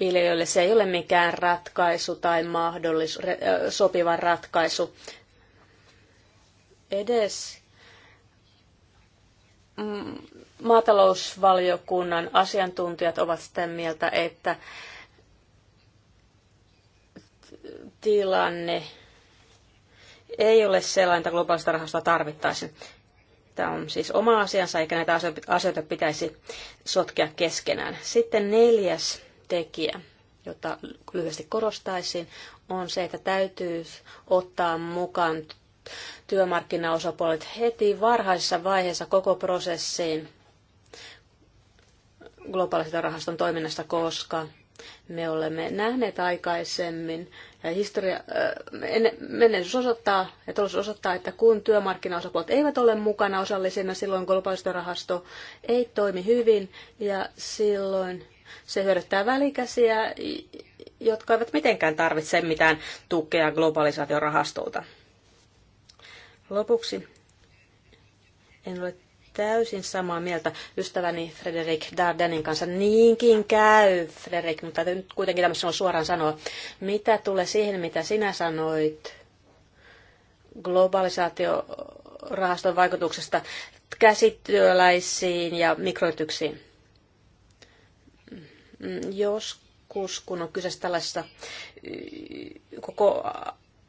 viljelijöille. Se ei ole mikään ratkaisu tai mahdollis, sopiva ratkaisu. Edes maatalousvaliokunnan asiantuntijat ovat sitä mieltä, että tilanne ei ole sellainen, että globaalista rahastoa tarvittaisiin. Tämä on siis oma asiansa, eikä näitä asioita pitäisi sotkea keskenään. Sitten neljäs tekijä, jota lyhyesti korostaisin, on se, että täytyy ottaa mukaan työmarkkinaosapuolet heti varhaisessa vaiheessa koko prosessiin globaalista rahaston toiminnasta, koska me olemme nähneet aikaisemmin, historia, äh, menestys osoittaa, että osoittaa, että kun työmarkkinaosapuolet eivät ole mukana osallisena, silloin rahasto ei toimi hyvin ja silloin se hyödyttää välikäsiä, jotka eivät mitenkään tarvitse mitään tukea globalisaatiorahastolta. Lopuksi en ole täysin samaa mieltä ystäväni Frederik Dardenin kanssa. Niinkin käy, Frederik, mutta nyt kuitenkin tämä on suoraan sanoa. Mitä tulee siihen, mitä sinä sanoit globalisaatiorahaston vaikutuksesta käsityöläisiin ja mikroityksiin? Joskus, kun on kyseessä tällaisessa koko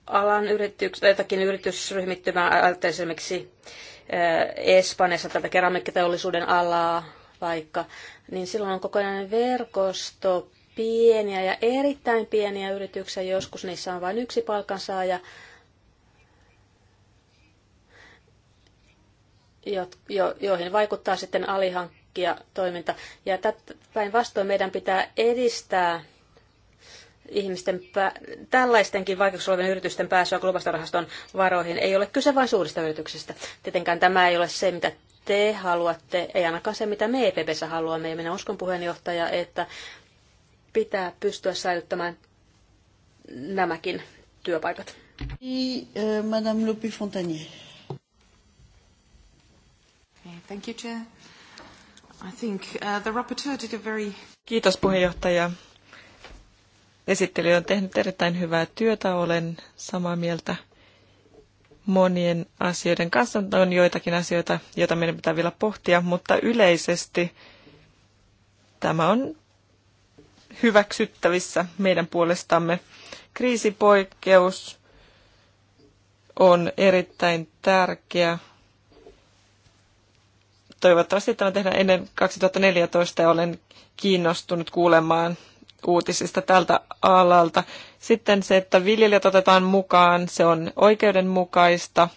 alan yrityks, jotakin yritysryhmittymää, esimerkiksi Espanjassa tätä keramiikkiteollisuuden alaa vaikka, niin silloin on kokonainen verkosto pieniä ja erittäin pieniä yrityksiä. Joskus niissä on vain yksi palkansaaja, jo, joihin vaikuttaa sitten alihankkia toiminta. Ja päinvastoin meidän pitää edistää ihmisten tällaistenkin vaikeuksissa olevien yritysten pääsyä globaalista varoihin ei ole kyse vain suurista yrityksistä. Tietenkään tämä ei ole se, mitä te haluatte, ei ainakaan se, mitä me EPPssä haluamme. Ja minä uskon puheenjohtaja, että pitää pystyä säilyttämään nämäkin työpaikat. E, Madame Lopi Fontanier. Thank you, Chair. I think uh, the rapporteur did a very... Kiitos puheenjohtaja. Esittelijä on tehnyt erittäin hyvää työtä, olen samaa mieltä monien asioiden kanssa. On joitakin asioita, joita meidän pitää vielä pohtia, mutta yleisesti tämä on hyväksyttävissä meidän puolestamme. Kriisipoikkeus on erittäin tärkeä. Toivottavasti tämä tehdään ennen 2014 ja olen kiinnostunut kuulemaan uutisista tältä alalta. Sitten se, että viljelijät otetaan mukaan, se on oikeudenmukaista.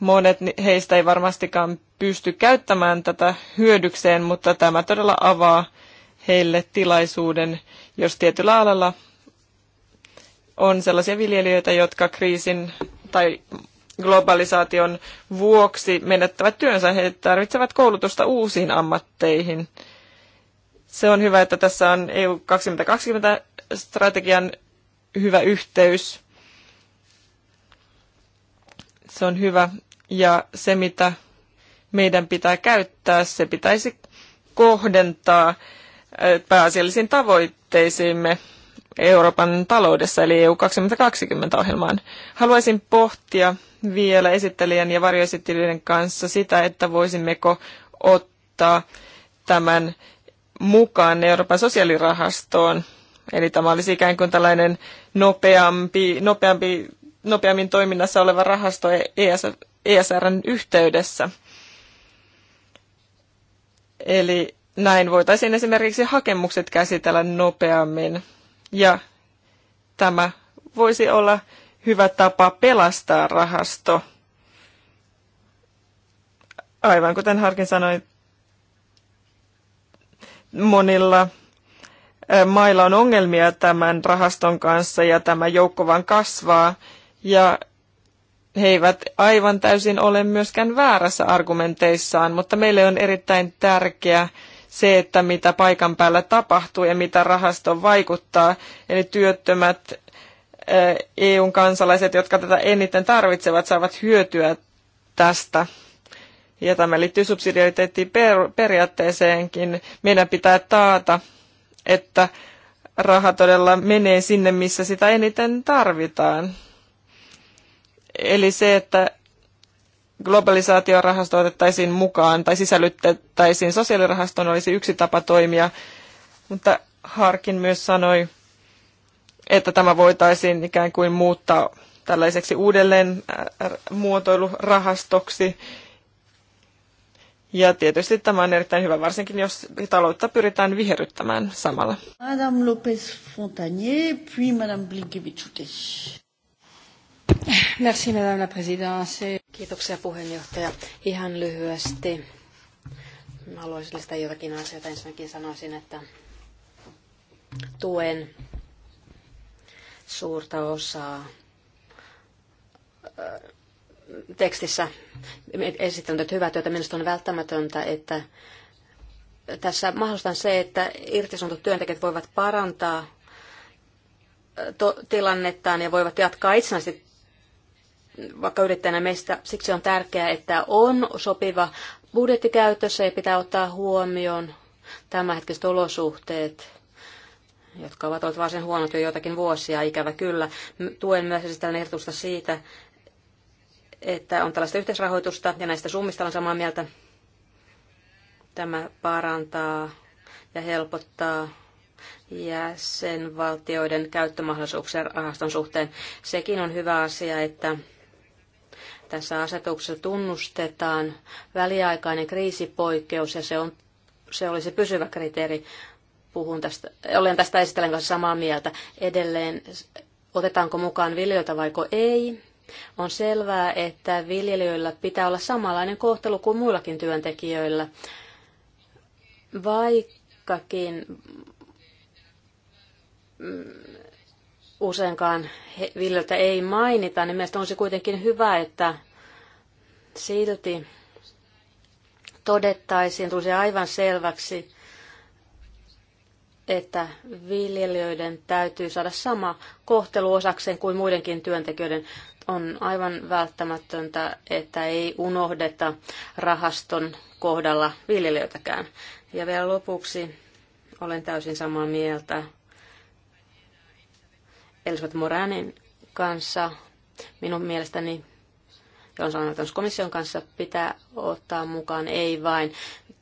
Monet heistä ei varmastikaan pysty käyttämään tätä hyödykseen, mutta tämä todella avaa heille tilaisuuden, jos tietyllä alalla on sellaisia viljelijöitä, jotka kriisin tai globalisaation vuoksi menettävät työnsä. He tarvitsevat koulutusta uusiin ammatteihin. Se on hyvä, että tässä on EU 2020-strategian hyvä yhteys. Se on hyvä. Ja se, mitä meidän pitää käyttää, se pitäisi kohdentaa äh, pääasiallisiin tavoitteisiimme Euroopan taloudessa, eli EU 2020-ohjelmaan. Haluaisin pohtia vielä esittelijän ja varjoesittelijän kanssa sitä, että voisimmeko ottaa tämän mukaan Euroopan sosiaalirahastoon. Eli tämä olisi ikään kuin tällainen nopeampi, nopeampi, nopeammin toiminnassa oleva rahasto ES, ESRn yhteydessä. Eli näin voitaisiin esimerkiksi hakemukset käsitellä nopeammin. Ja tämä voisi olla hyvä tapa pelastaa rahasto. Aivan kuten Harkin sanoi, monilla mailla on ongelmia tämän rahaston kanssa ja tämä joukko vaan kasvaa ja he eivät aivan täysin ole myöskään väärässä argumenteissaan, mutta meille on erittäin tärkeää se, että mitä paikan päällä tapahtuu ja mitä rahasto vaikuttaa. Eli työttömät EUn kansalaiset, jotka tätä eniten tarvitsevat, saavat hyötyä tästä ja tämä liittyy subsidiariteettiin periaatteeseenkin, meidän pitää taata, että raha todella menee sinne, missä sitä eniten tarvitaan. Eli se, että globalisaatiorahasto otettaisiin mukaan tai sisällytettäisiin sosiaalirahastoon olisi yksi tapa toimia, mutta Harkin myös sanoi, että tämä voitaisiin ikään kuin muuttaa tällaiseksi uudelleen äh, muotoilurahastoksi, ja tietysti tämä on erittäin hyvä, varsinkin jos taloutta pyritään viherryttämään samalla. Madame Lopez Fontanier, puis Madame Blinkevich. Merci, Madame la Présidente. Kiitoksia puheenjohtaja. Ihan lyhyesti haluaisin lisätä jotakin asioita. Ensinnäkin sanoisin, että tuen suurta osaa tekstissä esittänyt hyvää työtä. Minusta on välttämätöntä, että tässä mahdollistan se, että irtisanotut työntekijät voivat parantaa tilannettaan ja voivat jatkaa itsenäisesti vaikka yrittäjänä meistä. Siksi on tärkeää, että on sopiva budjetti käytössä ja pitää ottaa huomioon tämänhetkiset olosuhteet jotka ovat olleet varsin huonot jo joitakin vuosia, ikävä kyllä. Tuen myös sitä ehdotusta siitä, että on tällaista yhteisrahoitusta ja näistä summista on samaa mieltä. Tämä parantaa ja helpottaa jäsenvaltioiden käyttömahdollisuuksia rahaston suhteen. Sekin on hyvä asia, että tässä asetuksessa tunnustetaan väliaikainen kriisipoikkeus ja se, on, se oli se pysyvä kriteeri. Puhun tästä, olen tästä esittelen kanssa samaa mieltä. Edelleen, otetaanko mukaan viljelijöitä vaiko ei? On selvää, että viljelijöillä pitää olla samanlainen kohtelu kuin muillakin työntekijöillä, vaikkakin mm, useinkaan viljelijöitä ei mainita, niin mielestäni se kuitenkin hyvä, että silti todettaisiin, tulisi aivan selväksi, että viljelijöiden täytyy saada sama kohtelu osakseen kuin muidenkin työntekijöiden. On aivan välttämätöntä, että ei unohdeta rahaston kohdalla viljelijöitäkään. Ja vielä lopuksi olen täysin samaa mieltä Elisabeth Moranin kanssa. Minun mielestäni ja on sanonut, että komission kanssa pitää ottaa mukaan ei vain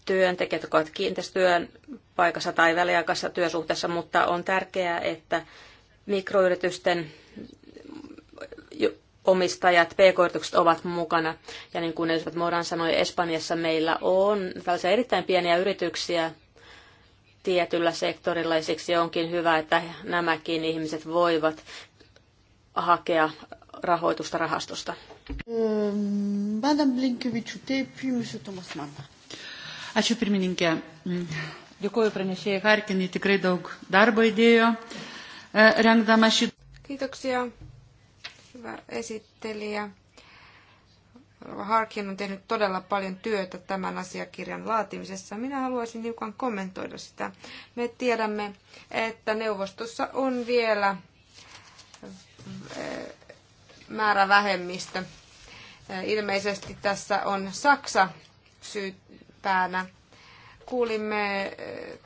työntekijät, jotka ovat kiinteistötyön paikassa tai väliaikaisessa työsuhteessa, mutta on tärkeää, että mikroyritysten omistajat, pk-yritykset ovat mukana. Ja niin kuin Elisabeth Moran sanoi, Espanjassa meillä on tällaisia erittäin pieniä yrityksiä tietyllä sektorilla ja siksi onkin hyvä, että nämäkin ihmiset voivat hakea rahoitusta rahastosta. Ehm, Madame Blinkevičiūtė, puis Monsieur Thomas Mann. Ačiū pirmininkė. Mm. Dėkuoju pranešėjai Harkinį, tikrai daug darbo įdėjo e, rengdama šį. Kiitoksia, hyvä esittelijä. Harkin on tehnyt todella paljon työtä tämän asiakirjan laatimisessa. Minä haluaisin hiukan kommentoida sitä. Me tiedämme, että neuvostossa on vielä e, määrä vähemmistö Ilmeisesti tässä on Saksa syypäänä. Kuulimme e,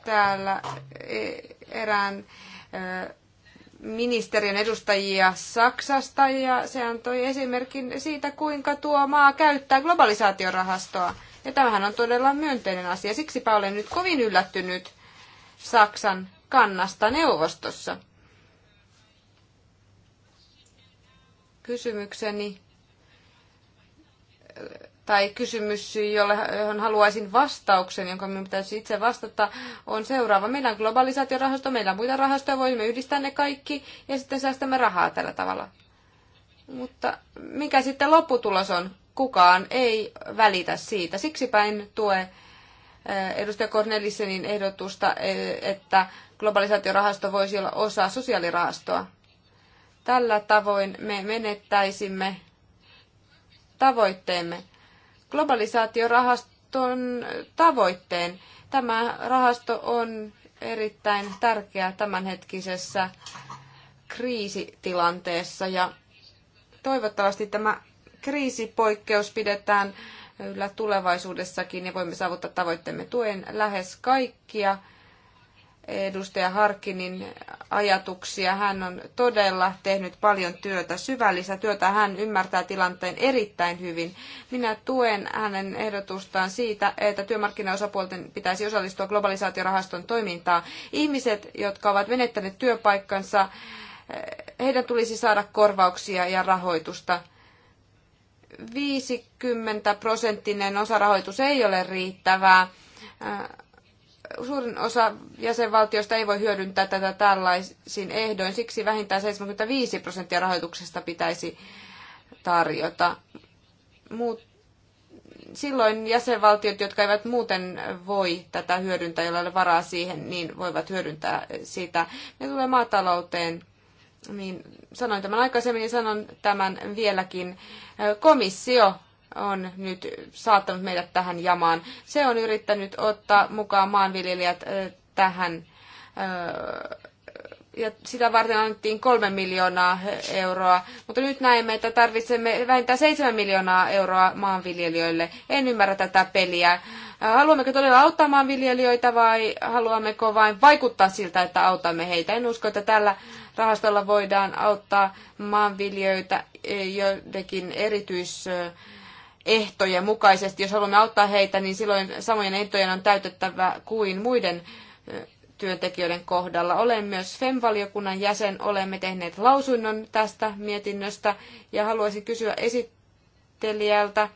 täällä e, erään e, ministeriön edustajia Saksasta ja se antoi esimerkin siitä, kuinka tuo maa käyttää globalisaatiorahastoa. Ja tämähän on todella myönteinen asia. Siksipä olen nyt kovin yllättynyt Saksan kannasta neuvostossa. Kysymykseni tai kysymys, jolle, johon haluaisin vastauksen, jonka minun pitäisi itse vastata, on seuraava. Meillä on globalisaatiorahasto, meillä on muita rahastoja, voimme yhdistää ne kaikki ja sitten säästämme rahaa tällä tavalla. Mutta mikä sitten lopputulos on? Kukaan ei välitä siitä. Siksi päin tue eh, edustaja Cornelissenin ehdotusta, eh, että globalisaatiorahasto voisi olla osa sosiaalirahastoa. Tällä tavoin me menettäisimme tavoitteemme, globalisaatiorahaston tavoitteen. Tämä rahasto on erittäin tärkeä tämänhetkisessä kriisitilanteessa ja toivottavasti tämä kriisipoikkeus pidetään yllä tulevaisuudessakin ja voimme saavuttaa tavoitteemme tuen lähes kaikkia edustaja Harkinin ajatuksia. Hän on todella tehnyt paljon työtä, syvällistä työtä. Hän ymmärtää tilanteen erittäin hyvin. Minä tuen hänen ehdotustaan siitä, että työmarkkinaosapuolten pitäisi osallistua globalisaatiorahaston toimintaan. Ihmiset, jotka ovat menettäneet työpaikkansa, heidän tulisi saada korvauksia ja rahoitusta. 50 prosenttinen osarahoitus ei ole riittävää suurin osa jäsenvaltioista ei voi hyödyntää tätä tällaisin ehdoin, siksi vähintään 75 prosenttia rahoituksesta pitäisi tarjota. silloin jäsenvaltiot, jotka eivät muuten voi tätä hyödyntää, joilla ei ole varaa siihen, niin voivat hyödyntää sitä. Ne tulee maatalouteen niin sanoin tämän aikaisemmin ja sanon tämän vieläkin. Komissio on nyt saattanut meidät tähän jamaan. Se on yrittänyt ottaa mukaan maanviljelijät tähän ja sitä varten annettiin kolme miljoonaa euroa, mutta nyt näemme, että tarvitsemme vähintään seitsemän miljoonaa euroa maanviljelijöille. En ymmärrä tätä peliä. Haluammeko todella auttaa maanviljelijöitä vai haluammeko vain vaikuttaa siltä, että autamme heitä? En usko, että tällä rahastolla voidaan auttaa maanviljelijöitä joidenkin erityis ehtojen mukaisesti. Jos haluamme auttaa heitä, niin silloin samojen ehtojen on täytettävä kuin muiden työntekijöiden kohdalla. Olen myös FEM-valiokunnan jäsen, olemme tehneet lausunnon tästä mietinnöstä ja haluaisin kysyä esittelijältä,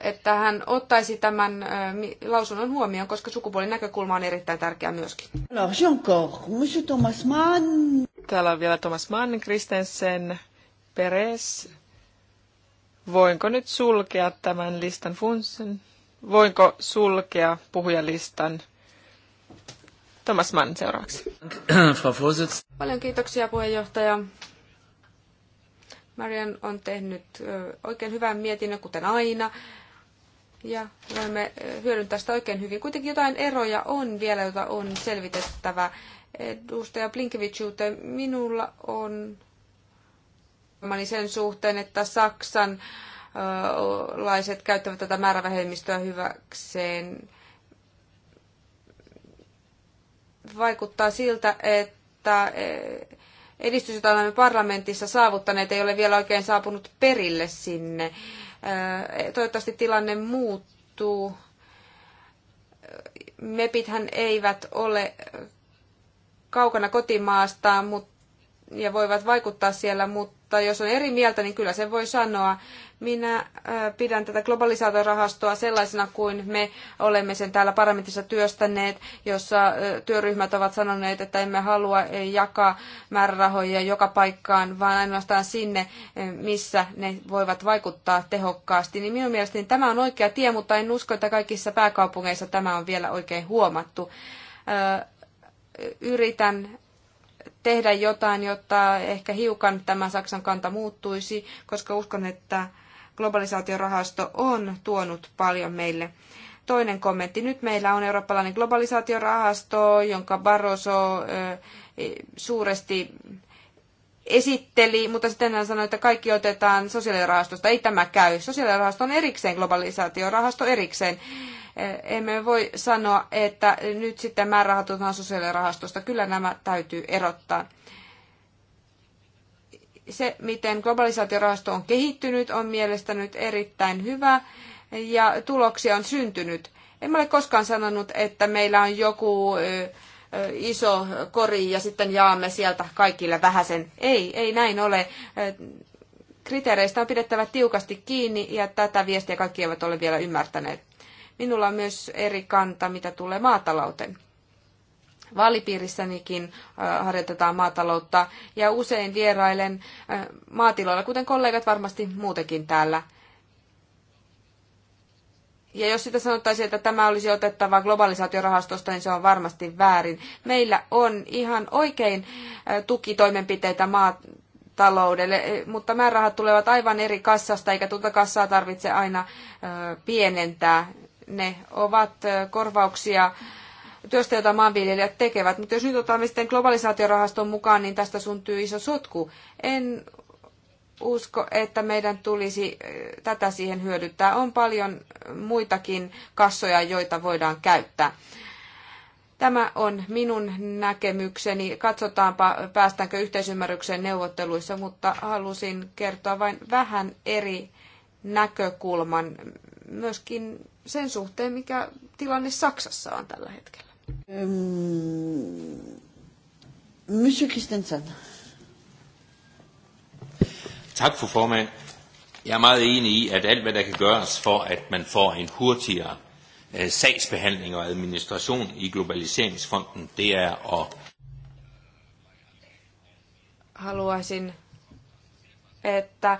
että hän ottaisi tämän lausunnon huomioon, koska sukupuolin näkökulma on erittäin tärkeä myöskin. Thomas Mann. Täällä on vielä Thomas Mann, Kristensen, Perez, Voinko nyt sulkea tämän listan funsen? Voinko sulkea puhujalistan? Thomas Mann seuraavaksi. Paljon kiitoksia puheenjohtaja. Marian on tehnyt oikein hyvän mietinnön, kuten aina. Ja voimme hyödyntää sitä oikein hyvin. Kuitenkin jotain eroja on vielä, joita on selvitettävä. Edustaja Blinkevichuute, minulla on ongelmani sen suhteen, että Saksan laiset käyttävät tätä määrävähemmistöä hyväkseen. Vaikuttaa siltä, että e, edistys, jota olemme parlamentissa saavuttaneet, ei ole vielä oikein saapunut perille sinne. Toivottavasti tilanne muuttuu. Mepithän eivät ole kaukana kotimaastaan, mutta ja voivat vaikuttaa siellä, mutta jos on eri mieltä, niin kyllä sen voi sanoa. Minä äh, pidän tätä globalisaatiorahastoa sellaisena kuin me olemme sen täällä parlamentissa työstäneet, jossa äh, työryhmät ovat sanoneet, että emme halua jakaa määrärahoja joka paikkaan, vaan ainoastaan sinne, äh, missä ne voivat vaikuttaa tehokkaasti. Niin minun mielestäni tämä on oikea tie, mutta en usko, että kaikissa pääkaupungeissa tämä on vielä oikein huomattu. Yritän tehdä jotain, jotta ehkä hiukan tämä Saksan kanta muuttuisi, koska uskon, että globalisaatiorahasto on tuonut paljon meille. Toinen kommentti. Nyt meillä on eurooppalainen globalisaatiorahasto, jonka Barroso e, suuresti esitteli, mutta sitten hän sanoi, että kaikki otetaan sosiaalirahastosta. Ei tämä käy. Sosiaalirahasto on erikseen, globalisaatiorahasto erikseen. Emme voi sanoa, että nyt sitten määrärahat otetaan sosiaalirahastosta. Kyllä nämä täytyy erottaa. Se, miten globalisaatiorahasto on kehittynyt, on mielestäni nyt erittäin hyvä ja tuloksia on syntynyt. En ole koskaan sanonut, että meillä on joku iso kori ja sitten jaamme sieltä kaikille vähäsen. Ei, ei näin ole. Kriteereistä on pidettävä tiukasti kiinni ja tätä viestiä kaikki eivät ole vielä ymmärtäneet. Minulla on myös eri kanta, mitä tulee maatalouteen. Vaalipiirissänikin äh, harjoitetaan maataloutta ja usein vierailen äh, maatiloilla, kuten kollegat varmasti muutenkin täällä. Ja jos sitä sanottaisiin, että tämä olisi otettava globalisaatiorahastosta, niin se on varmasti väärin. Meillä on ihan oikein äh, tukitoimenpiteitä maataloudelle, eh, mutta määrärahat tulevat aivan eri kassasta, eikä tuota kassaa tarvitse aina pienentää ne ovat korvauksia työstä, jota maanviljelijät tekevät. Mutta jos nyt otamme sitten globalisaatiorahaston mukaan, niin tästä syntyy iso sotku. En usko, että meidän tulisi tätä siihen hyödyttää. On paljon muitakin kassoja, joita voidaan käyttää. Tämä on minun näkemykseni. Katsotaanpa, päästäänkö yhteisymmärrykseen neuvotteluissa, mutta halusin kertoa vain vähän eri näkökulman myöskin sen suhteen, mikä tilanne Saksassa on tällä hetkellä. Monsieur Christensen. Tak for formand. Jeg er meget enig i, at alt hvad der kan gøres for, at man får en hurtigere eh, sagsbehandling og administration i Globaliseringsfonden, det er at... Haluaisin että äh,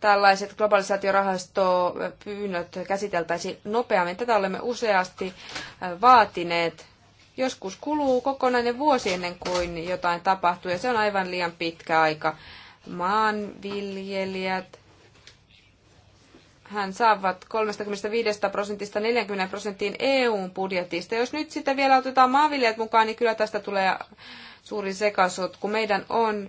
tällaiset globalisaatiorahastopyynnöt käsiteltäisiin nopeammin. Tätä olemme useasti äh, vaatineet. Joskus kuluu kokonainen vuosi ennen kuin jotain tapahtuu, ja se on aivan liian pitkä aika. Maanviljelijät, hän saavat 35 prosentista 40 prosenttiin EUn budjetista. Jos nyt sitten vielä otetaan maanviljelijät mukaan, niin kyllä tästä tulee suuri sekasot, kun Meidän on äh,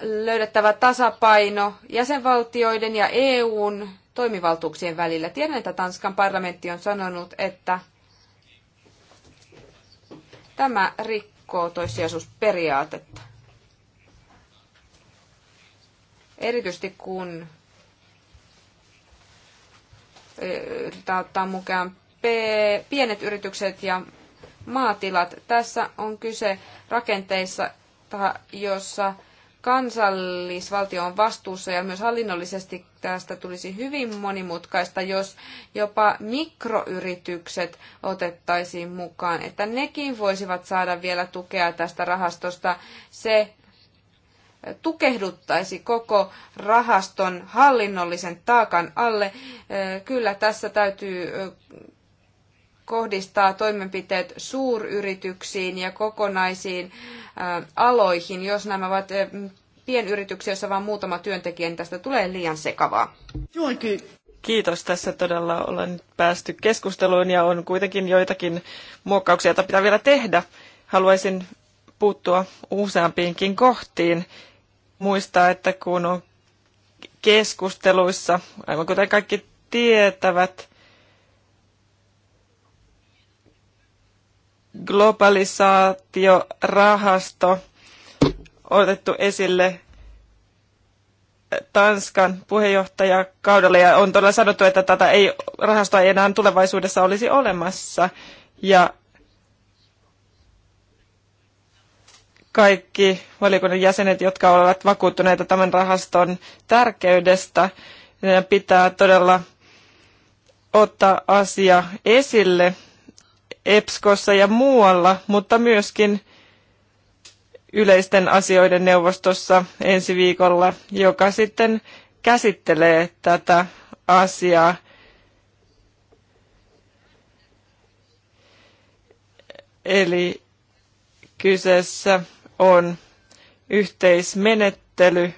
löydettävä tasapaino jäsenvaltioiden ja EUn toimivaltuuksien välillä. Tiedän, että Tanskan parlamentti on sanonut, että tämä rikkoo toissijaisuusperiaatetta. Erityisesti kun yritetään ottaa mukaan pienet yritykset ja maatilat. Tässä on kyse rakenteissa, jossa kansallisvaltio on vastuussa ja myös hallinnollisesti tästä tulisi hyvin monimutkaista, jos jopa mikroyritykset otettaisiin mukaan, että nekin voisivat saada vielä tukea tästä rahastosta. Se tukehduttaisi koko rahaston hallinnollisen taakan alle. Kyllä tässä täytyy kohdistaa toimenpiteet suuryrityksiin ja kokonaisiin aloihin, jos nämä ovat pienyrityksiä, joissa vain muutama työntekijä, niin tästä tulee liian sekavaa. Kiitos. Tässä todella olen päästy keskusteluun ja on kuitenkin joitakin muokkauksia, joita pitää vielä tehdä. Haluaisin puuttua useampiinkin kohtiin. Muistaa, että kun on keskusteluissa, aivan kuten kaikki tietävät, globalisaatiorahasto otettu esille Tanskan puheenjohtajakaudella ja on todella sanottu, että tätä ei, rahastoa ei enää tulevaisuudessa olisi olemassa. Ja kaikki valiokunnan jäsenet, jotka ovat vakuuttuneita tämän rahaston tärkeydestä, pitää todella ottaa asia esille EPSKossa ja muualla, mutta myöskin yleisten asioiden neuvostossa ensi viikolla, joka sitten käsittelee tätä asiaa. Eli kyseessä on yhteismenettely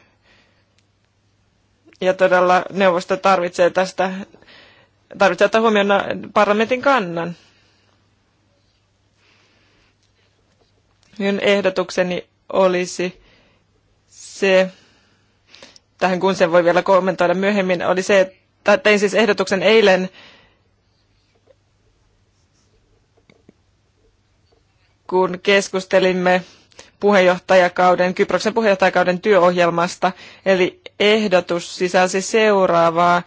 ja todella neuvosto tarvitsee tästä tarvitsee ottaa huomioon parlamentin kannan. Minun ehdotukseni olisi se, tähän kun sen voi vielä kommentoida myöhemmin, oli se, että tein siis ehdotuksen eilen kun keskustelimme puheenjohtajakauden, Kyproksen puheenjohtajakauden työohjelmasta. Eli ehdotus sisälsi seuraavaa.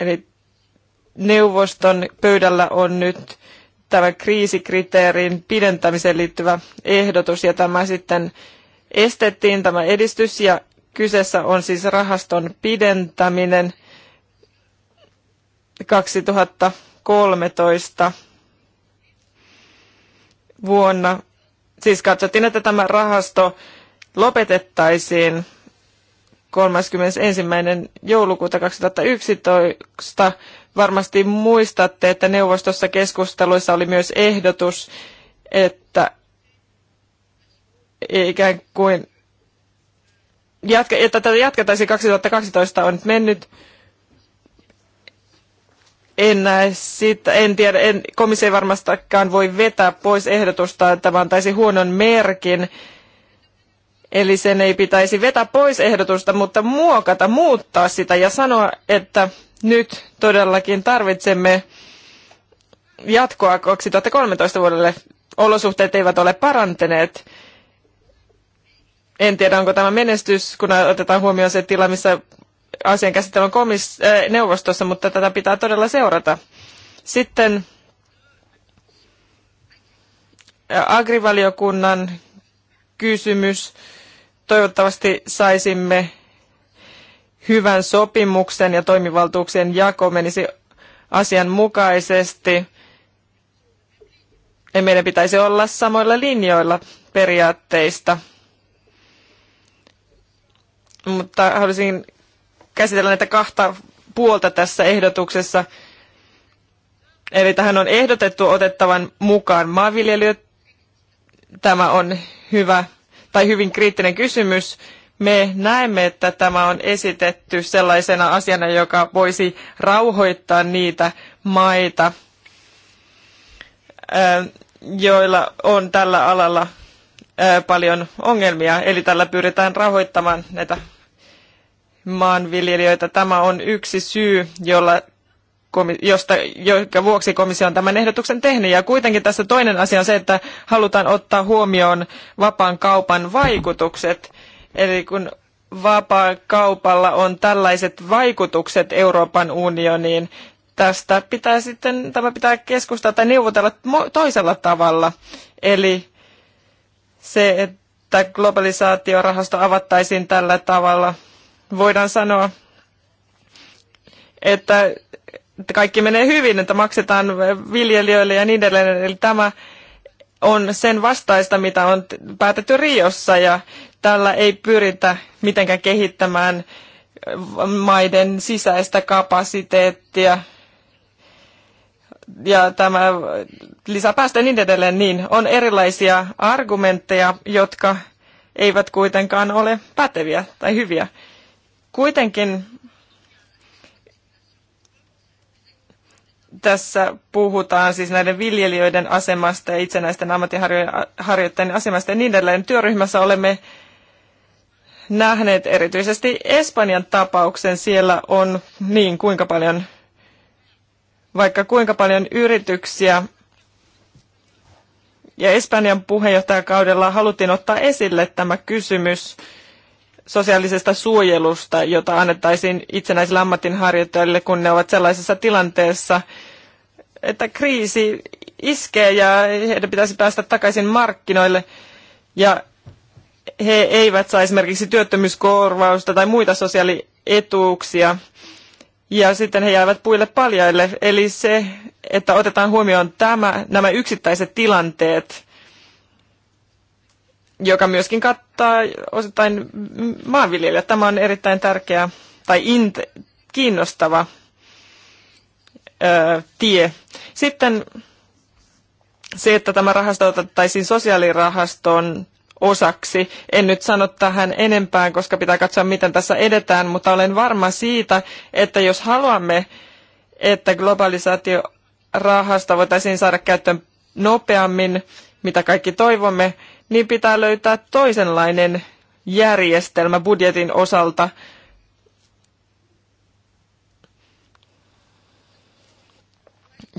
Eli neuvoston pöydällä on nyt tämä kriisikriteerin pidentämiseen liittyvä ehdotus ja tämä sitten estettiin tämä edistys ja kyseessä on siis rahaston pidentäminen 2013 vuonna. Siis katsottiin, että tämä rahasto lopetettaisiin 31. joulukuuta 2011, Varmasti muistatte, että neuvostossa keskusteluissa oli myös ehdotus, että ikään kuin jatka, että tätä jatketaisiin 2012 on nyt mennyt. En näe sitä, en tiedä, en, komissio ei varmastakaan voi vetää pois ehdotusta, että tämä taisi huonon merkin. Eli sen ei pitäisi vetää pois ehdotusta, mutta muokata, muuttaa sitä ja sanoa, että nyt todellakin tarvitsemme jatkoa 2013 vuodelle. Olosuhteet eivät ole parantaneet. En tiedä, onko tämä menestys, kun otetaan huomioon se tila, missä asian käsittely on komis- äh, neuvostossa, mutta tätä pitää todella seurata. Sitten äh, agrivaliokunnan kysymys. Toivottavasti saisimme hyvän sopimuksen ja toimivaltuuksien jako menisi asianmukaisesti. Ja meidän pitäisi olla samoilla linjoilla periaatteista. Mutta haluaisin käsitellä näitä kahta puolta tässä ehdotuksessa. Eli tähän on ehdotettu otettavan mukaan maanviljelijöitä. Tämä on hyvä tai hyvin kriittinen kysymys me näemme, että tämä on esitetty sellaisena asiana, joka voisi rauhoittaa niitä maita, joilla on tällä alalla paljon ongelmia. Eli tällä pyritään rahoittamaan näitä maanviljelijöitä. Tämä on yksi syy, jolla josta, jonka vuoksi komissio on tämän ehdotuksen tehnyt. Ja kuitenkin tässä toinen asia on se, että halutaan ottaa huomioon vapaan kaupan vaikutukset Eli kun vapaakaupalla on tällaiset vaikutukset Euroopan unioniin, tästä pitää sitten, tämä pitää keskustella tai neuvotella toisella tavalla. Eli se, että globalisaatiorahasto avattaisiin tällä tavalla, voidaan sanoa, että kaikki menee hyvin, että maksetaan viljelijöille ja niin edelleen. Eli tämä on sen vastaista, mitä on päätetty Riossa ja tällä ei pyritä mitenkään kehittämään maiden sisäistä kapasiteettia ja tämä lisäpäästö niin edelleen, niin on erilaisia argumentteja, jotka eivät kuitenkaan ole päteviä tai hyviä. Kuitenkin tässä puhutaan siis näiden viljelijöiden asemasta ja itsenäisten ammattiharjoittajien asemasta ja niin edelleen. Työryhmässä olemme nähneet erityisesti Espanjan tapauksen. Siellä on niin kuinka paljon, vaikka kuinka paljon yrityksiä ja Espanjan puheenjohtajakaudella haluttiin ottaa esille tämä kysymys sosiaalisesta suojelusta, jota annettaisiin itsenäisille ammatinharjoittajille, kun ne ovat sellaisessa tilanteessa, että kriisi iskee ja heidän pitäisi päästä takaisin markkinoille. Ja he eivät saa esimerkiksi työttömyyskorvausta tai muita sosiaalietuuksia. Ja sitten he jäävät puille paljaille. Eli se, että otetaan huomioon tämä, nämä yksittäiset tilanteet, joka myöskin kattaa osittain maanviljelijät. Tämä on erittäin tärkeä tai int- kiinnostava ö, tie. Sitten se, että tämä rahasto otettaisiin sosiaalirahastoon osaksi. En nyt sano tähän enempää, koska pitää katsoa, miten tässä edetään, mutta olen varma siitä, että jos haluamme, että globalisaatiorahasta voitaisiin saada käyttöön nopeammin, mitä kaikki toivomme, niin pitää löytää toisenlainen järjestelmä budjetin osalta.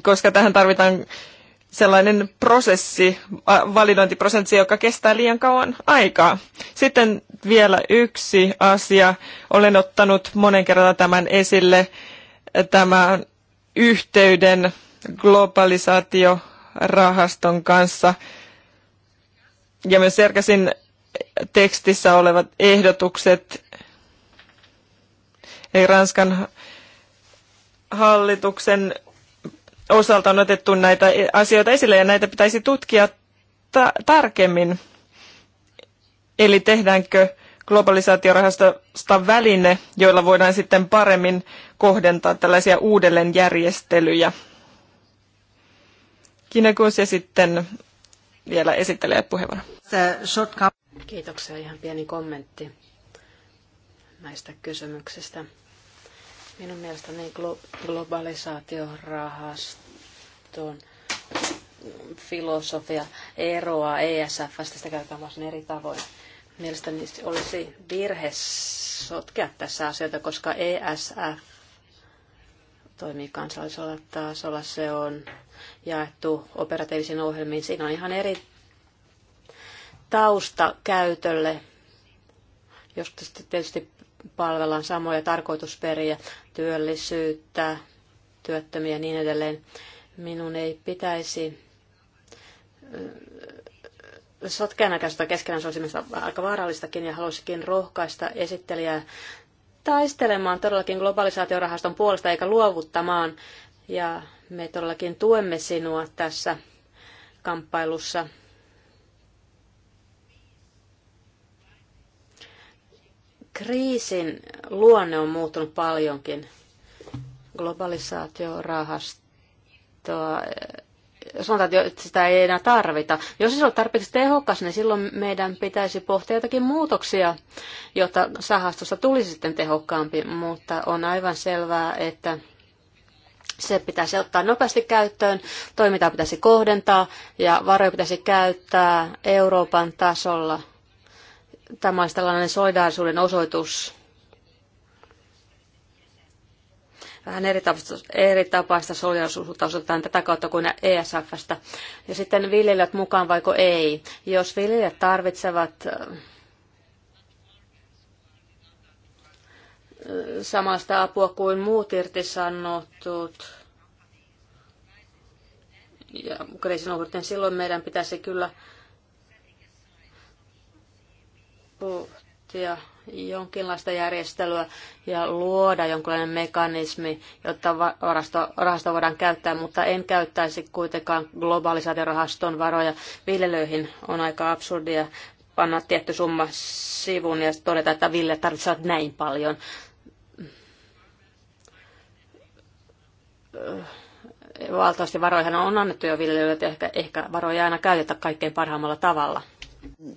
Koska tähän tarvitaan sellainen prosessi, validointiprosessi, joka kestää liian kauan aikaa. Sitten vielä yksi asia. Olen ottanut monen kerran tämän esille, tämän yhteyden globalisaatiorahaston kanssa. Ja myös Serkasin tekstissä olevat ehdotukset, ei Ranskan hallituksen osalta on otettu näitä e- asioita esille ja näitä pitäisi tutkia ta- tarkemmin. Eli tehdäänkö globalisaatiorahastosta väline, joilla voidaan sitten paremmin kohdentaa tällaisia uudelleenjärjestelyjä. Kinekuus ja sitten vielä esittelee puheenvuoro. Kiitoksia. Ihan pieni kommentti näistä kysymyksistä. Minun mielestäni globalisaatiorahaston filosofia eroaa ESFstä, sitä käytetään varsin eri tavoin. Mielestäni olisi virhe sotkea tässä asioita, koska ESF toimii kansallisella tasolla. Se on jaettu operatiivisiin ohjelmiin. Siinä on ihan eri tausta käytölle. Joskus tietysti palvellaan samoja tarkoitusperiä, työllisyyttä, työttömiä ja niin edelleen. Minun ei pitäisi äh, sotkea näköistä keskenään, se olisi aika vaarallistakin ja haluaisikin rohkaista esittelijää taistelemaan todellakin globalisaatiorahaston puolesta eikä luovuttamaan. Ja me todellakin tuemme sinua tässä kamppailussa Kriisin luonne on muuttunut paljonkin. rahastoa, eh, sanotaan, että sitä ei enää tarvita. Jos se on tarpeeksi tehokas, niin silloin meidän pitäisi pohtia jotakin muutoksia, jotta sahastosta tulisi sitten tehokkaampi, mutta on aivan selvää, että se pitäisi ottaa nopeasti käyttöön, toimintaa pitäisi kohdentaa ja varoja pitäisi käyttää Euroopan tasolla – Tämä olisi siis tällainen solidaarisuuden osoitus. Vähän eri tapaista, eri tapaista solidaarisuutta osoitetaan tätä kautta kuin ESFstä. Ja sitten viljelijät mukaan vaiko ei. Jos viljelijät tarvitsevat samasta apua kuin muut irtisanotut. Ja kriisin niin silloin meidän pitäisi kyllä pohtia jonkinlaista järjestelyä ja luoda jonkinlainen mekanismi, jotta rahasto voidaan käyttää, mutta en käyttäisi kuitenkaan globalisaatiorahaston varoja. viljelyihin. on aika absurdia panna tietty summa sivuun ja todeta, että Ville tarvitsevat näin paljon. Valtavasti varoja on annettu jo viljelijöille, että ehkä, ehkä varoja ei aina käytetä kaikkein parhaimmalla tavalla.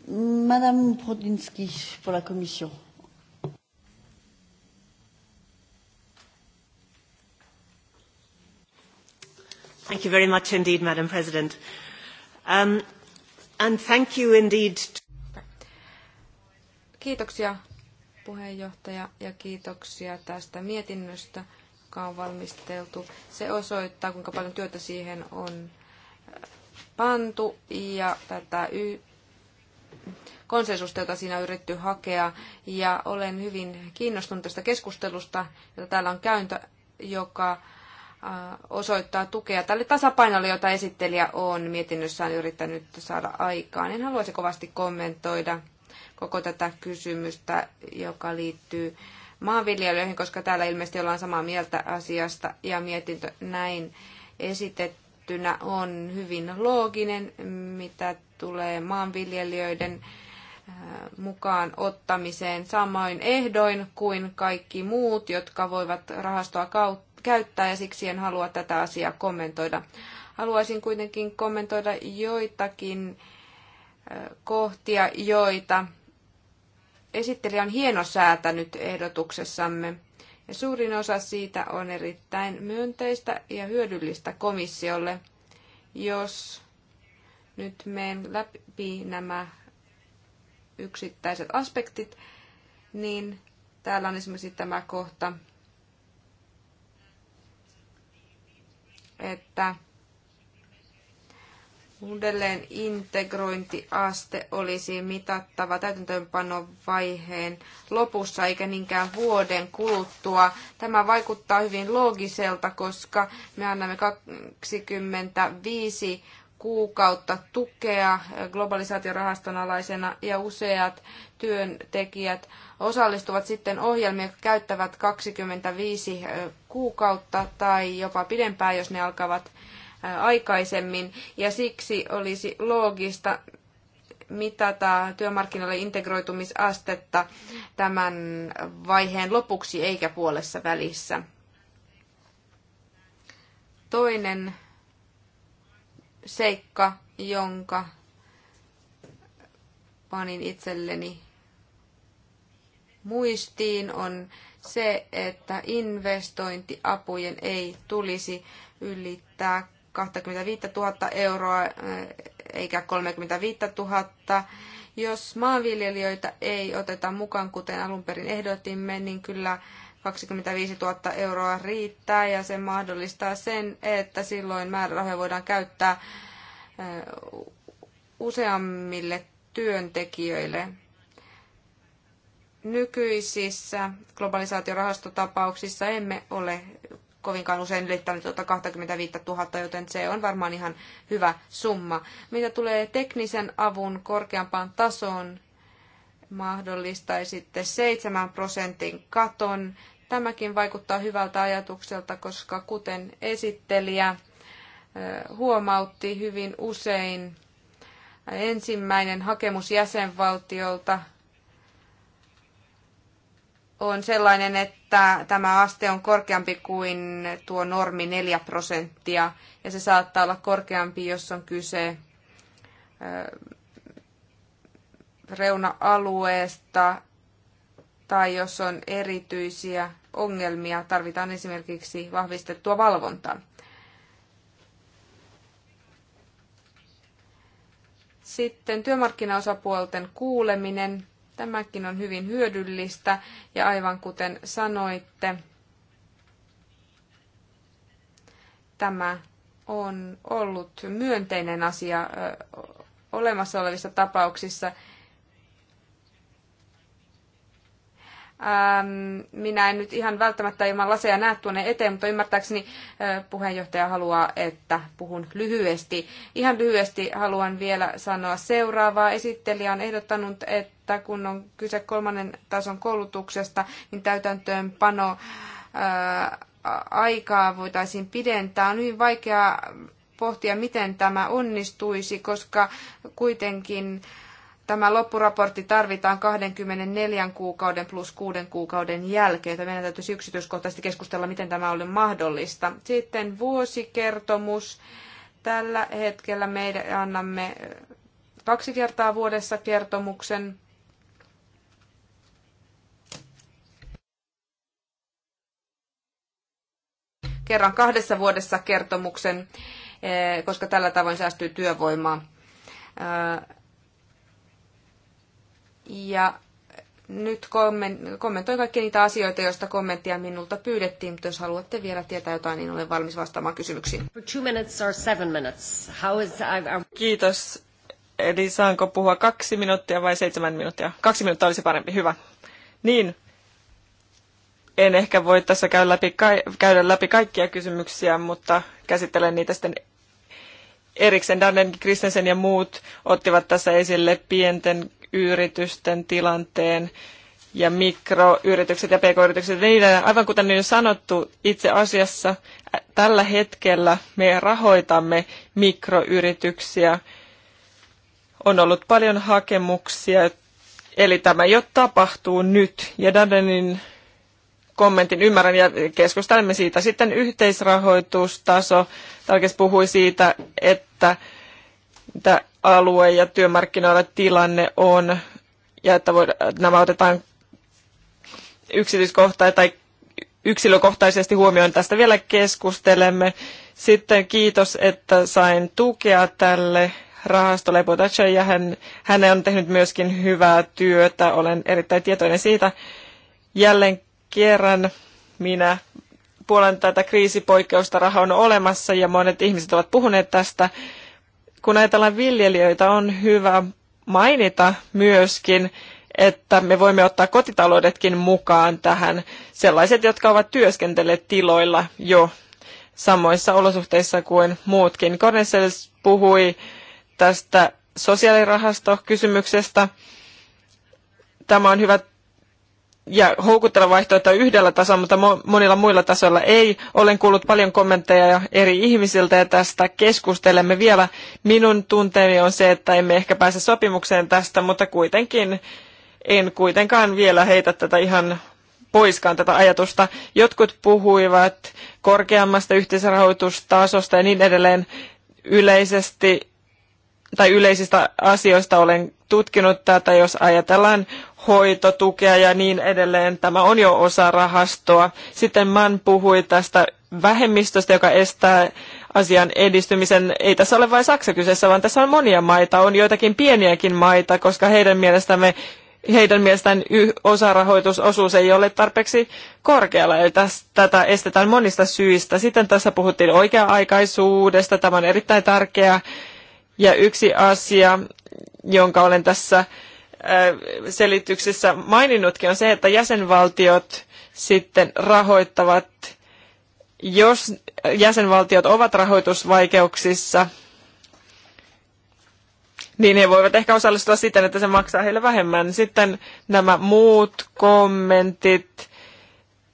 Madame Prodinski, pour la commission. Thank you very much indeed, Madam President. Um, and thank you indeed. Kiitoksia puheenjohtaja ja kiitoksia tästä mietinnöstä, joka on valmisteltu. Se osoittaa, kuinka paljon työtä siihen on äh, pantu ja tätä y- konsensusta, jota siinä on yritetty hakea. Ja olen hyvin kiinnostunut tästä keskustelusta, jota täällä on käyntä, joka äh, osoittaa tukea tälle tasapainolle, jota esittelijä on mietinnössään yrittänyt saada aikaan. En haluaisi kovasti kommentoida koko tätä kysymystä, joka liittyy maanviljelijöihin, koska täällä ilmeisesti ollaan samaa mieltä asiasta ja mietintö näin esitettynä on hyvin looginen, mitä tulee maanviljelijöiden Äh, mukaan ottamiseen samoin ehdoin kuin kaikki muut, jotka voivat rahastoa käyttää, ja siksi en halua tätä asiaa kommentoida. Haluaisin kuitenkin kommentoida joitakin äh, kohtia, joita esittelijä on hieno säätänyt ehdotuksessamme. Ja suurin osa siitä on erittäin myönteistä ja hyödyllistä komissiolle, jos nyt menen läpi nämä yksittäiset aspektit, niin täällä on esimerkiksi tämä kohta, että uudelleen integrointiaste olisi mitattava vaiheen lopussa eikä niinkään vuoden kuluttua. Tämä vaikuttaa hyvin loogiselta, koska me annamme 25 kuukautta tukea globalisaatiorahaston alaisena ja useat työntekijät osallistuvat sitten ohjelmiin, jotka käyttävät 25 kuukautta tai jopa pidempään, jos ne alkavat aikaisemmin. Ja siksi olisi loogista mitata työmarkkinoille integroitumisastetta tämän vaiheen lopuksi eikä puolessa välissä. Toinen seikka, jonka panin itselleni muistiin, on se, että investointiapujen ei tulisi ylittää 25 000 euroa eh, eikä 35 000 jos maanviljelijöitä ei oteta mukaan, kuten alun perin ehdotimme, niin kyllä 25 000 euroa riittää ja se mahdollistaa sen, että silloin määrärahoja voidaan käyttää useammille työntekijöille. Nykyisissä globalisaatiorahastotapauksissa emme ole kovinkaan usein ylittänyt tuota 25 000, joten se on varmaan ihan hyvä summa. Mitä tulee teknisen avun korkeampaan tasoon, mahdollistaisitte 7 prosentin katon. Tämäkin vaikuttaa hyvältä ajatukselta, koska kuten esittelijä huomautti hyvin usein ensimmäinen hakemus jäsenvaltiolta – on sellainen, että tämä aste on korkeampi kuin tuo normi 4 prosenttia, ja se saattaa olla korkeampi, jos on kyse reuna-alueesta tai jos on erityisiä ongelmia, tarvitaan esimerkiksi vahvistettua valvontaa. Sitten työmarkkinaosapuolten kuuleminen. Tämäkin on hyvin hyödyllistä ja aivan kuten sanoitte, tämä on ollut myönteinen asia olemassa olevissa tapauksissa. Ähm, minä en nyt ihan välttämättä ilman laseja näe tuonne eteen, mutta ymmärtääkseni puheenjohtaja haluaa, että puhun lyhyesti. Ihan lyhyesti haluan vielä sanoa seuraavaa. Esittelijä on ehdottanut, että että kun on kyse kolmannen tason koulutuksesta, niin täytäntöönpano aikaa voitaisiin pidentää. On hyvin vaikea pohtia, miten tämä onnistuisi, koska kuitenkin tämä loppuraportti tarvitaan 24 kuukauden plus 6 kuukauden jälkeen, joten meidän täytyisi yksityiskohtaisesti keskustella, miten tämä oli mahdollista. Sitten vuosikertomus. Tällä hetkellä me annamme kaksi kertaa vuodessa kertomuksen. kerran kahdessa vuodessa kertomuksen, eh, koska tällä tavoin säästyy työvoimaa. Eh, ja nyt kommentoin kaikkia niitä asioita, joista kommenttia minulta pyydettiin, mutta jos haluatte vielä tietää jotain, niin olen valmis vastaamaan kysymyksiin. Kiitos. Eli saanko puhua kaksi minuuttia vai seitsemän minuuttia? Kaksi minuuttia olisi parempi, hyvä. Niin, en ehkä voi tässä käydä läpi, käydä läpi kaikkia kysymyksiä, mutta käsittelen niitä sitten erikseen. Darden Kristensen ja muut ottivat tässä esille pienten yritysten tilanteen ja mikroyritykset ja pk-yritykset. Niiden, aivan kuten niin sanottu, itse asiassa tällä hetkellä me rahoitamme mikroyrityksiä. On ollut paljon hakemuksia, eli tämä jo tapahtuu nyt. Ja Dardenin kommentin ymmärrän ja keskustelemme siitä. Sitten yhteisrahoitustaso. Tarkes puhui siitä, että tämä alue- ja työmarkkinoilla tilanne on ja että voida, nämä otetaan yksityiskohtaisesti tai yksilökohtaisesti huomioon. Tästä vielä keskustelemme. Sitten kiitos, että sain tukea tälle rahastolle Potacha ja hän, hän on tehnyt myöskin hyvää työtä. Olen erittäin tietoinen siitä. Jälleen kierrän minä puolen tätä raha on olemassa ja monet ihmiset ovat puhuneet tästä. Kun ajatellaan viljelijöitä, on hyvä mainita myöskin, että me voimme ottaa kotitaloudetkin mukaan tähän. Sellaiset, jotka ovat työskentelleet tiloilla jo samoissa olosuhteissa kuin muutkin. Cornelis puhui tästä sosiaalirahastokysymyksestä. Tämä on hyvä ja houkutteleva vaihtoehto yhdellä tasolla, mutta monilla muilla tasoilla ei. Olen kuullut paljon kommentteja eri ihmisiltä ja tästä keskustelemme vielä. Minun tunteeni on se, että emme ehkä pääse sopimukseen tästä, mutta kuitenkin en kuitenkaan vielä heitä tätä ihan poiskaan tätä ajatusta. Jotkut puhuivat korkeammasta yhteisrahoitustasosta ja niin edelleen yleisesti tai yleisistä asioista olen tutkinut tätä, jos ajatellaan hoitotukea ja niin edelleen. Tämä on jo osa rahastoa. Sitten Man puhui tästä vähemmistöstä, joka estää asian edistymisen. Ei tässä ole vain Saksa kyseessä, vaan tässä on monia maita, on joitakin pieniäkin maita, koska heidän mielestämme heidän mielestään osarahoitusosuus ei ole tarpeeksi korkealla, eli täs, tätä estetään monista syistä. Sitten tässä puhuttiin oikea-aikaisuudesta, tämä on erittäin tärkeä. Ja yksi asia, jonka olen tässä Selityksessä maininnutkin, on se, että jäsenvaltiot sitten rahoittavat, jos jäsenvaltiot ovat rahoitusvaikeuksissa, niin he voivat ehkä osallistua siten, että se maksaa heille vähemmän. Sitten nämä muut kommentit.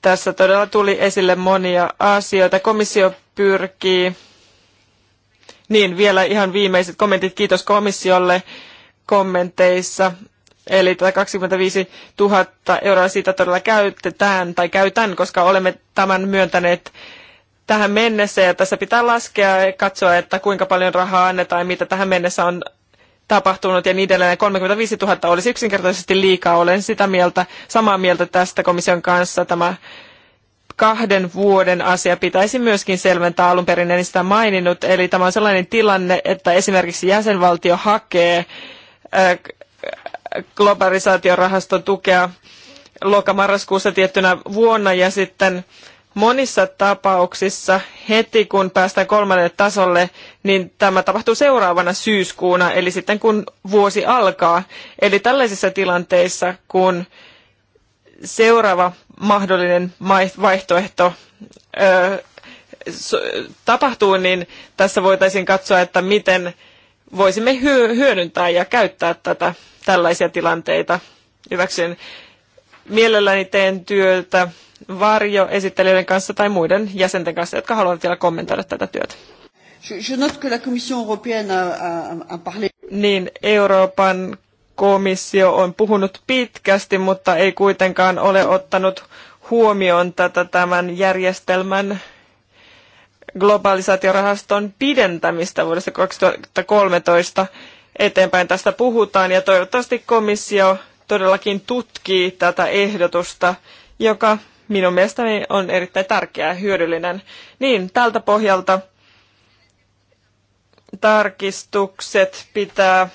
Tässä todella tuli esille monia asioita. Komissio pyrkii. Niin, vielä ihan viimeiset kommentit. Kiitos komissiolle kommenteissa. Eli 25 000 euroa siitä todella käytetään tai käytän, koska olemme tämän myöntäneet tähän mennessä ja tässä pitää laskea ja katsoa, että kuinka paljon rahaa annetaan, mitä tähän mennessä on tapahtunut ja niin edelleen. 35 000 olisi yksinkertaisesti liikaa. Olen sitä mieltä, samaa mieltä tästä komission kanssa. Tämä kahden vuoden asia pitäisi myöskin selventää. Alun perin en sitä maininnut. Eli tämä on sellainen tilanne, että esimerkiksi jäsenvaltio hakee äh, globalisaatiorahaston tukea lokamarraskuussa tiettynä vuonna ja sitten monissa tapauksissa heti kun päästään kolmannelle tasolle, niin tämä tapahtuu seuraavana syyskuuna, eli sitten kun vuosi alkaa. Eli tällaisissa tilanteissa, kun seuraava mahdollinen vaihtoehto ö, tapahtuu, niin tässä voitaisiin katsoa, että miten voisimme hyödyntää ja käyttää tätä, tällaisia tilanteita hyväkseen. Mielelläni teen työtä varjoesittelijöiden kanssa tai muiden jäsenten kanssa, jotka haluavat vielä kommentoida tätä työtä. Niin, Euroopan komissio on puhunut pitkästi, mutta ei kuitenkaan ole ottanut huomioon tätä tämän järjestelmän globalisaatiorahaston pidentämistä vuodesta 2013 eteenpäin tästä puhutaan ja toivottavasti komissio todellakin tutkii tätä ehdotusta, joka minun mielestäni on erittäin tärkeä ja hyödyllinen. Niin, tältä pohjalta tarkistukset pitää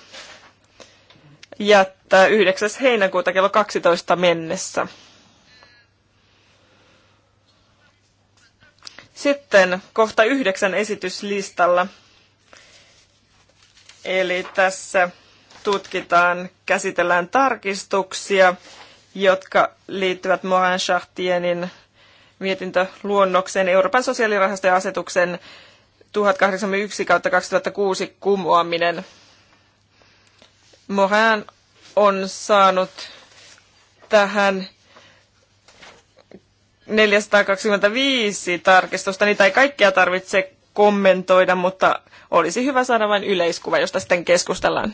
jättää 9. heinäkuuta kello 12 mennessä. Sitten kohta yhdeksän esityslistalla. Eli tässä tutkitaan, käsitellään tarkistuksia, jotka liittyvät Morin Chartienin mietintöluonnokseen Euroopan sosiaalirahastojen asetuksen 1081-2006 kumoaminen. Morin on saanut tähän 425 tarkistusta. Niitä ei kaikkia tarvitse kommentoida, mutta olisi hyvä saada vain yleiskuva, josta sitten keskustellaan.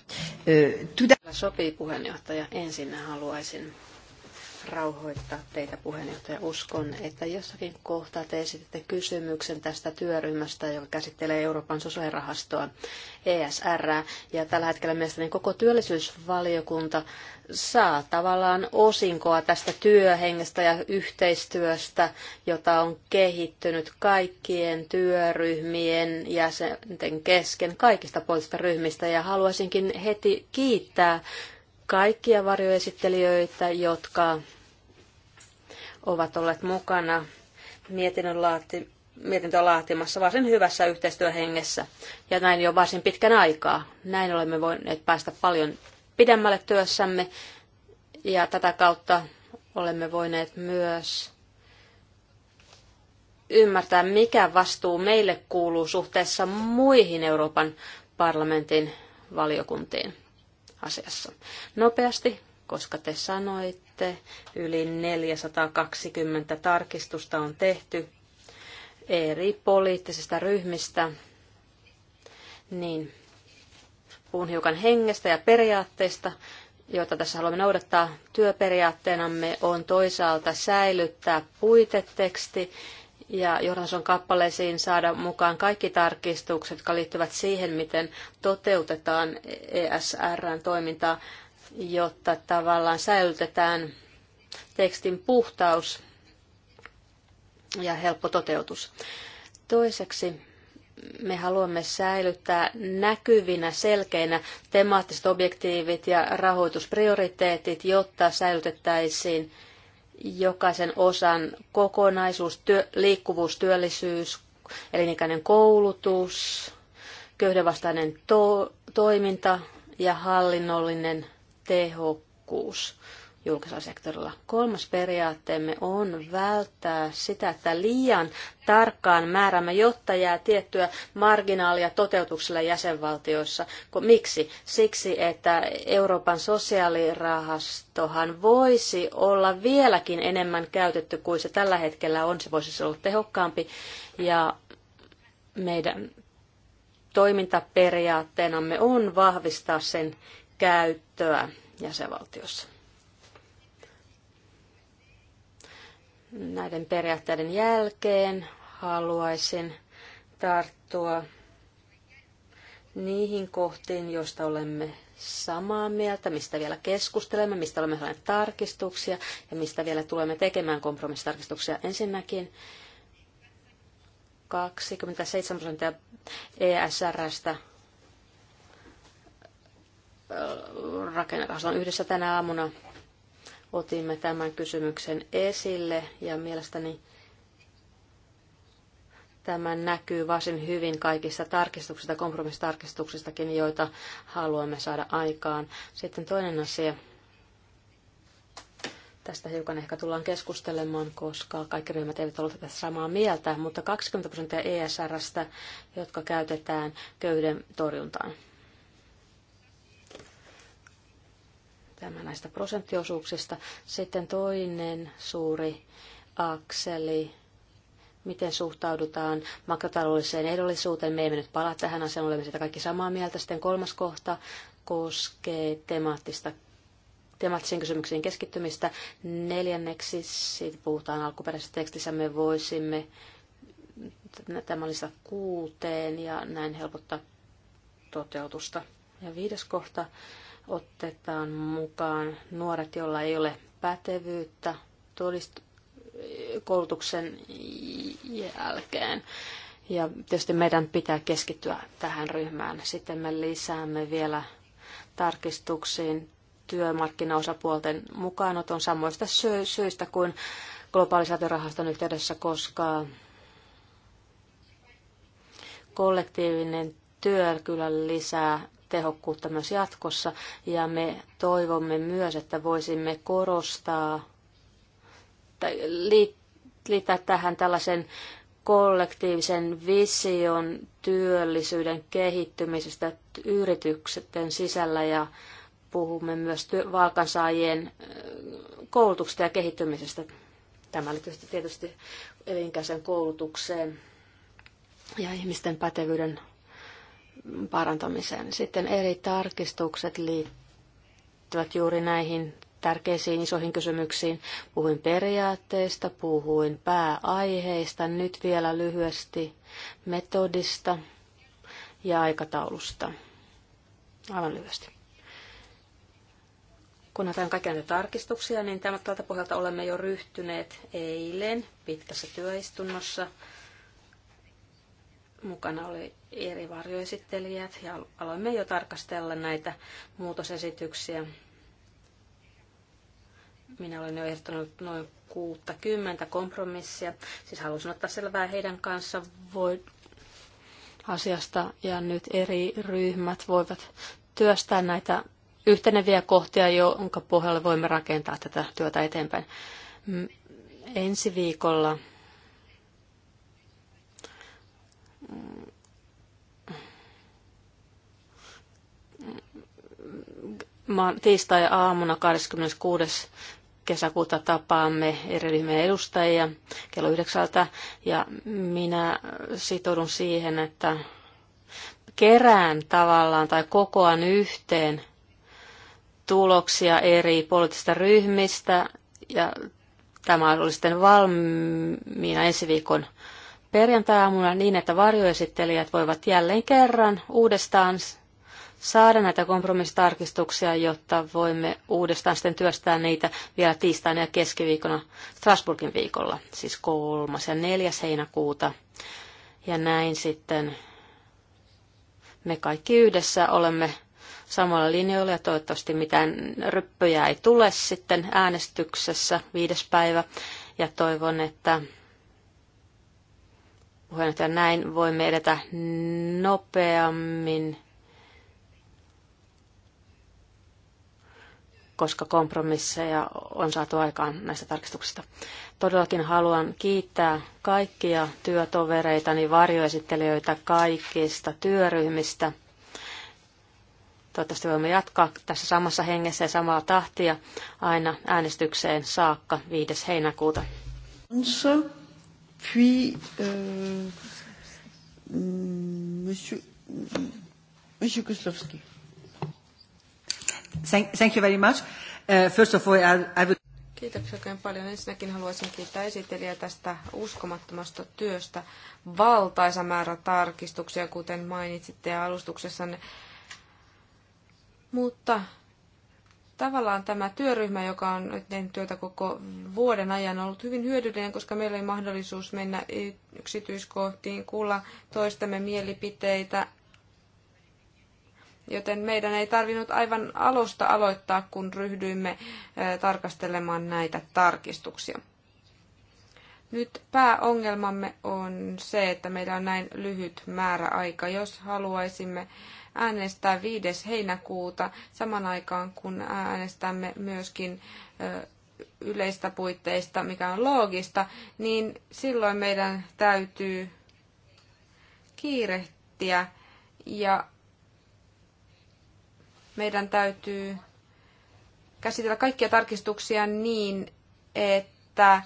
Sopii puheenjohtaja. Ensin haluaisin rauhoittaa teitä puheenjohtaja. Uskon, että jossakin kohtaa te esitätte kysymyksen tästä työryhmästä, joka käsittelee Euroopan sosiaalirahastoa ESR. Ja tällä hetkellä mielestäni koko työllisyysvaliokunta saa tavallaan osinkoa tästä työhengestä ja yhteistyöstä, jota on kehittynyt kaikkien työryhmien jäsenten kesken kaikista poliittisista ryhmistä. Ja haluaisinkin heti kiittää kaikkia varjoesittelijöitä, jotka ovat olleet mukana mietinnön laati, mietintöä laatimassa varsin hyvässä yhteistyöhengessä ja näin jo varsin pitkän aikaa. Näin olemme voineet päästä paljon pidemmälle työssämme ja tätä kautta olemme voineet myös ymmärtää, mikä vastuu meille kuuluu suhteessa muihin Euroopan parlamentin valiokuntiin asiassa. Nopeasti, koska te sanoitte, näette, yli 420 tarkistusta on tehty eri poliittisista ryhmistä. Niin, puhun hiukan hengestä ja periaatteista, joita tässä haluamme noudattaa. Työperiaatteenamme on toisaalta säilyttää puiteteksti, ja Joranson kappaleisiin saada mukaan kaikki tarkistukset, jotka liittyvät siihen, miten toteutetaan ESRn toimintaa jotta tavallaan säilytetään tekstin puhtaus ja helppo toteutus. Toiseksi me haluamme säilyttää näkyvinä, selkeinä temaattiset objektiivit ja rahoitusprioriteetit, jotta säilytettäisiin jokaisen osan kokonaisuus, työ, liikkuvuus, työllisyys, elinikäinen koulutus, köyhdenvastainen to, toiminta ja hallinnollinen tehokkuus julkisella sektorilla. Kolmas periaatteemme on välttää sitä, että liian tarkkaan määrämme, jotta jää tiettyä marginaalia toteutukselle jäsenvaltioissa. Miksi? Siksi, että Euroopan sosiaalirahastohan voisi olla vieläkin enemmän käytetty kuin se tällä hetkellä on. Se voisi olla tehokkaampi ja meidän toimintaperiaatteenamme on vahvistaa sen käyttöä jäsenvaltiossa. Näiden periaatteiden jälkeen haluaisin tarttua niihin kohtiin, joista olemme samaa mieltä, mistä vielä keskustelemme, mistä olemme saaneet tarkistuksia ja mistä vielä tulemme tekemään kompromissitarkistuksia. Ensinnäkin 27 prosenttia ESRstä on yhdessä tänä aamuna otimme tämän kysymyksen esille ja mielestäni tämä näkyy varsin hyvin kaikissa tarkistuksista, kompromissitarkistuksistakin, joita haluamme saada aikaan. Sitten toinen asia. Tästä hiukan ehkä tullaan keskustelemaan, koska kaikki ryhmät eivät ole tätä samaa mieltä, mutta 20 prosenttia ESRstä, jotka käytetään köyden torjuntaan. Tämä näistä prosenttiosuuksista. Sitten toinen suuri akseli, miten suhtaudutaan makrotaloudelliseen edullisuuteen. Me emme nyt palaa tähän asiaan, olemme sitä kaikki samaa mieltä. Sitten kolmas kohta koskee temaattista temaattisiin kysymyksiin keskittymistä. Neljänneksi, siitä puhutaan alkuperäisessä tekstissä, me voisimme tämä lisätä kuuteen ja näin helpottaa toteutusta. Ja viides kohta otetaan mukaan nuoret, joilla ei ole pätevyyttä todist- koulutuksen jälkeen. Ja tietysti meidän pitää keskittyä tähän ryhmään. Sitten me lisäämme vielä tarkistuksiin työmarkkinaosapuolten mukaanoton samoista sy- syistä kuin globalisaatiorahaston yhteydessä, koska kollektiivinen työ kyllä lisää tehokkuutta myös jatkossa. Ja me toivomme myös, että voisimme korostaa tai liittää tähän tällaisen kollektiivisen vision työllisyyden kehittymisestä yritysten sisällä ja puhumme myös työ- valkansaajien koulutuksesta ja kehittymisestä. Tämä liittyy tietysti elinkäisen koulutukseen ja ihmisten pätevyyden parantamiseen. Sitten eri tarkistukset liittyvät juuri näihin tärkeisiin isoihin kysymyksiin. Puhuin periaatteista, puhuin pääaiheista, nyt vielä lyhyesti metodista ja aikataulusta. Aivan lyhyesti. Kun otetaan kaikkia näitä tarkistuksia, niin tältä pohjalta olemme jo ryhtyneet eilen pitkässä työistunnossa Mukana oli eri varjoesittelijät ja aloimme jo tarkastella näitä muutosesityksiä. Minä olen jo ehdottanut noin 60 kompromissia. Siis halusin ottaa selvää heidän kanssa voi asiasta ja nyt eri ryhmät voivat työstää näitä yhteneviä kohtia, jonka pohjalle voimme rakentaa tätä työtä eteenpäin. Ensi viikolla tiistai-aamuna 26 kesäkuuta tapaamme eri ryhmien edustajia kello yhdeksältä ja minä sitoudun siihen, että kerään tavallaan tai kokoan yhteen tuloksia eri poliittisista ryhmistä ja tämä oli sitten valmiina ensi viikon perjantai-aamuna niin, että varjoesittelijät voivat jälleen kerran uudestaan saada näitä kompromissitarkistuksia, jotta voimme uudestaan sitten työstää niitä vielä tiistaina ja keskiviikkona Strasbourgin viikolla, siis kolmas ja neljäs heinäkuuta. Ja näin sitten me kaikki yhdessä olemme samalla linjoilla ja toivottavasti mitään ryppyjä ei tule sitten äänestyksessä viides päivä. Ja toivon, että puheenjohtaja, näin voimme edetä nopeammin, koska kompromisseja on saatu aikaan näistä tarkistuksista. Todellakin haluan kiittää kaikkia työtovereitani, varjoesittelijöitä kaikista työryhmistä. Toivottavasti voimme jatkaa tässä samassa hengessä ja samalla tahtia aina äänestykseen saakka 5. heinäkuuta. So. Puis, euh, monsieur, monsieur Koslowski. Thank, thank you very much. Uh, first of all, I, I would... Kiitoksia oikein paljon. Ensinnäkin haluaisin kiittää esittelijää tästä uskomattomasta työstä. Valtaisa määrä tarkistuksia, kuten mainitsitte alustuksessanne. Mutta tavallaan tämä työryhmä, joka on tehnyt työtä koko vuoden ajan, on ollut hyvin hyödyllinen, koska meillä oli mahdollisuus mennä yksityiskohtiin, kuulla toistemme mielipiteitä, joten meidän ei tarvinnut aivan alusta aloittaa, kun ryhdyimme tarkastelemaan näitä tarkistuksia. Nyt pääongelmamme on se, että meillä on näin lyhyt määräaika. Jos haluaisimme äänestää 5. heinäkuuta saman aikaan, kun äänestämme myöskin yleistä puitteista, mikä on loogista, niin silloin meidän täytyy kiirehtiä ja meidän täytyy käsitellä kaikkia tarkistuksia niin, että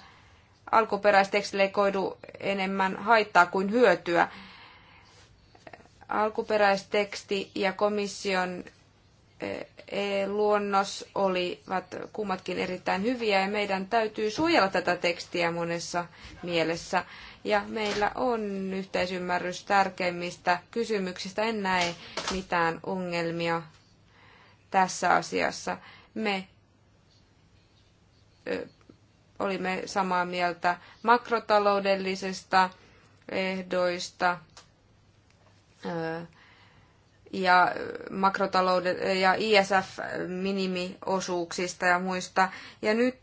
alkuperäistekstille ei koidu enemmän haittaa kuin hyötyä alkuperäisteksti ja komission eh, luonnos olivat kummatkin erittäin hyviä ja meidän täytyy suojella tätä tekstiä monessa mielessä. Ja meillä on yhteisymmärrys tärkeimmistä kysymyksistä. En näe mitään ongelmia tässä asiassa. Me eh, olimme samaa mieltä makrotaloudellisista ehdoista, ja makrotalouden ja ISF-minimiosuuksista ja muista. Ja nyt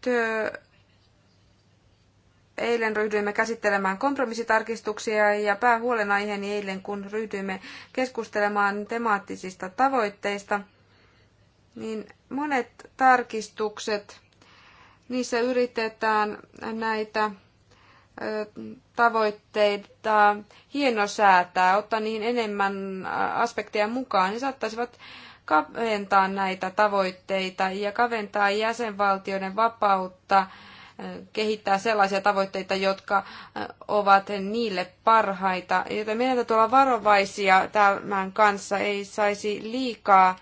eilen ryhdyimme käsittelemään kompromissitarkistuksia ja päähuolenaiheeni eilen, kun ryhdyimme keskustelemaan temaattisista tavoitteista, niin monet tarkistukset, niissä yritetään näitä tavoitteita hienosäätää, ottaa niihin enemmän aspekteja mukaan, niin saattaisivat kaventaa näitä tavoitteita ja kaventaa jäsenvaltioiden vapautta kehittää sellaisia tavoitteita, jotka ovat niille parhaita. Joten meidän täytyy olla varovaisia tämän kanssa. Ei saisi liikaa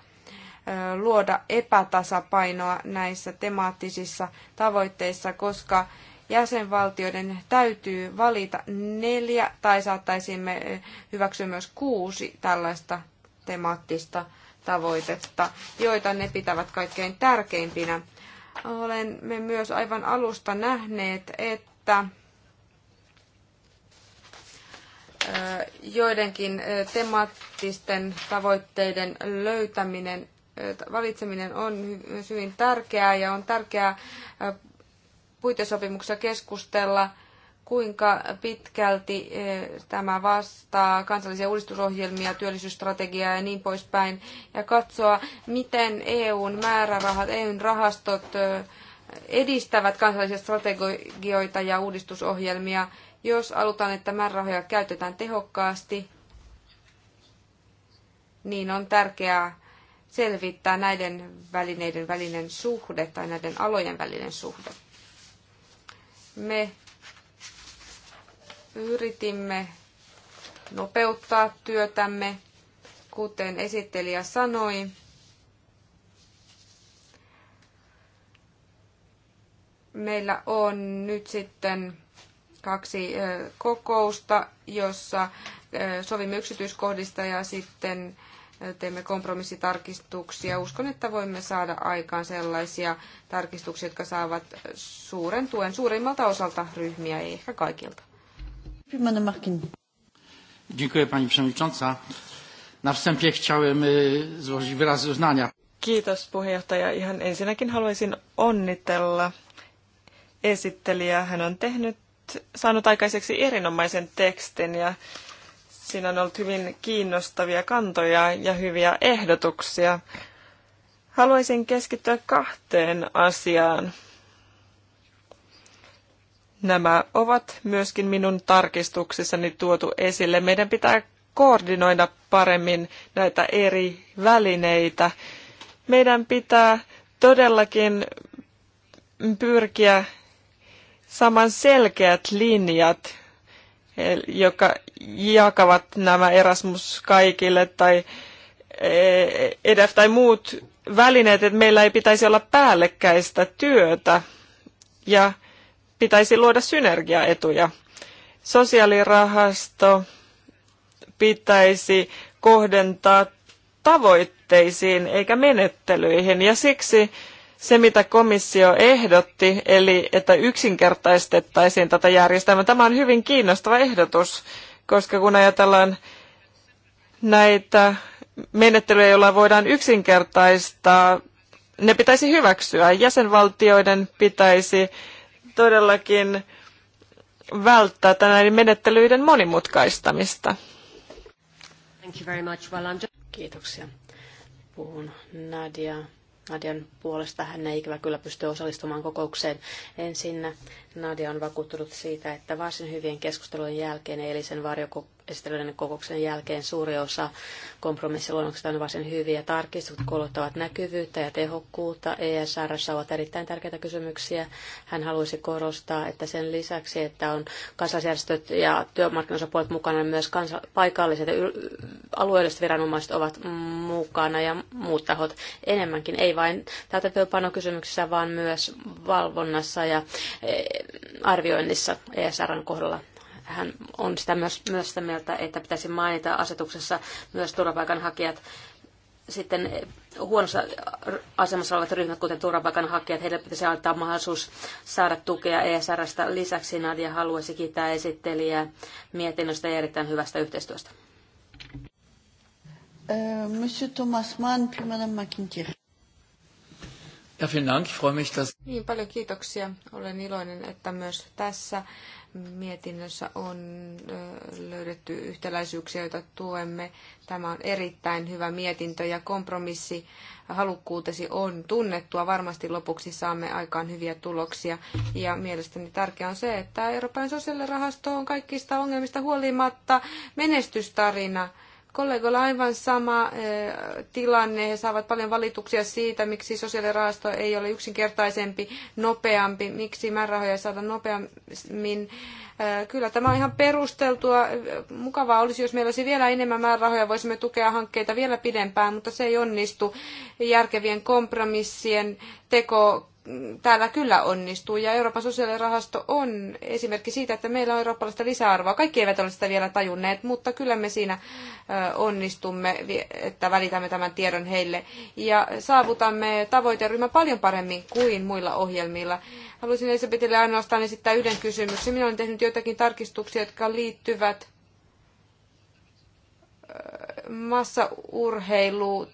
luoda epätasapainoa näissä temaattisissa tavoitteissa, koska jäsenvaltioiden täytyy valita neljä tai saattaisimme hyväksyä myös kuusi tällaista temaattista tavoitetta, joita ne pitävät kaikkein tärkeimpinä. Olemme myös aivan alusta nähneet, että joidenkin temaattisten tavoitteiden löytäminen, valitseminen on myös hyvin tärkeää ja on tärkeää puitesopimuksessa keskustella, kuinka pitkälti eh, tämä vastaa kansallisia uudistusohjelmia, työllisyysstrategiaa ja niin poispäin, ja katsoa, miten EUn määrärahat, EUn rahastot eh, edistävät kansallisia strategioita ja uudistusohjelmia, jos halutaan, että määrärahoja käytetään tehokkaasti, niin on tärkeää selvittää näiden välineiden välinen suhde tai näiden alojen välinen suhde. Me yritimme nopeuttaa työtämme, kuten esittelijä sanoi. Meillä on nyt sitten kaksi kokousta, jossa sovimme yksityiskohdista ja sitten teemme kompromissitarkistuksia. Uskon, että voimme saada aikaan sellaisia tarkistuksia, jotka saavat suuren tuen suurimmalta osalta ryhmiä, ei ehkä kaikilta. Pani Na e, Kiitos puheenjohtaja. Ihan ensinnäkin haluaisin onnitella esittelijää. Hän on tehnyt, saanut aikaiseksi erinomaisen tekstin ja Siinä on ollut hyvin kiinnostavia kantoja ja hyviä ehdotuksia. Haluaisin keskittyä kahteen asiaan. Nämä ovat myöskin minun tarkistuksissani tuotu esille. Meidän pitää koordinoida paremmin näitä eri välineitä. Meidän pitää todellakin pyrkiä saman selkeät linjat joka jakavat nämä Erasmus kaikille tai eh, EDF tai muut välineet, että meillä ei pitäisi olla päällekkäistä työtä ja pitäisi luoda synergiaetuja. Sosiaalirahasto pitäisi kohdentaa tavoitteisiin eikä menettelyihin ja siksi se, mitä komissio ehdotti, eli että yksinkertaistettaisiin tätä järjestelmää. Tämä on hyvin kiinnostava ehdotus, koska kun ajatellaan näitä menettelyjä, joilla voidaan yksinkertaistaa, ne pitäisi hyväksyä. Jäsenvaltioiden pitäisi todellakin välttää näiden menettelyiden monimutkaistamista. Kiitoksia. Puhun Nadia Nadian puolesta hän ei ikävä kyllä pysty osallistumaan kokoukseen. Ensin Nadia on vakuuttunut siitä, että varsin hyvien keskustelujen jälkeen eilisen varjokokouksen esittelyiden kokouksen jälkeen suuri osa kompromissiluonnoksista on varsin hyviä. Tarkistukset kuluttavat näkyvyyttä ja tehokkuutta. ESR ovat erittäin tärkeitä kysymyksiä. Hän haluaisi korostaa, että sen lisäksi, että on kansalaisjärjestöt ja työmarkkinosapuolet mukana, myös kansa- paikalliset ja alueelliset viranomaiset ovat mukana ja muut tahot enemmänkin. Ei vain työpanokysymyksissä, vaan myös valvonnassa ja e, arvioinnissa ESRn kohdalla hän on sitä myös, myös sitä mieltä, että pitäisi mainita asetuksessa myös turvapaikanhakijat. Sitten huonossa asemassa olevat ryhmät, kuten turvapaikanhakijat, heille pitäisi antaa mahdollisuus saada tukea ESRstä. Lisäksi Nadia haluaisi kiittää esittelijää mietinnöstä ja erittäin hyvästä yhteistyöstä. Äh, Monsieur Thomas Mann, puis Madame Ja, vielen Dank. mich, dass... Niin, paljon kiitoksia. Olen iloinen, että myös tässä mietinnössä on löydetty yhtäläisyyksiä, joita tuemme. Tämä on erittäin hyvä mietintö ja kompromissi halukkuutesi on tunnettua. Varmasti lopuksi saamme aikaan hyviä tuloksia. Ja mielestäni tärkeää on se, että Euroopan sosiaalirahasto on kaikista ongelmista huolimatta menestystarina – kollegoilla aivan sama eh, tilanne. He saavat paljon valituksia siitä, miksi sosiaalirahasto ei ole yksinkertaisempi, nopeampi, miksi määrärahoja ei saada nopeammin. Eh, kyllä tämä on ihan perusteltua. Mukavaa olisi, jos meillä olisi vielä enemmän määrärahoja, voisimme tukea hankkeita vielä pidempään, mutta se ei onnistu järkevien kompromissien teko täällä kyllä onnistuu ja Euroopan sosiaalirahasto on esimerkki siitä, että meillä on eurooppalaista lisäarvoa. Kaikki eivät ole sitä vielä tajunneet, mutta kyllä me siinä onnistumme, että välitämme tämän tiedon heille ja saavutamme tavoiteryhmän paljon paremmin kuin muilla ohjelmilla. Haluaisin Elisabetille ainoastaan esittää yhden kysymyksen. Minä olen tehnyt joitakin tarkistuksia, jotka liittyvät massaurheiluun.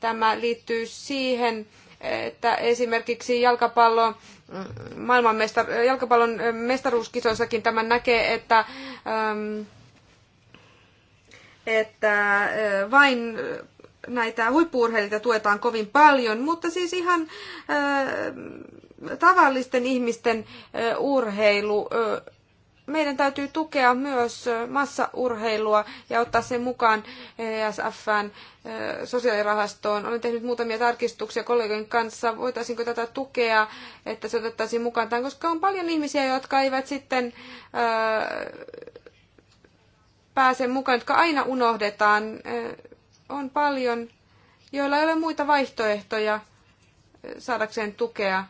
Tämä liittyy siihen, että esimerkiksi jalkapallo, mm, maailman mestar, jalkapallon mestaruuskisoissakin tämän näkee, että, ähm, että äh, vain näitä huippuurheilijoita tuetaan kovin paljon, mutta siis ihan äh, tavallisten ihmisten äh, urheilu meidän täytyy tukea myös massaurheilua ja ottaa sen mukaan ESFn sosiaalirahastoon. Olen tehnyt muutamia tarkistuksia kollegojen kanssa. voitaisiinko tätä tukea, että se otettaisiin mukaan tämän, koska on paljon ihmisiä, jotka eivät sitten pääse mukaan, jotka aina unohdetaan. On paljon, joilla ei ole muita vaihtoehtoja saadakseen tukea.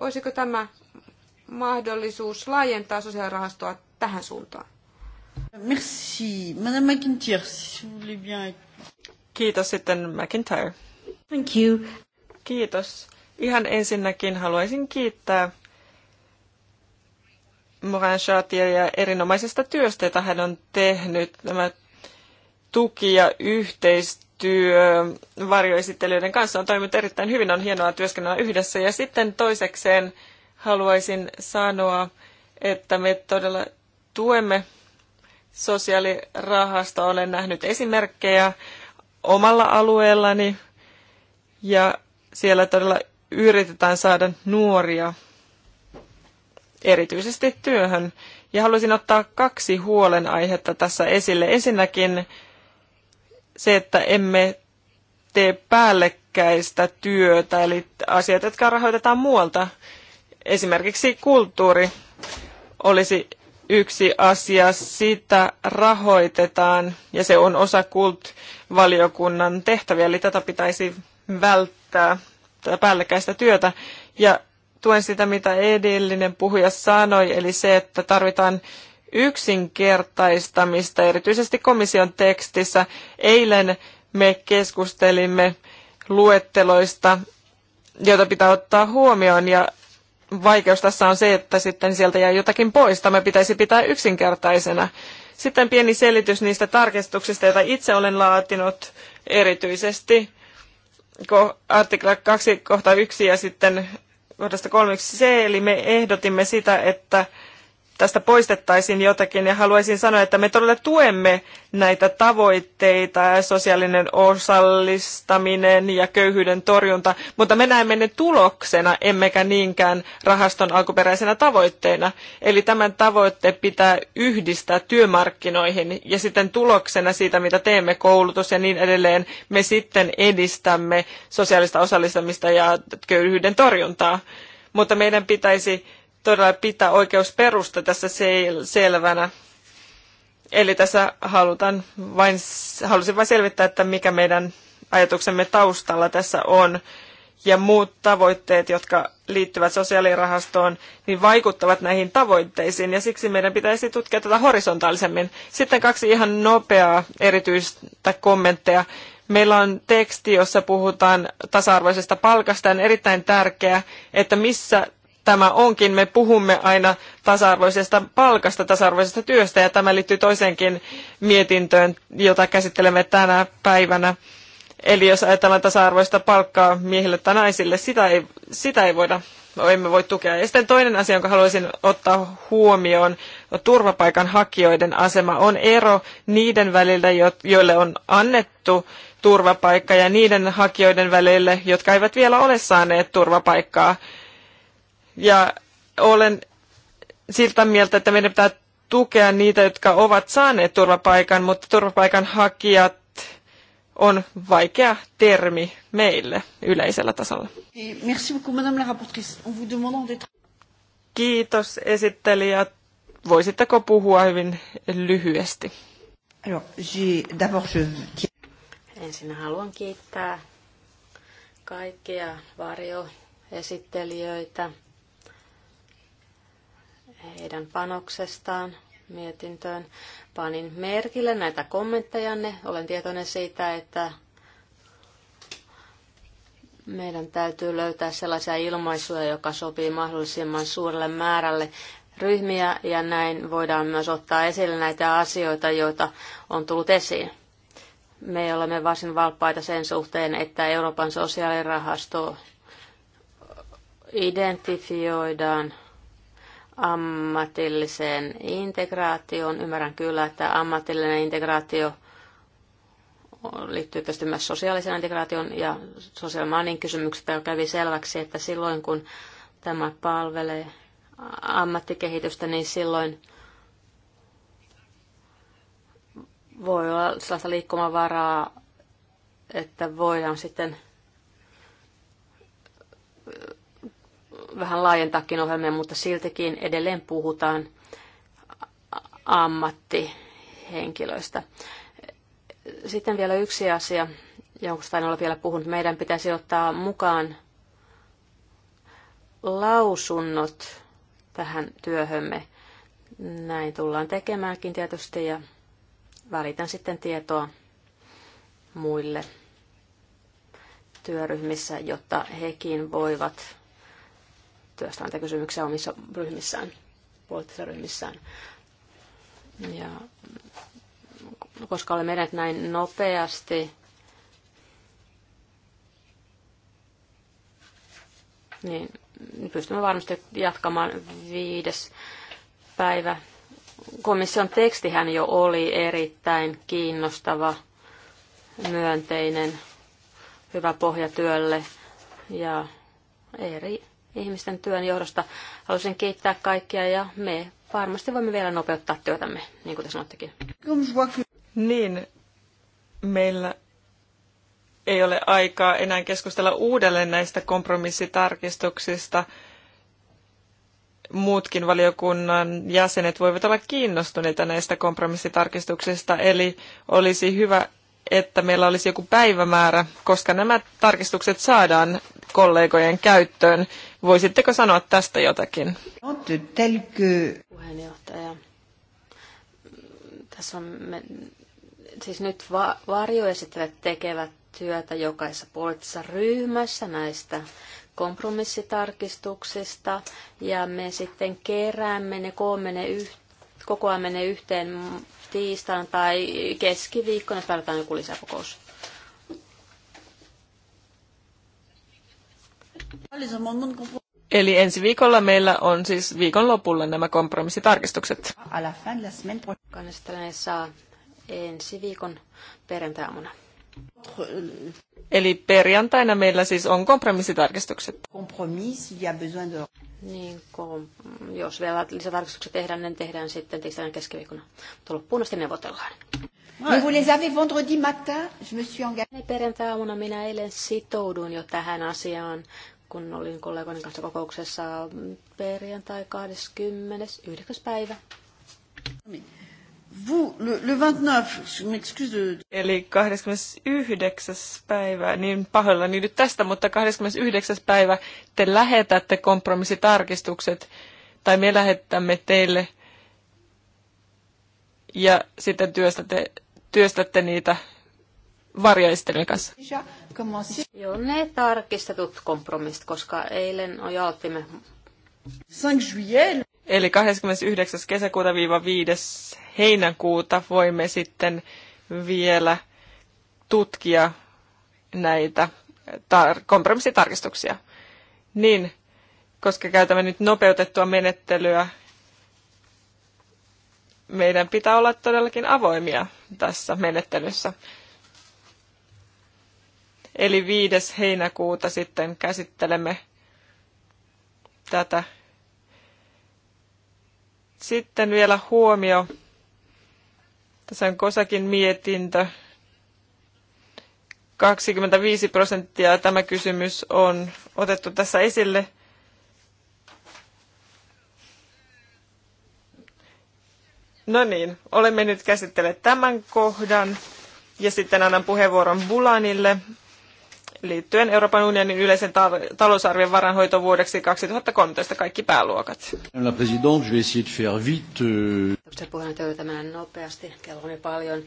Olisiko tämä mahdollisuus laajentaa sosiaalirahastoa tähän suuntaan. Merci. Madame McIntyre, si vous voulez bien. Kiitos sitten McIntyre. Thank you. Kiitos. Ihan ensinnäkin haluaisin kiittää Moran Chartieria erinomaisesta työstä, jota hän on tehnyt. Nämä tuki ja yhteistyö varjoesittelyiden kanssa on toiminut erittäin hyvin. On hienoa työskennellä yhdessä. Ja sitten toisekseen haluaisin sanoa, että me todella tuemme sosiaalirahasta. Olen nähnyt esimerkkejä omalla alueellani ja siellä todella yritetään saada nuoria erityisesti työhön. Ja haluaisin ottaa kaksi huolenaihetta tässä esille. Ensinnäkin se, että emme tee päällekkäistä työtä, eli asiat, jotka rahoitetaan muualta Esimerkiksi kulttuuri olisi yksi asia. Sitä rahoitetaan ja se on osa kult-valiokunnan tehtäviä, eli tätä pitäisi välttää tätä päällekkäistä työtä. Ja tuen sitä, mitä edellinen puhuja sanoi, eli se, että tarvitaan yksinkertaistamista, erityisesti komission tekstissä. Eilen me keskustelimme luetteloista, joita pitää ottaa huomioon, ja vaikeus tässä on se, että sitten sieltä jää jotakin pois. Tämä pitäisi pitää yksinkertaisena. Sitten pieni selitys niistä tarkistuksista, joita itse olen laatinut erityisesti artikla 2.1 ja sitten kohdasta 31 c, eli me ehdotimme sitä, että tästä poistettaisiin jotakin ja haluaisin sanoa, että me todella tuemme näitä tavoitteita, sosiaalinen osallistaminen ja köyhyyden torjunta, mutta me näemme ne tuloksena, emmekä niinkään rahaston alkuperäisenä tavoitteena. Eli tämän tavoitte pitää yhdistää työmarkkinoihin ja sitten tuloksena siitä, mitä teemme, koulutus ja niin edelleen, me sitten edistämme sosiaalista osallistamista ja köyhyyden torjuntaa. Mutta meidän pitäisi todella pitää oikeusperusta tässä sel- selvänä. Eli tässä halutaan vain, halusin vain selvittää, että mikä meidän ajatuksemme taustalla tässä on. Ja muut tavoitteet, jotka liittyvät sosiaalirahastoon, niin vaikuttavat näihin tavoitteisiin. Ja siksi meidän pitäisi tutkia tätä horisontaalisemmin. Sitten kaksi ihan nopeaa erityistä kommentteja. Meillä on teksti, jossa puhutaan tasa-arvoisesta palkasta. On erittäin tärkeää, että missä tämä onkin. Me puhumme aina tasa-arvoisesta palkasta, tasa-arvoisesta työstä ja tämä liittyy toiseenkin mietintöön, jota käsittelemme tänä päivänä. Eli jos ajatellaan tasa-arvoista palkkaa miehille tai naisille, sitä ei, sitä ei voida, emme voi tukea. Ja sitten toinen asia, jonka haluaisin ottaa huomioon, on turvapaikanhakijoiden asema. On ero niiden välillä, joille on annettu turvapaikka ja niiden hakijoiden välille, jotka eivät vielä ole saaneet turvapaikkaa. Ja olen siltä mieltä, että meidän pitää tukea niitä, jotka ovat saaneet turvapaikan, mutta turvapaikanhakijat on vaikea termi meille yleisellä tasolla. Kiitos esittelijä. Voisitteko puhua hyvin lyhyesti? Ensin haluan kiittää kaikkia varjoesittelijöitä heidän panoksestaan mietintöön. Panin merkille näitä kommenttejanne. Olen tietoinen siitä, että meidän täytyy löytää sellaisia ilmaisuja, joka sopii mahdollisimman suurelle määrälle ryhmiä ja näin voidaan myös ottaa esille näitä asioita, joita on tullut esiin. Me olemme varsin valppaita sen suhteen, että Euroopan sosiaalirahasto identifioidaan ammatilliseen integraatioon. Ymmärrän kyllä, että ammatillinen integraatio liittyy tietysti myös sosiaalisen integraation ja sosiaalimaanin kysymykset jo kävi selväksi, että silloin kun tämä palvelee ammattikehitystä, niin silloin voi olla sellaista liikkumavaraa, että voidaan sitten vähän laajentakin ohjelmia, mutta siltikin edelleen puhutaan ammattihenkilöistä. Sitten vielä yksi asia, jonka en ole vielä puhunut. Meidän pitäisi ottaa mukaan lausunnot tähän työhömme. Näin tullaan tekemäänkin tietysti ja välitän sitten tietoa muille työryhmissä, jotta hekin voivat työstää näitä kysymyksiä omissa ryhmissään, poliittisissa ryhmissään. Ja koska olemme edenneet näin nopeasti, niin pystymme varmasti jatkamaan viides päivä. Komission tekstihän jo oli erittäin kiinnostava, myönteinen, hyvä pohja työlle ja eri ihmisten työn johdosta. Haluaisin kiittää kaikkia ja me varmasti voimme vielä nopeuttaa työtämme, niin kuin te sanottekin. Niin, meillä ei ole aikaa enää keskustella uudelleen näistä kompromissitarkistuksista. Muutkin valiokunnan jäsenet voivat olla kiinnostuneita näistä kompromissitarkistuksista, eli olisi hyvä, että meillä olisi joku päivämäärä, koska nämä tarkistukset saadaan kollegojen käyttöön. Voisitteko sanoa tästä jotakin? Puheenjohtaja. Tässä on me, siis nyt va- varjoesittelijät tekevät työtä jokaisessa poliittisessa ryhmässä näistä kompromissitarkistuksista ja me sitten keräämme ne, koomme ne yhteen koko ajan menee yhteen tiistaina tai keskiviikkona, jos tarvitaan joku lisäkokous. Eli ensi viikolla meillä on siis viikon lopulla nämä kompromissitarkistukset. Kannestelen saa ensi viikon perjantaina. Eli perjantaina meillä siis on kompromissitarkistukset. Niin kun, jos vielä lisätarkistuksia tehdään, niin tehdään sitten tiistaina keskiviikkona. Mutta loppuun asti neuvotellaan. Mais Perjantai-aamuna minä eilen sitouduin jo tähän asiaan, kun olin kollegoiden kanssa kokouksessa perjantai 29. päivä. Niin. Vous, le, le 29, m'excuse de... Eli 29. päivä, niin pahoillani nyt tästä, mutta 29. päivä te lähetätte kompromissitarkistukset, tai me lähetämme teille, ja sitten työstätte, työstätte niitä varjoistelijan kanssa. Joo, ne tarkistetut kompromissit, koska eilen ojaltimme 5 juillet. Eli 29. kesäkuuta viiva 5. heinäkuuta voimme sitten vielä tutkia näitä tar- kompromissitarkistuksia. Niin, koska käytämme nyt nopeutettua menettelyä, meidän pitää olla todellakin avoimia tässä menettelyssä. Eli 5. heinäkuuta sitten käsittelemme tätä sitten vielä huomio. Tässä on Kosakin mietintö. 25 prosenttia tämä kysymys on otettu tässä esille. No niin, olemme nyt käsitelleet tämän kohdan ja sitten annan puheenvuoron Bulanille, liittyen Euroopan unionin yleisen talousarvion varanhoitovuodeksi 2013 kaikki pääluokat. La présidente, je vais essayer de faire vite. Euh, nopeasti, kello on paljon.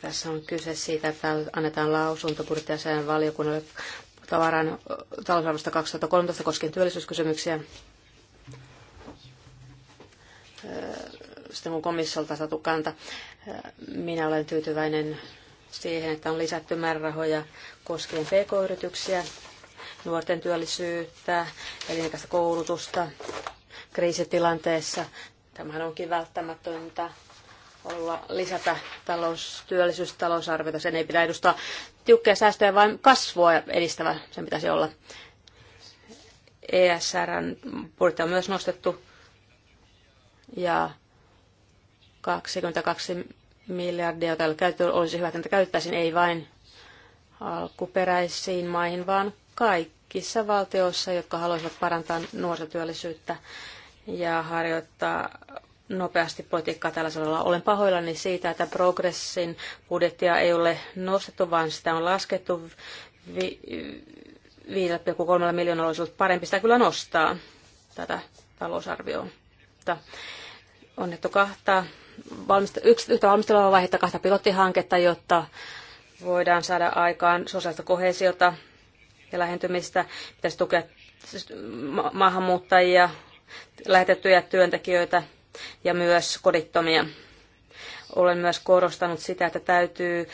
Tässä on kyse siitä, että annetaan lausunto budjettiasian valiokunnalle tavaran talousarvosta 2013 koskien työllisyyskysymyksiä. Sitten kun komissiolta saatu kanta, minä olen tyytyväinen siihen, että on lisätty määrärahoja koskien pk-yrityksiä, nuorten työllisyyttä, elinikäistä koulutusta kriisitilanteessa. Tämähän onkin välttämätöntä olla lisätä talous, talousarviota. Sen ei pidä edustaa tiukkia säästöjä, vaan kasvua edistävä sen pitäisi olla. ESRn budjetti on myös nostettu ja 22 miljardia, joita käytetty, olisi hyvä, että käyttäisiin ei vain alkuperäisiin maihin, vaan kaikissa valtioissa, jotka haluaisivat parantaa nuorisotyöllisyyttä ja harjoittaa nopeasti politiikkaa tällaisella Olen pahoillani siitä, että progressin budjettia ei ole nostettu, vaan sitä on laskettu 5,3 miljoonaa olisi ollut parempi sitä kyllä nostaa tätä talousarviota. On kahtaa yhtä valmistelua vaihetta, kahta pilottihanketta, jotta voidaan saada aikaan sosiaalista kohesiota ja lähentymistä. Pitäisi tukea siis ma- maahanmuuttajia, lähetettyjä työntekijöitä ja myös kodittomia. Olen myös korostanut sitä, että täytyy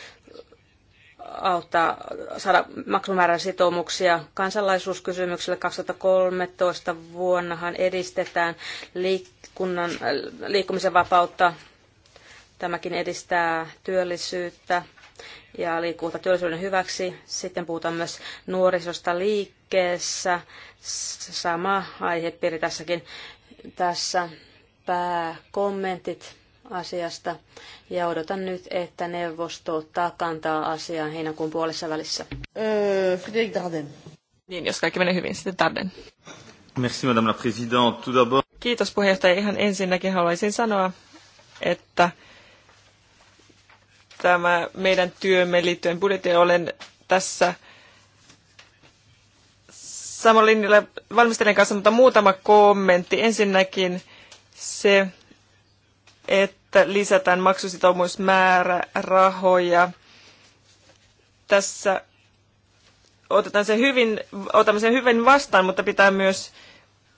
auttaa saada maksumäärän sitoumuksia kansalaisuuskysymykselle 2013 vuonnahan edistetään liikkunnan, liikkumisen vapautta Tämäkin edistää työllisyyttä ja liikkuvuutta työllisyyden hyväksi. Sitten puhutaan myös nuorisosta liikkeessä. Sama aihepiiri tässäkin. Tässä pääkommentit asiasta ja odotan nyt, että neuvosto ottaa kantaa asiaan heinäkuun puolessa välissä. Öö, niin, jos kaikki menee hyvin, sitten Tarden. Merci, madame la présidente. Tout d'abord... Kiitos puheenjohtaja. Ihan ensinnäkin haluaisin sanoa, että tämä meidän työmme liittyen budjettiin. Olen tässä samalla linjalla valmistelijan kanssa, mutta muutama kommentti. Ensinnäkin se, että lisätään maksusitoumusmäärärahoja. Tässä otetaan se hyvin, otamme sen hyvin vastaan, mutta pitää myös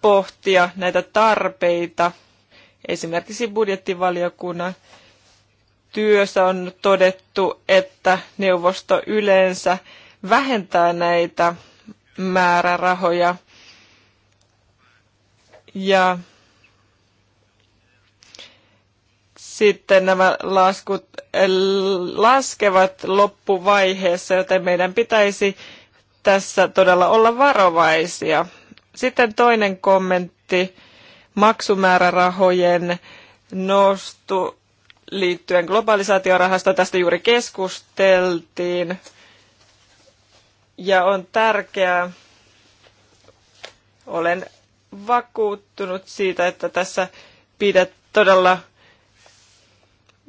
pohtia näitä tarpeita. Esimerkiksi budjettivaliokunnan työssä on todettu, että neuvosto yleensä vähentää näitä määrärahoja. Ja sitten nämä laskut eh, laskevat loppuvaiheessa, joten meidän pitäisi tässä todella olla varovaisia. Sitten toinen kommentti maksumäärärahojen nostu liittyen globalisaatiorahasta. Tästä juuri keskusteltiin. Ja on tärkeää, olen vakuuttunut siitä, että tässä pidet todella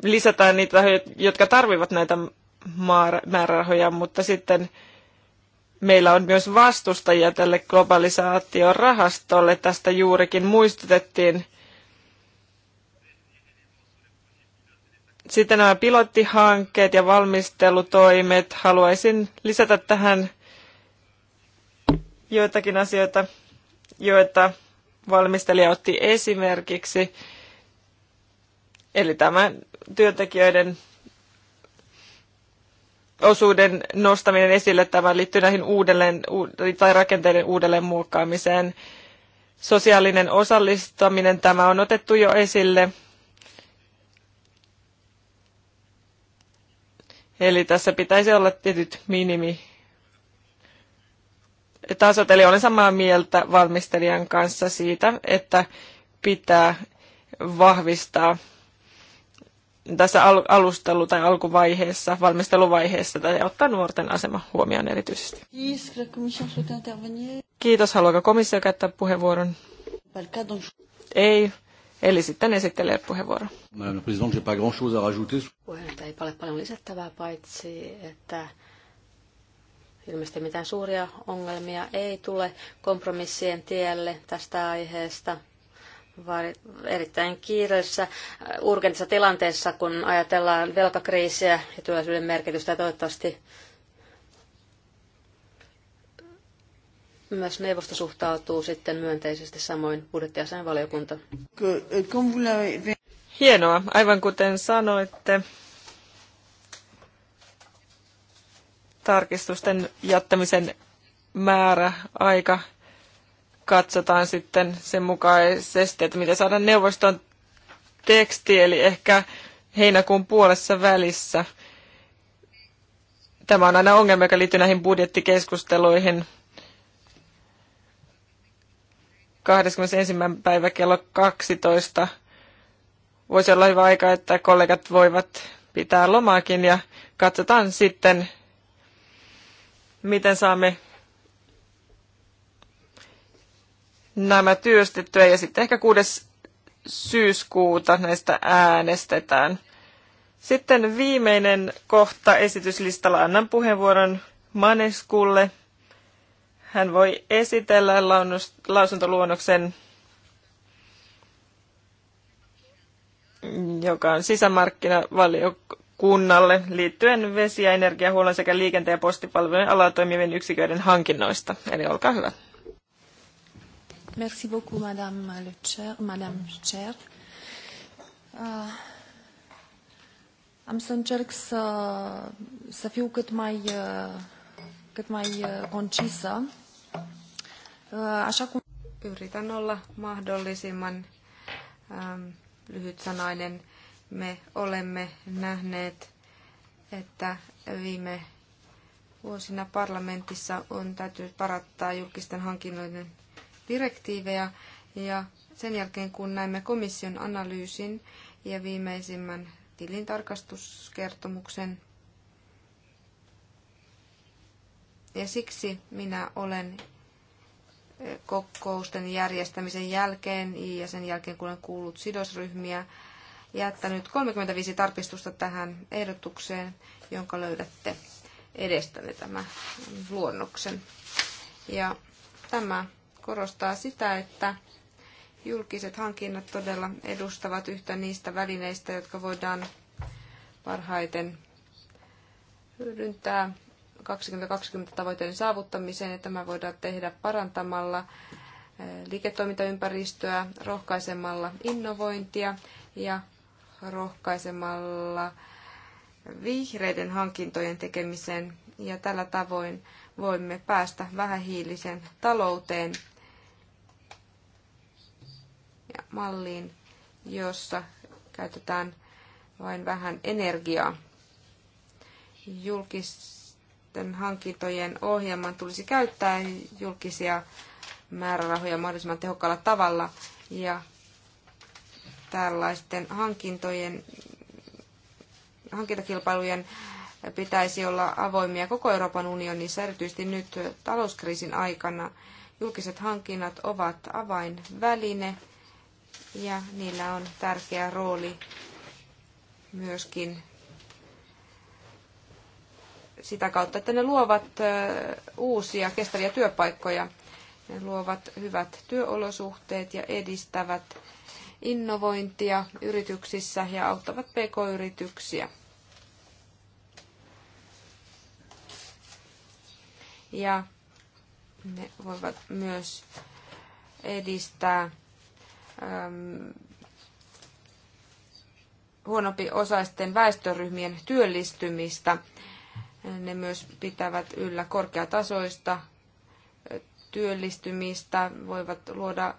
lisätään niitä tahoja, jotka tarvivat näitä määrärahoja, mutta sitten meillä on myös vastustajia tälle globalisaatiorahastolle. rahastolle. Tästä juurikin muistutettiin Sitten nämä pilottihankkeet ja valmistelutoimet. Haluaisin lisätä tähän joitakin asioita, joita valmistelija otti esimerkiksi. Eli tämä työntekijöiden osuuden nostaminen esille, tämä liittyy näihin uudelleen, tai rakenteiden uudelleen muokkaamiseen. Sosiaalinen osallistaminen, tämä on otettu jo esille Eli tässä pitäisi olla tietyt minimi tasot. Eli olen samaa mieltä valmistelijan kanssa siitä, että pitää vahvistaa tässä alustelu- tai alkuvaiheessa, valmisteluvaiheessa, tai ottaa nuorten asema huomioon erityisesti. Kiitos. Haluaako komissio käyttää puheenvuoron? Ei Eli sitten esittelee puheenvuoro. Madame la Présidente, j'ai pas grand chose à rajouter. Puheenjohtaja ei ole paljon lisättävää, paitsi että ilmeisesti mitään suuria ongelmia ei tule kompromissien tielle tästä aiheesta erittäin kiireellisessä äh, urgentissa tilanteessa, kun ajatellaan velkakriisiä ja työllisyyden merkitystä. Ja toivottavasti Myös neuvosto suhtautuu sitten myönteisesti samoin valiokunta. Hienoa, aivan kuten sanoitte. Tarkistusten jättämisen määrä, aika katsotaan sitten sen mukaisesti, että mitä saadaan neuvoston teksti, eli ehkä heinäkuun puolessa välissä. Tämä on aina ongelma, joka liittyy näihin budjettikeskusteluihin. 21. päivä kello 12. Voisi olla hyvä aika, että kollegat voivat pitää lomaakin ja katsotaan sitten, miten saamme nämä työstettyä ja sitten ehkä 6. syyskuuta näistä äänestetään. Sitten viimeinen kohta esityslistalla annan puheenvuoron Maneskulle. Hän voi esitellä lausuntoluonnoksen, joka on sisämarkkinavaliokunnalle liittyen vesi- ja energiahuollon sekä liikenteen ja postipalvelujen alalla toimivien yksiköiden hankinnoista. Eli olkaa hyvä. Merci beaucoup, Madame le Chair. Madame Chair. Uh, am să încerc să, să fiu cât mai uh, cât mai uh, concisă. Uh, așa cum... Yritän olla mahdollisimman ähm, lyhytsanainen. Me olemme nähneet, että viime vuosina parlamentissa on täytynyt parattaa julkisten hankinnoiden direktiivejä ja sen jälkeen kun näimme komission analyysin ja viimeisimmän tilintarkastuskertomuksen, Ja siksi minä olen eh, kokousten järjestämisen jälkeen ja sen jälkeen, kun olen kuullut sidosryhmiä, jättänyt 35 tarkistusta tähän ehdotukseen, jonka löydätte edestänne tämä luonnoksen. Ja tämä korostaa sitä, että julkiset hankinnat todella edustavat yhtä niistä välineistä, jotka voidaan parhaiten hyödyntää 2020 tavoitteiden saavuttamiseen ja tämä voidaan tehdä parantamalla eh, liiketoimintaympäristöä, rohkaisemalla innovointia ja rohkaisemalla vihreiden hankintojen tekemiseen ja tällä tavoin voimme päästä vähähiilisen talouteen ja malliin, jossa käytetään vain vähän energiaa. Julkis julkisten hankintojen ohjelman tulisi käyttää julkisia määrärahoja mahdollisimman tehokkaalla tavalla ja tällaisten hankintojen, hankintakilpailujen pitäisi olla avoimia koko Euroopan unionissa, erityisesti nyt talouskriisin aikana. Julkiset hankinnat ovat avainväline ja niillä on tärkeä rooli myöskin sitä kautta, että ne luovat uusia kestäviä työpaikkoja. Ne luovat hyvät työolosuhteet ja edistävät innovointia yrityksissä ja auttavat pk-yrityksiä. Ja ne voivat myös edistää äm, huonompi osaisten väestöryhmien työllistymistä ne myös pitävät yllä korkeatasoista työllistymistä, voivat luoda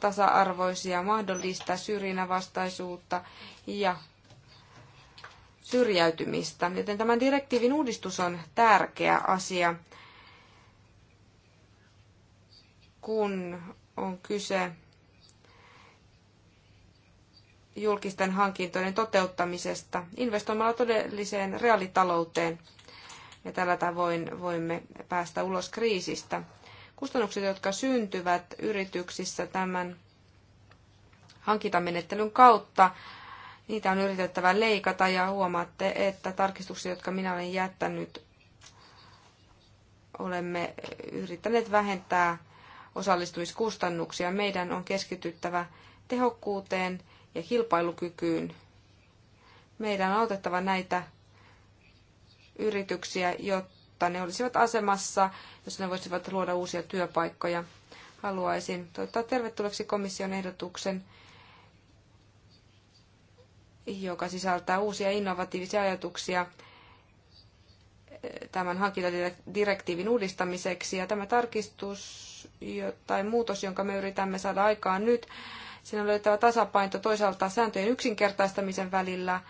tasa-arvoisia, mahdollista syrjinnävastaisuutta ja syrjäytymistä. Joten tämän direktiivin uudistus on tärkeä asia, kun on kyse julkisten hankintojen toteuttamisesta investoimalla todelliseen reaalitalouteen – ja tällä tavoin voimme päästä ulos kriisistä. Kustannukset, jotka syntyvät yrityksissä tämän hankintamenettelyn kautta, niitä on yritettävä leikata ja huomaatte, että tarkistukset, jotka minä olen jättänyt, olemme yrittäneet vähentää osallistumiskustannuksia. Meidän on keskityttävä tehokkuuteen ja kilpailukykyyn. Meidän on autettava näitä yrityksiä, jotta ne olisivat asemassa, jos ne voisivat luoda uusia työpaikkoja. Haluaisin toivottaa tervetulleeksi komission ehdotuksen, joka sisältää uusia innovatiivisia ajatuksia tämän hankintadirektiivin uudistamiseksi. Ja tämä tarkistus tai muutos, jonka me yritämme saada aikaan nyt, siinä on löytävä tasapaino toisaalta sääntöjen yksinkertaistamisen välillä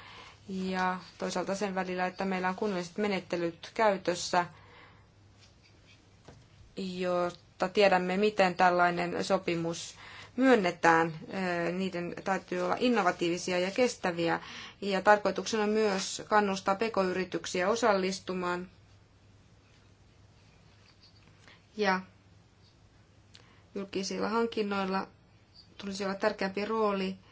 ja toisaalta sen välillä, että meillä on kunnolliset menettelyt käytössä, jotta tiedämme, miten tällainen sopimus myönnetään. Niiden täytyy olla innovatiivisia ja kestäviä. Ja tarkoituksena myös kannustaa pekoyrityksiä osallistumaan. Ja julkisilla hankinnoilla tulisi olla tärkeämpi rooli –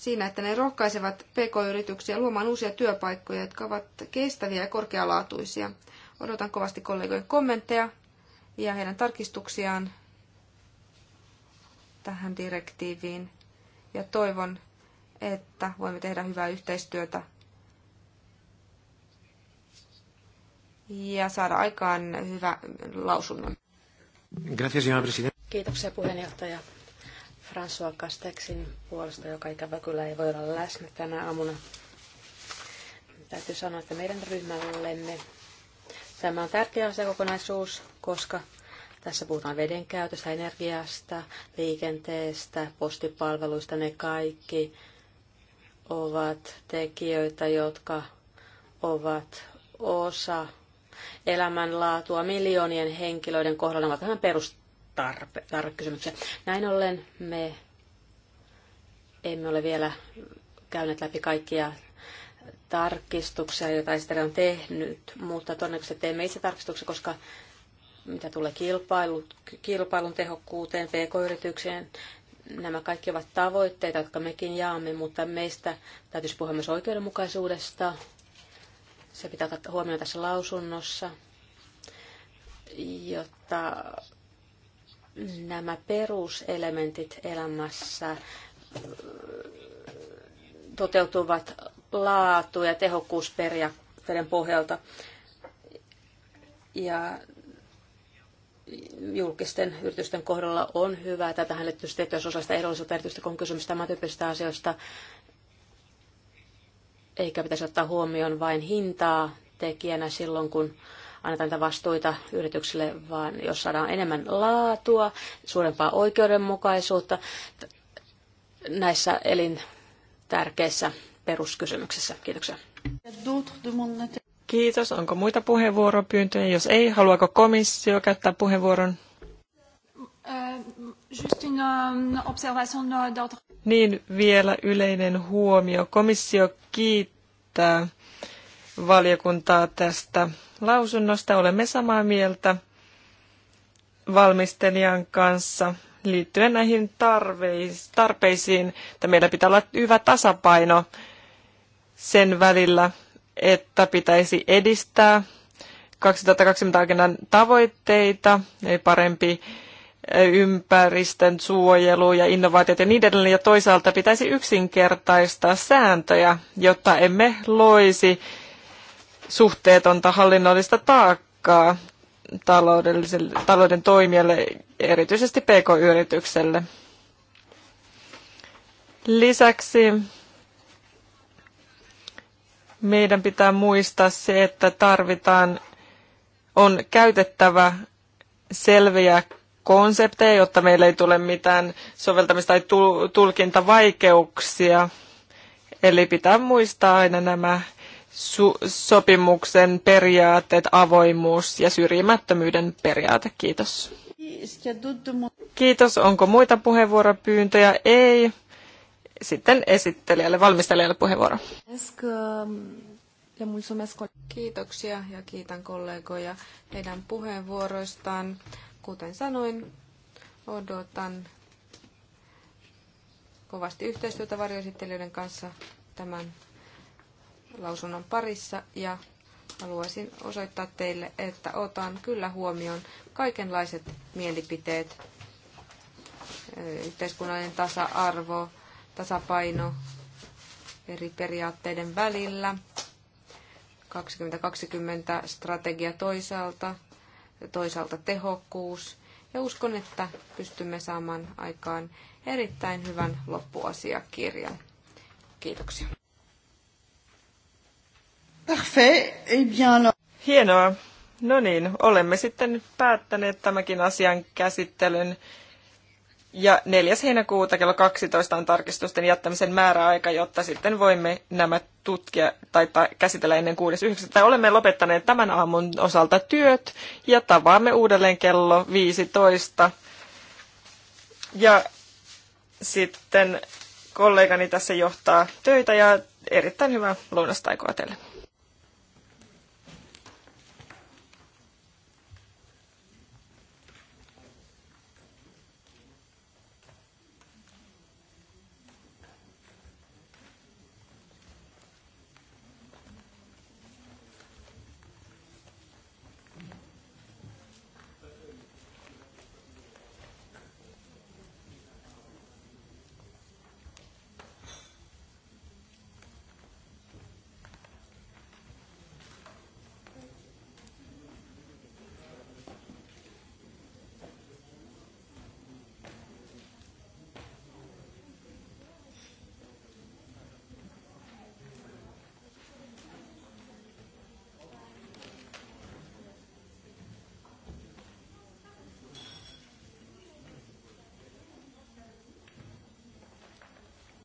siinä, että ne rohkaisevat pk-yrityksiä luomaan uusia työpaikkoja, jotka ovat kestäviä ja korkealaatuisia. Odotan kovasti kollegojen kommentteja ja heidän tarkistuksiaan tähän direktiiviin ja toivon, että voimme tehdä hyvää yhteistyötä ja saada aikaan hyvä lausunnon. Kiitoksia puheenjohtaja. François Castexin puolesta, joka ikävä kyllä ei voi olla läsnä tänä aamuna. Täytyy sanoa, että meidän ryhmällemme tämä on tärkeä asiakokonaisuus, koska tässä puhutaan veden käytöstä, energiasta, liikenteestä, postipalveluista. Ne kaikki ovat tekijöitä, jotka ovat osa elämänlaatua miljoonien henkilöiden kohdalla. Ne ovat vähän perus, tarpe, tarvekysymyksiä. Näin ollen me emme ole vielä käyneet läpi kaikkia tarkistuksia, joita Esteri on tehnyt, mutta todennäköisesti teemme itse tarkistuksia, koska mitä tulee kilpailu, kilpailun tehokkuuteen, pk-yritykseen, nämä kaikki ovat tavoitteita, jotka mekin jaamme, mutta meistä täytyisi puhua myös oikeudenmukaisuudesta. Se pitää ottaa huomioon tässä lausunnossa, jotta nämä peruselementit elämässä äh, toteutuvat laatu- ja tehokkuusperiaatteiden pohjalta. Ja julkisten yritysten kohdalla on hyvä. Tätähän liittyy tietysti osaista edullisuutta, erityisesti kun on kysymys tämän tyyppisistä asioista. Eikä pitäisi ottaa huomioon vain hintaa tekijänä silloin, kun anneta niitä vastuita yrityksille, vaan jos saadaan enemmän laatua, suurempaa oikeudenmukaisuutta näissä elintärkeissä peruskysymyksissä. Kiitoksia. Kiitos. Onko muita puheenvuoropyyntöjä? Jos ei, haluaako komissio käyttää puheenvuoron? Äh, ähm, niin, vielä yleinen huomio. Komissio kiittää valiokuntaa tästä lausunnosta. Olemme samaa mieltä valmistelijan kanssa liittyen näihin tarpeisiin, että meillä pitää olla hyvä tasapaino sen välillä, että pitäisi edistää 2020 agendan tavoitteita, eli parempi ympäristön suojelu ja innovaatiot ja niin edelleen. Ja toisaalta pitäisi yksinkertaistaa sääntöjä, jotta emme loisi suhteetonta hallinnollista taakkaa talouden toimijalle, erityisesti pk-yritykselle. Lisäksi meidän pitää muistaa se, että tarvitaan, on käytettävä selviä konsepteja, jotta meillä ei tule mitään soveltamista tai tulkintavaikeuksia. Eli pitää muistaa aina nämä su- sopimuksen periaatteet, avoimuus ja syrjimättömyyden periaate. Kiitos. Kiitos. Onko muita puheenvuoropyyntöjä? Ei. Sitten esittelijälle, valmistelijalle puheenvuoro. Kiitoksia ja kiitän kollegoja heidän puheenvuoroistaan. Kuten sanoin, odotan kovasti yhteistyötä varjoesittelijöiden kanssa tämän lausunnon parissa ja haluaisin osoittaa teille, että otan kyllä huomioon kaikenlaiset mielipiteet, yhteiskunnallinen tasa-arvo, tasapaino eri periaatteiden välillä, 2020 strategia toisaalta, toisaalta tehokkuus. Ja uskon, että pystymme saamaan aikaan erittäin hyvän loppuasiakirjan. Kiitoksia. Parfait. Eh bien, alors... Hienoa. No niin, olemme sitten päättäneet tämäkin asian käsittelyn. Ja 4. heinäkuuta kello 12 on tarkistusten jättämisen määräaika, jotta sitten voimme nämä tutkia tai käsitellä ennen 6.9. Olemme lopettaneet tämän aamun osalta työt ja tavaamme uudelleen kello 15. Ja sitten kollegani tässä johtaa töitä ja erittäin hyvää lounastaikoa teille.